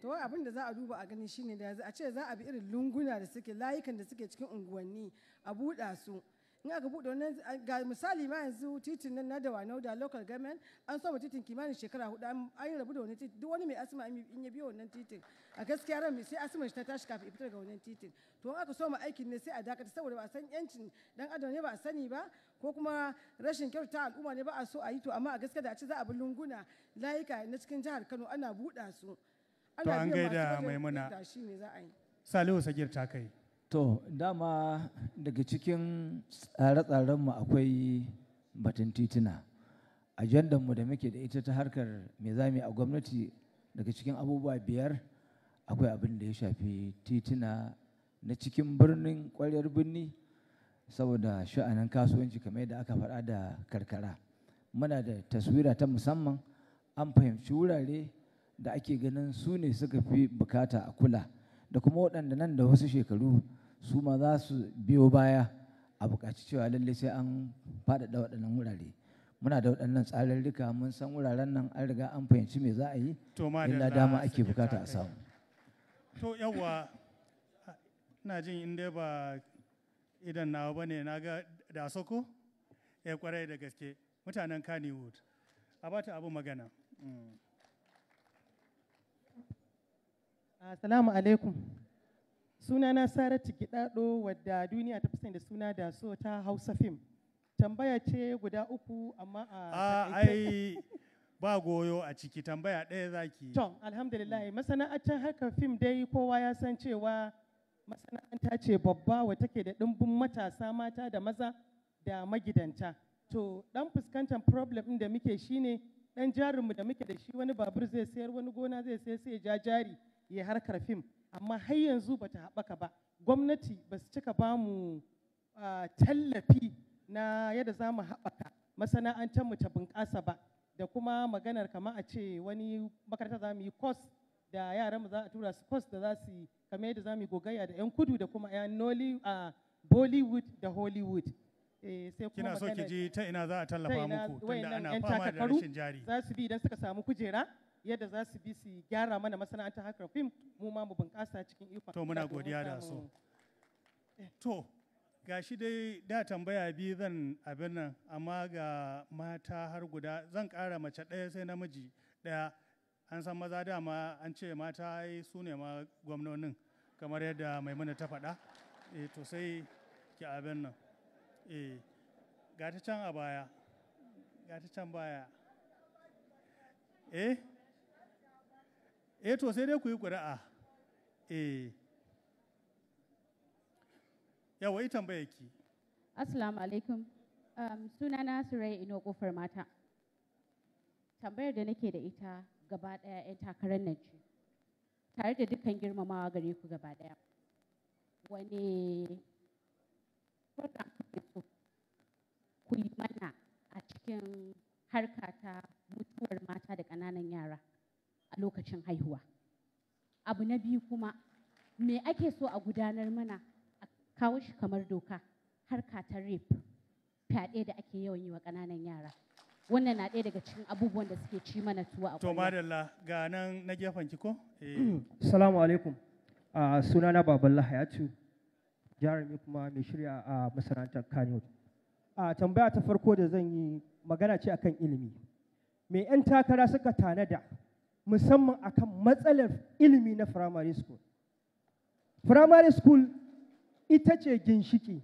to abin da za a duba a gani shine da a ce za a bi irin lunguna da suke layukan da suke cikin unguwanni a buɗa su in aka buɗe wannan ga misali ma yanzu titin nan na dawanau da local government an soma titin kimanin shekara hudu an yi rabu da wannan titin duk wani mai asma in ya biyo wannan titin a gaskiya ran mai sai asma ta tashi kafin fitar daga wannan titin to in aka soma aikin ne sai a dakata saboda ba a san yancin dan adam ne ba a sani ba ko kuma rashin kyauta al'umma ne ba a so a yi to amma a gaske da a ci za a bi lunguna layuka na cikin jihar Kano ana buɗa su. To an gaida maimuna. Salihu Sagir ta kai. To dama daga cikin tsare mu akwai batun tituna. mu da muke da ita ta harkar me zami a gwamnati daga cikin abubuwa biyar akwai abin da ya shafi tituna na cikin birnin kwaryar birni saboda sha'anin kasuwanci kamar yadda aka faɗa da karkara muna da taswira ta musamman an fahimci wurare da ake ganin su ne suka fi bukata a kula da kuma waɗanda nan da wasu shekaru su ma za su biyo baya a buƙaci cewa lallai sai an faɗaɗa waɗannan wurare muna da waɗannan rika mun san wuraren nan an riga an fahimci me za a yi illa dama ake bukata a samu to yawa ina jin inda ba idan nawa bane na ga da soko ya eh, kwarai da gaske mutanen kannywood a ta abu magana mm. assalamu alaikum Suna sunana saratu gidado wadda duniya ta fi da suna da so ta hausa fim tambaya ce guda uku amma a ah, ai ba goyo a ciki tambaya ɗaya zaki to alhamdulillah masana'antar harkar fim dai kowa ya san cewa masana'anta ce babba wa take da ɗimbin matasa mata da maza da magidanta to ɗan fuskantar problem ɗin da muke shine ɗan jarinmu da muke da shi wani babur zai sayar wani gona zai sayar sai ja jari ya harkar fim amma har yanzu bata haɓaka ba gwamnati ba su cika ba mu tallafi na yadda za mu haɓaka masana'antarmu ta bunƙasa ba da kuma maganar kama a ce wani makaranta za mu yi kos da yaranmu za a tura su kos da za su yi kamar yadda za mu gogayya da 'yan kudu da kuma 'yan bollywood da hollywood eh, kina so ki ji ta ina za a tallafa muku tunda ana fama da rashin jari za su bi idan suka samu kujera yadda za su bi su gyara mana masana'antar harkar fim mu ma mu bunƙasa cikin ikon to muna godiya da su to gashi dai da tambaya bi zan abin nan amma ga mata har guda zan ƙara mace ɗaya sai namiji ɗaya an san maza dama an ce mata su ne ma gwamnonin kamar yadda maimuna ta faɗa e, to sai ki abin nan e, eh, gata can a baya gata can baya eh e to sai dai ku yi ƙuri'a e. yawa yi tambaya ki assalamu alaikum um, sunana surai ino ƙofar mata tambayar da nake da ita gaba ɗaya 'yan takarar nan ce tare da dukkan girmamawa gare ku gaba ɗaya wani program ku yi mana a cikin harka ta mutuwar mata da ƙananan yara a lokacin haihuwa abu na biyu kuma me ake so a gudanar mana a kawo shi kamar doka harka ta rape fyaɗe da ake yawan yi wa ƙananan yara wannan na ɗaya daga cikin abubuwan da suke ci mana tuwa a to madalla ga nan na gefen ki ko eh. assalamu alaikum na baballa hayatu jarumi kuma mai shirya a masana'antar kano a tambaya ta farko da zan yi magana ce akan ilimi me 'yan takara suka tanada musamman akan matsalar ilimi na primary school primary school ita ce ginshiki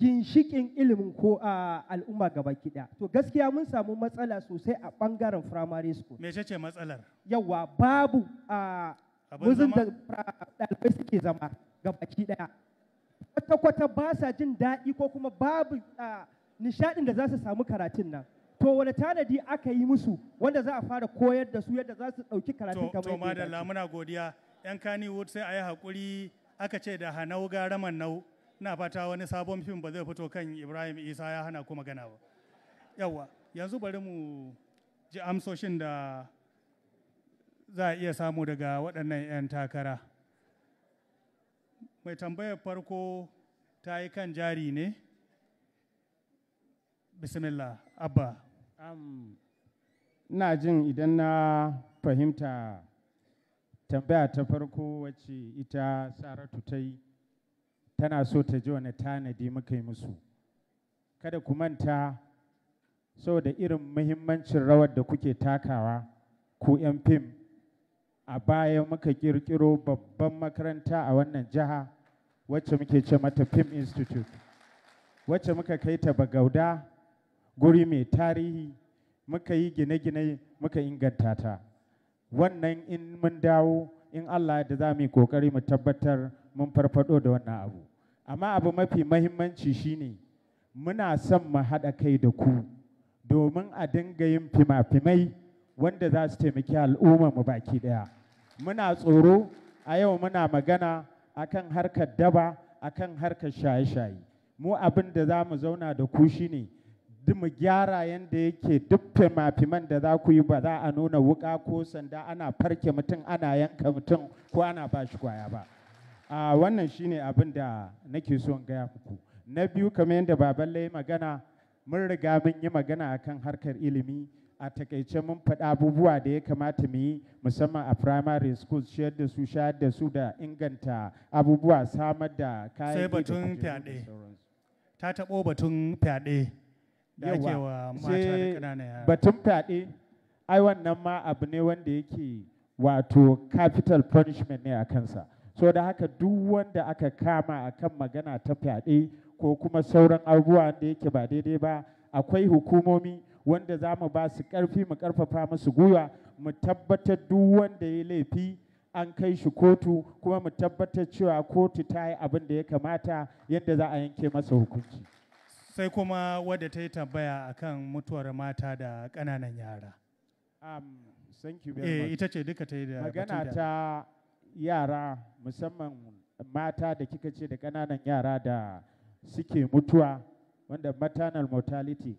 ginshikin ilimin ko a al'umma gaba daya To gaskiya mun samu matsala sosai a bangaren primary school. Me ce matsalar? Yawa babu a wuzin da ɗalibai suke zama gaba daya. Kwata-kwata ba sa jin daɗi ko kuma babu nishaɗin da za su samu karatun nan. to wani tanadi aka yi musu wanda za a fara koyar da su yadda za su ɗauki karatun kamar yadda. To madalla muna godiya 'yan wood sai a yi haƙuri aka ce da hanau raman nau. Ina fata wani sabon fim ba zai fito kan ibrahim isa ya hana ku magana ba yawa yanzu bari mu ji amsoshin da za a iya samu daga waɗannan 'yan takara mai tambayar farko ta yi kan jari ne bismillah abba ina jin idan na fahimta tambaya ta farko wacce ita saratu ta yi tana so ta ji wani tanadi muka yi musu kada ku manta da irin muhimmancin rawar da kuke takawa ku 'yan fim a baya muka kirkiro babban makaranta a wannan jiha wacce muke ce mata fim institute wacce muka kai ta bagauda guri mai tarihi muka yi gine-gine muka inganta ta wannan in mun dawo in allah da za mu yi kokari mu tabbatar mun farfado da wannan abu amma abu mafi mahimmanci shine muna son mu haɗa kai da ku domin a dinga yin fima-fimai wanda za su taimaki al'umma mu baki ɗaya muna tsoro a yau muna magana akan harkar daba akan harkar shaye-shaye mu abin da za mu zauna da ku shine mu gyara yadda yake duk fimafiman da za ku yi ba za a nuna wuƙa ko sanda ana farke mutum ana yanka mutum ko ana ba shi kwaya ba Uh, wannan shine abin da nake so in gaya muku na biyu kamar yadda baballe magana mun riga mun yi magana akan harkar ilimi a takaice mun faɗi abubuwa da ya kamata mu yi musamman a primary school ciyar da su shayar da su da inganta abubuwa samar da kayan sai batun fyaɗe ta taɓo batun fyaɗe da ake wa mata da ƙanana yara batun fyaɗe ai wannan ma abu ne wanda yake wato capital punishment ne a kansa so da haka duk wanda aka kama a kan magana ta fyaɗe ko kuma sauran abubuwa da yake ba daidai ba akwai hukumomi wanda za mu ba su ƙarfi mu ƙarfafa musu gwiwa mu tabbatar duk wanda ya laifi an kai shi kotu kuma mu tabbatar cewa kotu ta yi abin da ya kamata yadda za a yanke masa hukunci sai kuma wadda ta yi tambaya akan mutuwar mata da ƙananan yara um, thank eh, ita ce duka ta yi da magana ta yara musamman mata da kika ce da ƙananan yara da suke mutuwa wanda maternal mortality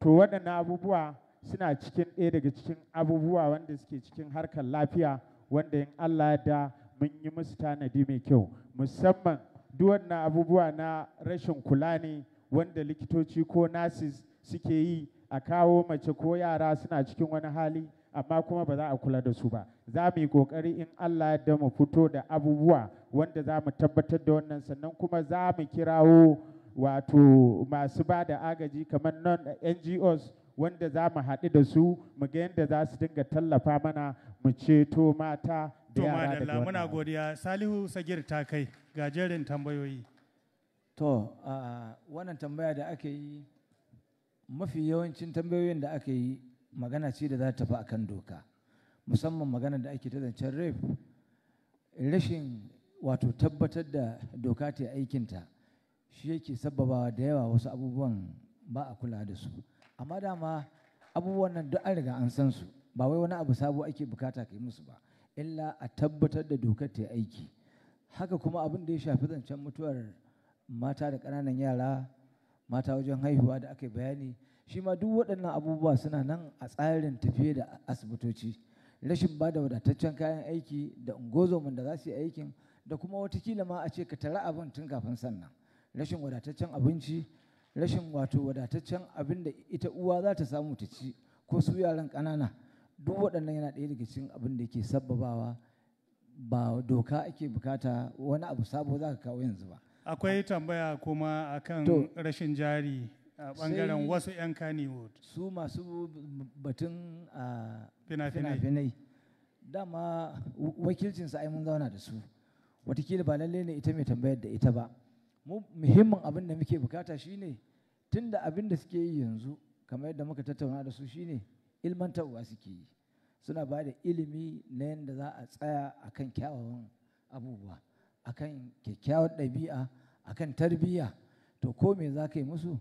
to waɗannan abubuwa suna cikin ɗaya daga cikin abubuwa wanda suke cikin harkar lafiya wanda in Allah da mun yi musu tanadi mai kyau musamman duk wannan abubuwa na rashin kula ne wanda likitoci ko nurses suke yi a kawo mace ko yara suna cikin wani hali amma kuma ba za a kula da su ba za mu yi ƙoƙari in Allah ya mu fito da abubuwa wanda za mu tabbatar da wannan sannan kuma za mu kirawo wato masu ba da agaji kamar non eh, NGOs wanda za mu haɗu da su mu ga yadda za su dinga tallafa mana mu ceto mata da yara da muna godiya Salihu Sagir ta kai ga jerin tambayoyi to wannan tambaya da ake yi mafi yawancin tambayoyin da ake yi magana ce da za ta fi a kan doka musamman magana da ake ta zancen rape rashin wato tabbatar da doka ta aikinta shi yake sababawa da yawa wasu abubuwan ba a kula da su amma dama abubuwan nan duk an riga an san su ba wai wani abu sabo ake bukata ka yi musu ba illa a tabbatar da dokar ta yi aiki haka kuma abin da ya shafi zancen mutuwar mata da ƙananan yara mata wajen haihuwa da aka yi bayani shi ma duk waɗannan abubuwa suna nan a tsarin tafiye da asibitoci rashin ba da wadataccen kayan aiki da ungozomin da za su yi aikin da kuma watakila ma a ce ka tara abin tun kafin sannan rashin wadataccen abinci rashin wato wadataccen abin da ita uwa za ta samu ta ci ko su yaran ƙanana duk waɗannan yana ɗaya daga cikin abin da ke sabbabawa ba doka ake bukata wani abu sabo za ka kawo yanzu ba akwai tambaya kuma akan rashin jari a wasu 'yan Su masu batun fina-finai. Dama wakilcinsu ai mun zauna da su. Watakila ba lallai ne ita mai tambayar da ita ba. Muhimmin abin da muke bukata shine tun da abin da suke yi yanzu kamar yadda muka tattauna da su shine ilmantarwa suke yi. Suna ba da ilimi na yadda za a tsaya a kan kyawawan abubuwa, a kan kyakkyawar ɗabi'a, a kan tarbiyya. To ko me za ka yi musu?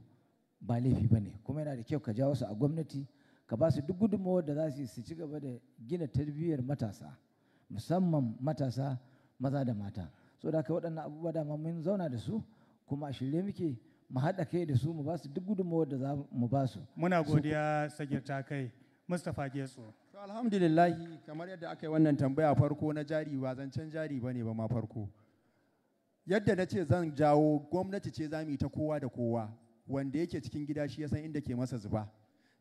ba laifi ba ne kuma yana da kyau ka jawo su a gwamnati ka ba su duk gudunmawar da za su yi su ci gaba da gina tarbiyyar matasa musamman matasa maza da mata so da ka waɗannan abubuwa dama mun zauna da su kuma a shirye muke mu haɗa kai da su mu ba su duk gudunmawar da za mu ba su muna godiya sagirta kai mustapha getso to kamar yadda aka yi wannan tambaya farko na jari ba zancen jari ba ne ba ma farko yadda na ce zan jawo gwamnati ce za mu yi ta kowa da kowa wanda yake cikin gida shi ya san inda ke masa zuba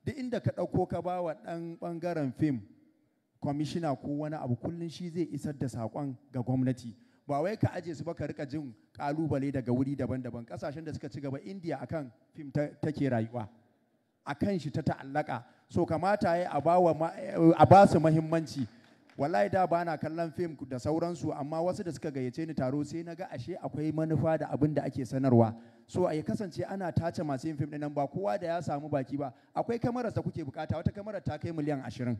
duk inda ka ɗauko ka ba wa ɗan ɓangaren fim kwamishina ko wani abu kullum shi zai isar da saƙon ga gwamnati ba wai ka aje su ba ka rika jin ƙalubale daga wuri daban-daban ƙasashen da suka ci gaba indiya akan fim take rayuwa akan shi ta ta'allaka so kamata ya eh, a ba su mahimmanci wallahi da bana kallon fim da sauransu amma wasu da suka gayyace ni taro sai na ga ashe akwai manufa da abin da ake sanarwa so ya kasance ana tace masu yin fim ɗin nan ba kowa da ya samu baki ba akwai kamarar da kuke bukata wata kamarar ta kai miliyan ashirin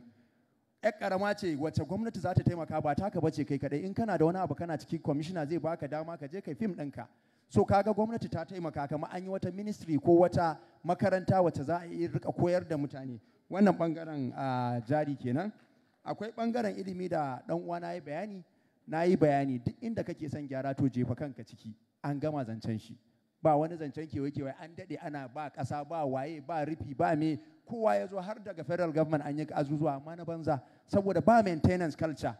yar karama ce wacce gwamnati za ta taimaka ba taka bace kai kadai in kana da wani abu kana cikin kwamishina zai baka dama ka je kai fim ɗinka so kaga gwamnati ta taimaka kama an yi wata ministry ko wata makaranta wacce za a yi rika koyar da mutane wannan bangaren ah, jari kenan akwai ɓangaren ilimi da ɗan uwa na yi bayani na yi bayani duk inda kake son gyara to jefa kanka ciki an gama zancen shi ba wani zancen kewaye kewaye an daɗe ana ba ƙasa ba waye ba rufi ba me kowa ya zo har daga federal government an yi azuzuwa amma na banza saboda ba maintenance culture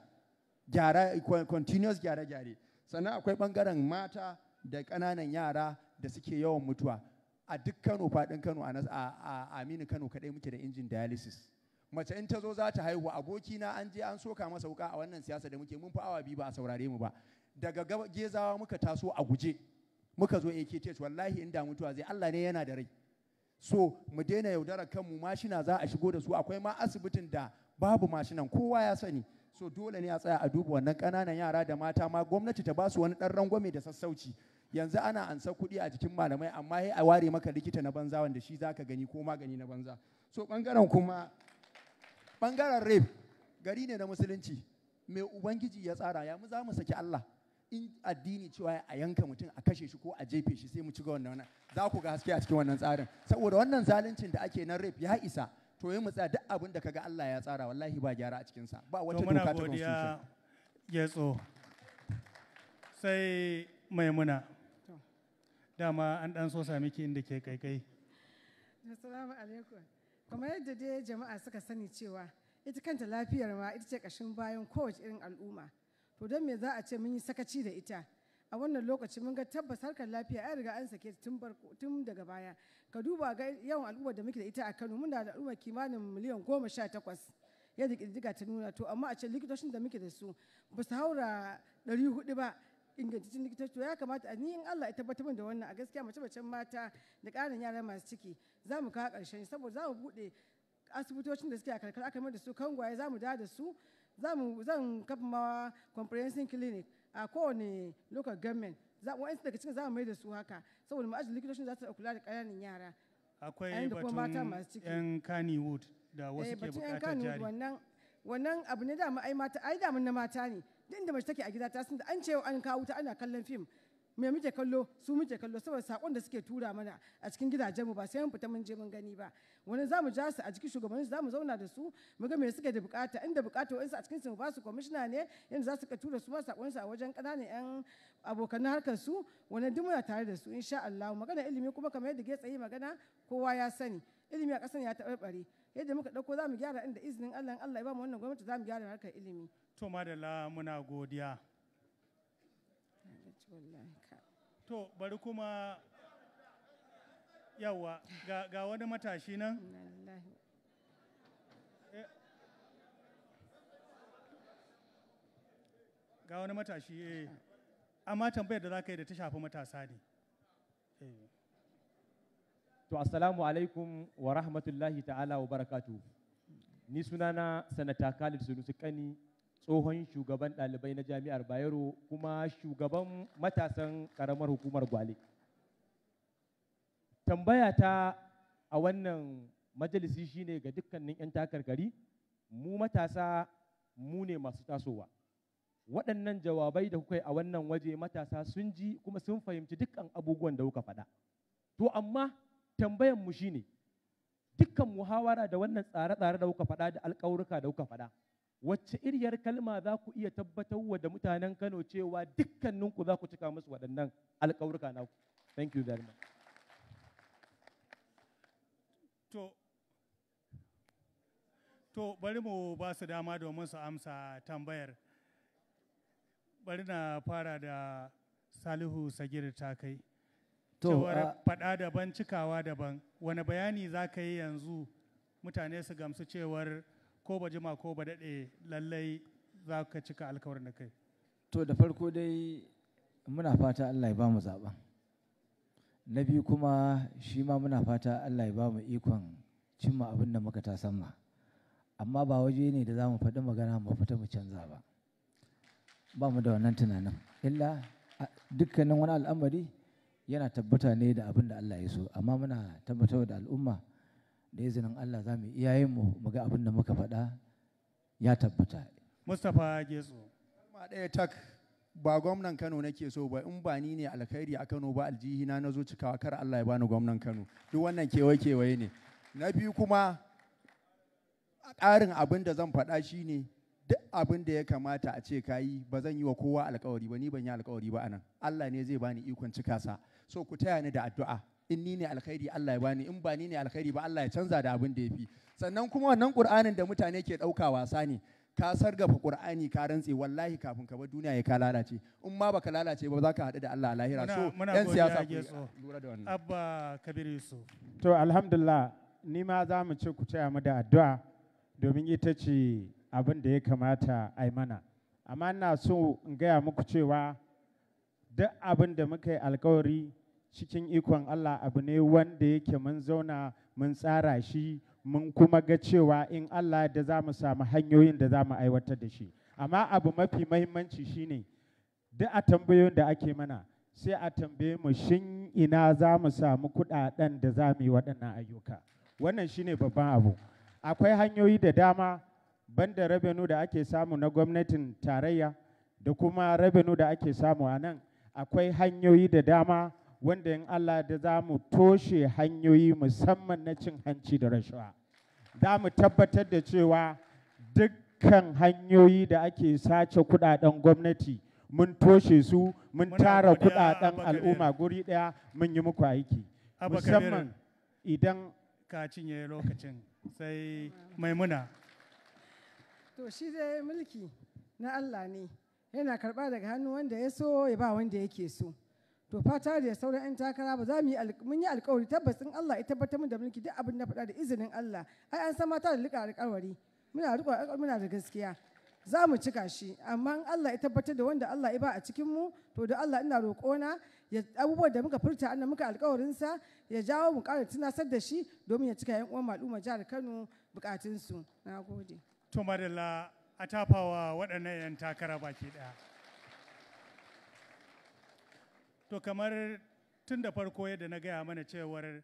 gyara continuous gyare gyare sannan akwai ɓangaren mata da ƙananan yara da suke yawan mutuwa a duk kano faɗin kano a aminu kano kaɗai muke da injin dialysis mace in ta zo za ta haihu abokina an je an soka masa wuka a wannan siyasa da muke mun fi awa biyu ba a saurare mu ba daga gezawa muka taso a guje muka zo ce wallahi in da mutuwa zai Allah ne yana da rai so mu daina yaudara kanmu mashina za a shigo da su akwai ma asibitin da babu mashinan kowa ya sani so dole ne a tsaya a duba wannan kananan yara da mata ma gwamnati ta ba su wani ɗan rangwame da sassauci yanzu ana ansa kuɗi a jikin malamai amma sai a ware maka likita na banza wanda shi zaka gani ko magani na banza so ɓangaren kuma Bangaren rape gari ne na musulunci mai ubangiji ya tsara ya mu za mu saki Allah in addini cewa a yanka mutum a kashe shi ko a jefe shi sai mu ci ga wannan za ku ga haske a cikin wannan tsarin saboda wannan zaluncin da ake nan rape ya isa to yi mutsa duk abin da kaga Allah ya tsara wallahi ba gyara a cikin sa ba wata doka ta constitution yatso sai maimuna dama an dan so sami ki inda ke Kai assalamu alaikum kamar yadda dai jama'a suka sani cewa ita kanta lafiyar ma ita ce kashin bayan kowace irin al'umma to don me za a ce mun yi sakaci da ita a wannan lokaci mun ga tabbas harkar lafiya an riga an sake tun daga baya ka duba ga yawan al'ummar da muke da ita a Kano muna da al'umma kimanin miliyan goma sha takwas yadda ƙididdiga ta nuna to amma a ce likitocin da muke da su ba su haura ɗari hudu ba ingantaccen likitoci to ya kamata ni in Allah ya tabbatar min da wannan a gaskiya mace macen mata da ƙarin yara masu ciki za mu kawo ƙarshen saboda za mu buɗe asibitocin da suke a karkara aka da su kangwaye za mu da da su za mu zan kafa ma comprehensive clinic a kowane local government wa'ansu daga cikin za mu mai da su haka saboda ma'ajin likitocin za su kula da ƙananan yara akwai batun yan wood da wasu eh, ke bukatar jari wannan abu ne da ai mata ai da na mata ne duk inda mace take a gida ta san da an ce an kawo ta ana kallon fim me muke kallo su muke kallo saboda sakon da suke tura mana a cikin gidajenmu ba sai mun fita mun je mun gani ba wani za mu ja su a cikin shugabanni za mu zauna da su mu ga me suke da bukata inda bukata wa'insu a cikin su ba su kwamishina ne yanda za su ka tura su ma sakon su a wajen ƙananan yan abokan harkar su wani duk muna tare da su insha Allah magana ilimi kuma kamar yadda Getsa yi magana kowa ya sani ilimi a ƙasar ya taɓarɓare yadda muka ɗauko za mu gyara inda izinin Allah Allah ya ba mu wannan gwamnati za mu gyara harkar ilimi to madalla muna godiya to bari kuma yawa ga, ga wani matashi nan ga wani matashi eh amma tambayar da za ka yi da ta shafi matasa ne to assalamu alaikum wa rahmatullahi ta'ala wa barakatu ni sunana sanata khalid sunusi kani tsohon shugaban ɗalibai na jami'ar bayero kuma shugaban matasan ƙaramar hukumar gwale tambaya ta a wannan majalisi shine ga dukkanin 'yan takarkari mu matasa mu ne masu tasowa waɗannan jawabai da kuka yi a wannan waje matasa sun ji kuma sun fahimci dukkan abubuwan da kuka faɗa to amma tambayan mu shine dukkan muhawara da wannan tsare-tsare da kuka faɗa da alƙawurka da kuka faɗa wacce iriyar kalma za ku iya tabbatarwa da mutanen Kano cewa dukkaninku za ku cika musu waɗannan alƙawurka naku. Thank you very much. To, to bari mu ba su dama domin su amsa tambayar. Bari na fara da Salihu Sagir ta kai. To, uh, faɗa daban cikawa daban, wane bayani za ka yi yanzu mutane su gamsu cewar ko ba jima ko ba daɗe lallai za ka cika alkawarin da kai to da farko dai muna fata allah ya ba mu zaɓa na biyu kuma shi ma muna fata allah ya ba mu ikon cimma abin da muka ta sama amma ba waje ne da za mu faɗi magana mu fita mu canza ba ba mu da wannan tunanin illa dukkanin wani al'amari yana tabbata ne da abin da Allah ya so amma muna tabbatar da al'umma da izinin Allah za mu iya mu mu ga abin da muka faɗa ya tabbata Mustapha Getso ma ɗaya tak ba gwamnan Kano nake so ba in ba ni ne alkhairi a Kano ba aljihina na na zo cikawa kar Allah ya bani gwamnan Kano duk wannan kewaye kewaye ne na biyu kuma ƙarin abin da zan faɗa shine duk abin da ya kamata a ce ka yi ba zan yi wa kowa alkawari ba ni ban yi alkawari ba anan Allah ne zai bani ikon cikasa so ku taya ni da addu'a in ni ne alkhairi Allah ya bani in ba ni ne alkhairi ba Allah ya canza da abin da ya fi sannan kuma wannan qur'anin da mutane ke dauka wasa ne ka sargafa qur'ani ka rantse wallahi kafin ka bar duniya ya ka lalace in ma baka lalace ba za ka haɗu da Allah lahira so yan siyasa ku lura da wannan abba kabir yusuf to alhamdulillah ni ma za mu ce ku taya mu da addu'a domin ita ce abin da ya kamata a yi mana amma ina so in gaya muku cewa duk abin da muka yi alkawari cikin ikon Allah abu ne wanda yake mun zauna mun tsara shi mun kuma ga cewa in Allah da za mu samu hanyoyin da za mu aiwatar da shi amma abu mafi mahimmanci shine duk a tambayoyin da ake mana sai a tambaye mu shin ina za mu samu kuɗaɗen da za mu yi waɗannan ayyuka wannan shine babban abu akwai hanyoyi da dama banda rabenu da ake samu na gwamnatin tarayya da kuma rabenu da ake samu a nan akwai hanyoyi da dama wanda in Allah da za mu toshe hanyoyi musamman na cin hanci da rashawa za mu tabbatar da cewa dukkan hanyoyi da ake sace kudaden gwamnati mun toshe su mun tara kudaden al'umma guri daya mun yi muku aiki musamman idan ka cinye lokacin sai maimuna to shi dai mulki na Allah ne yana karba daga hannu wanda ya so ya ba wanda yake so to fata da sauran 'yan takara ba za mu yi mun yi alkawari tabbas in Allah ya tabbatar mun da mulki duk abin da faɗa da izinin Allah ai an san mata da lika alƙawari muna riƙo muna da gaskiya za mu cika shi amma in Allah ya tabbatar da wanda Allah ya ba a cikin mu to da Allah ina roƙona ya abubuwan da muka furta annan muka alƙawarin sa ya jawo mu ƙara tunasar da shi domin ya cika yan uwan al'umma jihar Kano su nagode to madalla atafawa waɗannan 'yan takara baki daya to kamar tun da farko yadda na gaya mana cewar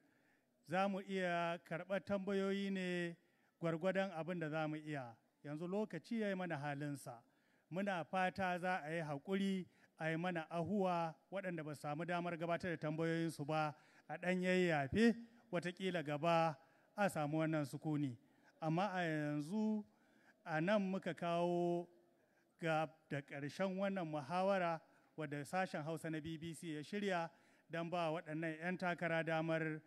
za mu iya karɓar tambayoyi ne gwargwadon abin da za mu iya yanzu lokaci ya yi mana halinsa muna fata za a yi haƙuri a yi mana ahuwa waɗanda ba samu damar gabatar da tambayoyinsu ba a ɗan yayyafe watakila gaba a samu wannan sukuni amma a yanzu a nan muka kawo ga da ƙarshen wannan muhawara wadda sashen hausa na bbc ya shirya don ba waɗannan 'yan takara damar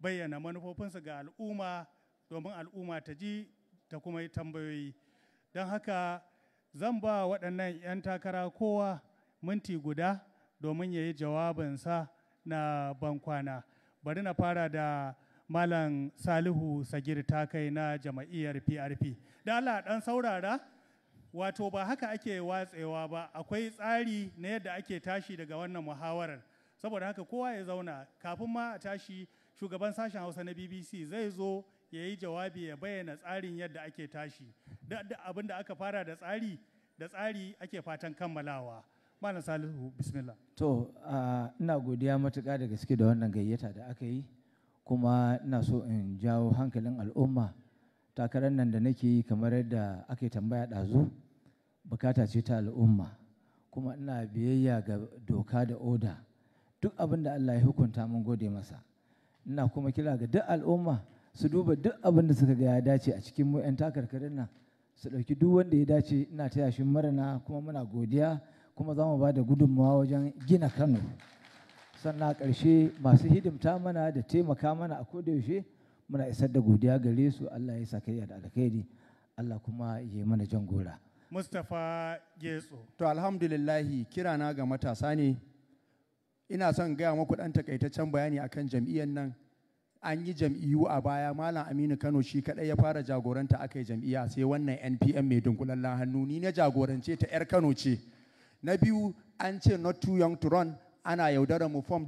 bayyana manufofinsu ga al'umma domin al'umma ta ji ta kuma yi tambayoyi don haka zan ba waɗannan 'yan takara kowa minti guda domin ya yi jawabinsa na bankwana bari na fara da malam salihu sagir takai na jama'iyyar prp da allah ɗan saurara wato ba haka ake watsewa ba akwai tsari na yadda ake tashi daga wannan muhawarar saboda haka kowa ya zauna kafin ma a tashi shugaban sashen hausa na bbc zai zo ya yi jawabi ya bayyana tsarin yadda ake tashi da abin da aka fara da tsari da tsari ake fatan kammalawa malam salihu bismillah to ina godiya matuƙa da gaske da wannan gayyata da aka yi kuma ina so in jawo hankalin al'umma takarar nan da nake yi kamar yadda ake tambaya ɗazu bukata ce ta al'umma kuma ina biyayya ga doka da oda duk abin da Allah ya hukunta mun gode masa ina kuma kira ga duk al'umma su duba duk abin da suka ga ya dace a cikin mu 'yan takarkarin nan su ɗauki duk wanda ya dace ina taya shi marana kuma muna godiya kuma za mu ba da gudunmawa wajen gina kano sannan a ƙarshe masu hidimta mana da taimaka mana a kodayaushe yaushe muna isar da godiya gare su Allah ya saka da alkhairi Allah kuma ya mana jan gora Mustapha Getso to alhamdulillahi kirana ga matasa ne ina son gaya muku dan takaitaccen bayani akan jam'iyyar nan an yi jam'iyyu a baya malam aminu kano shi kadai ya fara jagoranta akai jam'iyya sai wannan npm mai dunkulallen hannu ni na jagorance ta yar kano ce na biyu an ce not too young to run ana yaudarar mu fom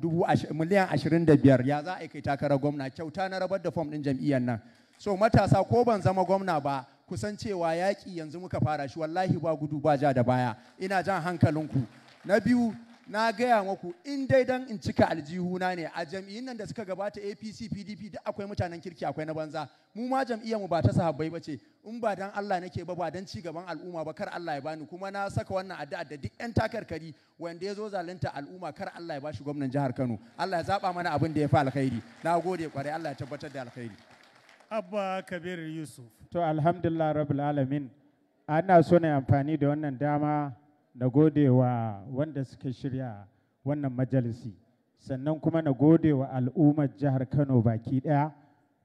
miliyan ashirin da biyar ya za a kai takarar gwamna kyauta na rabar da fom ɗin jam'iyyar nan so matasa ko ban zama gwamna ba kusan cewa yaƙi yanzu muka fara shi wallahi ba gudu ba ja da baya ina jan hankalinku na biyu na gaya muku in dai dan in cika aljihuna ne a jam'iyyun nan da suka gabata APC PDP duk akwai mutanen kirki akwai na banza mu ma jam'iyyar mu ba ta sahabbai bace in ba dan Allah nake ba ba dan ci gaban al'umma ba kar Allah ya bani kuma na saka wannan addu'a da duk yan takarkari wanda ya zo zalunta al'umma kar Allah ya bashi gwamnan jihar Kano Allah ya zaba mana abin da ya fi alkhairi na gode kwarai Allah ya tabbatar da alkhairi Abba Kabir Yusuf to alhamdulillah rabbil alamin ana so ne amfani da wannan dama na gode wa wanda suka shirya wannan majalisi sannan kuma na gode wa al'ummar jihar kano baki ɗaya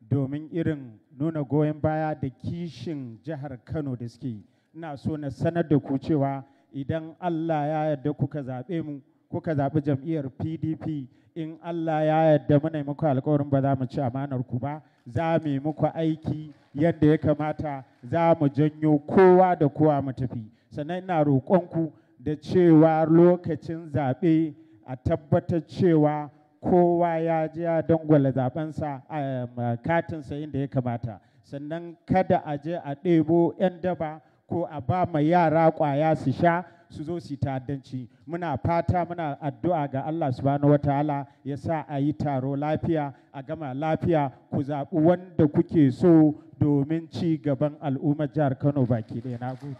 domin irin nuna goyon baya da kishin jihar kano da suke yi ina so na sanar da ku cewa idan allah ya yarda kuka zaɓe mu kuka zaɓi jam'iyyar pdp in allah ya yarda muna muku alkawarin ba za mu ci amanar ku ba za mu yi muku aiki yadda ya kamata za mu janyo kowa da kowa mu tafi sannan ina roƙonku da cewa lokacin zaɓe a tabbatar cewa kowa ya ji ya dangwala zaɓensa a um, uh, katinsa inda ya kamata sannan kada a je a ɗebo 'yan daba ko a ba ma yara ƙwaya su sha su zo su ta'addanci muna fata muna addu'a ga Allah subhanahu wataala ya sa a yi taro lafiya a gama lafiya ku zaɓi wanda kuke so domin ci gaban al'ummar jihar Kano baki ɗaya na gode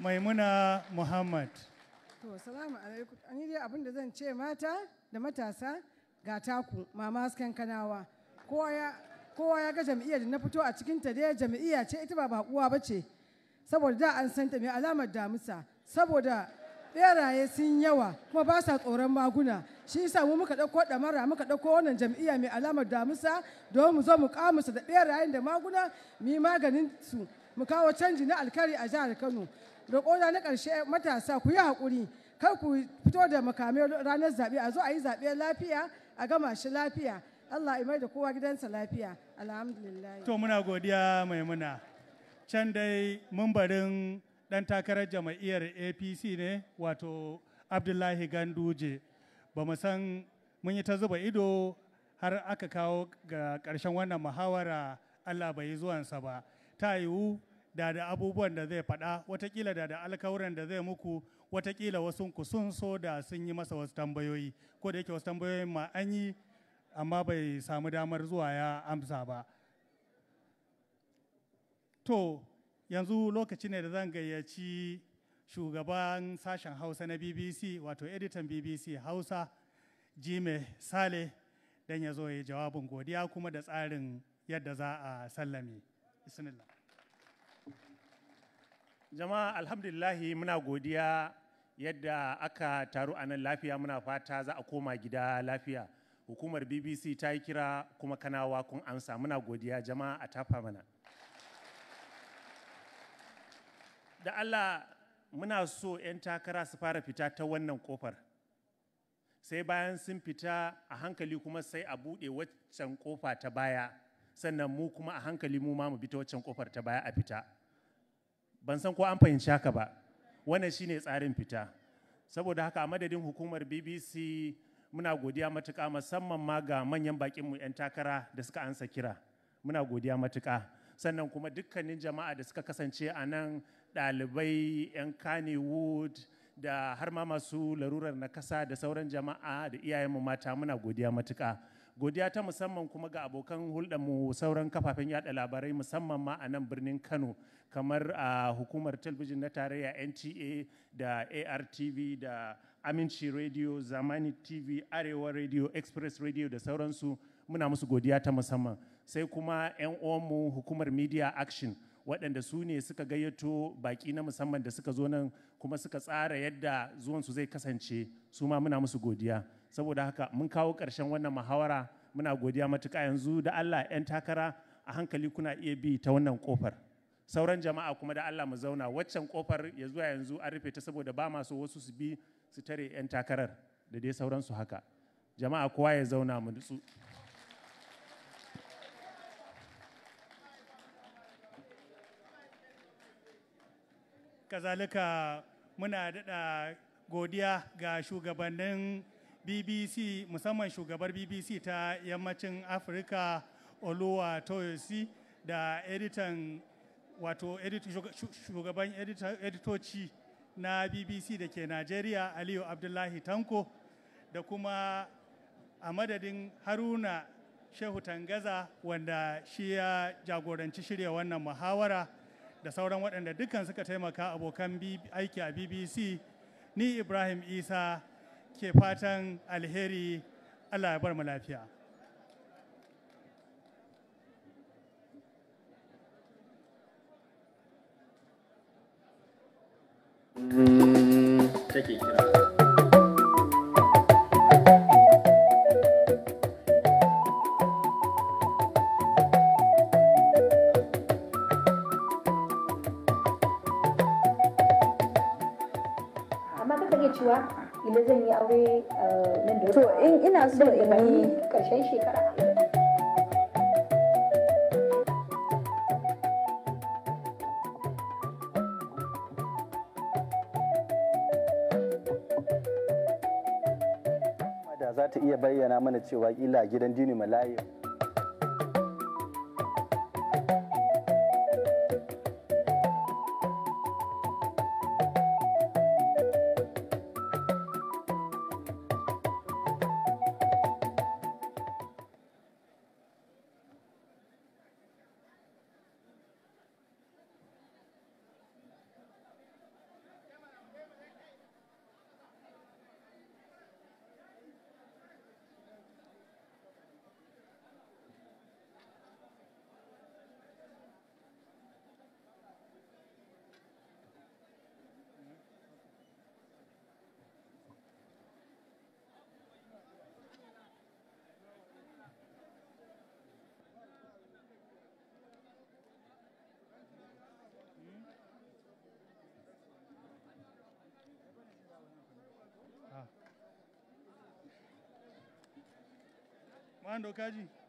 Maimuna Muhammad. To, salamu alaikum. yi dai abin da zan ce mata da matasa ga taku, mama hasken kanawa. Kowa ya ga jam'iyyar da na fito a cikin ta dai jam'iyya ce ita ba baƙuwa ba ce. Saboda da an santa mai alamar damusa. Saboda beraye sun yawa kuma ba sa tsoron maguna shi yasa mu muka ɗauko ɗamara muka ɗauko wannan jam'iyya mai alamar damusa don mu zo mu kamusa da berayen da maguna mu yi maganin su mu kawo canji na alkari a jihar kano roƙona na ƙarshe matasa ku yi haƙuri kar ku fito da makamai ranar zaɓe a zo a yi zaɓe lafiya a gama shi lafiya Allah ya da kowa gidansa lafiya alhamdulillah to muna godiya maimuna can dai mumbarin ɗan takarar jama'iyyar apc ne wato abdullahi ganduje ba mu san mun yi ta zuba ido har aka kawo ga ƙarshen wannan muhawara allah bai yi zuwansa ba ta yiwu da da abubuwan da zai faɗa watakila da da alkawuran da zai muku watakila wasu ku sun so da sun yi masa wasu tambayoyi ko da yake wasu tambayoyin ma an yi amma bai samu damar zuwa ya amsa ba to yanzu lokaci ne da zan gayyaci shugaban sashen hausa na bbc wato editan bbc hausa jime sale don ya zo ya jawabin godiya kuma da tsarin yadda za a sallame bismillah jama'a alhamdulillahi muna godiya yadda aka taru a nan lafiya muna fata za a koma gida lafiya hukumar bbc ta yi kira kuma kanawa kun amsa muna godiya jama'a a tafa mana da allah muna so 'yan takara su fara fita ta wannan kofar sai bayan sun fita a hankali kuma sai a buɗe waccan kofa ta baya sannan mu kuma a hankali mu ma mu bi ta waccan kofar ta baya a fita ban san ko an fahimci haka ba wannan shine tsarin fita saboda haka a madadin hukumar bbc muna godiya matuƙa musamman ma ga manyan mu 'yan takara da suka ansa kira muna godiya matuƙa sannan kuma dukkanin jama'a da suka kasance a nan ɗalibai 'yan kannywood da har ma masu larurar na kasa da sauran jama'a da iyayenmu mata muna godiya matuƙa godiya ta musamman kuma ga abokan hulɗarmu sauran kafafen yada labarai musamman ma a nan birnin kano kamar a hukumar talbijin na tarayya nta da artv da aminci radio zamani tv arewa radio express radio da sauransu muna musu godiya ta musamman sai kuma 'yan mu hukumar media action waɗanda su ne suka gayyato baƙi na musamman da suka zo nan kuma suka tsara yadda zuwansu zai kasance su ma muna musu godiya saboda haka mun kawo ƙarshen wannan muhawara muna godiya matuƙa yanzu da Allah 'yan takara a hankali kuna iya bi ta wannan kofar sauran jama'a kuma da Allah mu zauna waccan kofar ya zuwa yanzu an rufe ta saboda ba masu wasu su bi su tare 'yan takarar da dai sauransu haka jama'a kowa ya zauna mu nutsu. kazalika muna daɗa godiya ga shugabannin bbc musamman shugabar bbc ta yammacin afirka oluwa toyosi da editan wato shugaban editoci na bbc da ke Najeriya aliyu abdullahi tanko da kuma a madadin haruna shehu tangaza wanda shi ya jagoranci shirya wannan muhawara da sauran waɗanda dukkan suka taimaka abokan aiki a bbc ni ibrahim isa ke fatan alheri Allah ya bar mu lafiya. Hmm, take kira. aure eh, to in ina so in yi karshen shekara za ta iya bayyana mana cewa kila gidan dini malayu Ando Kaji.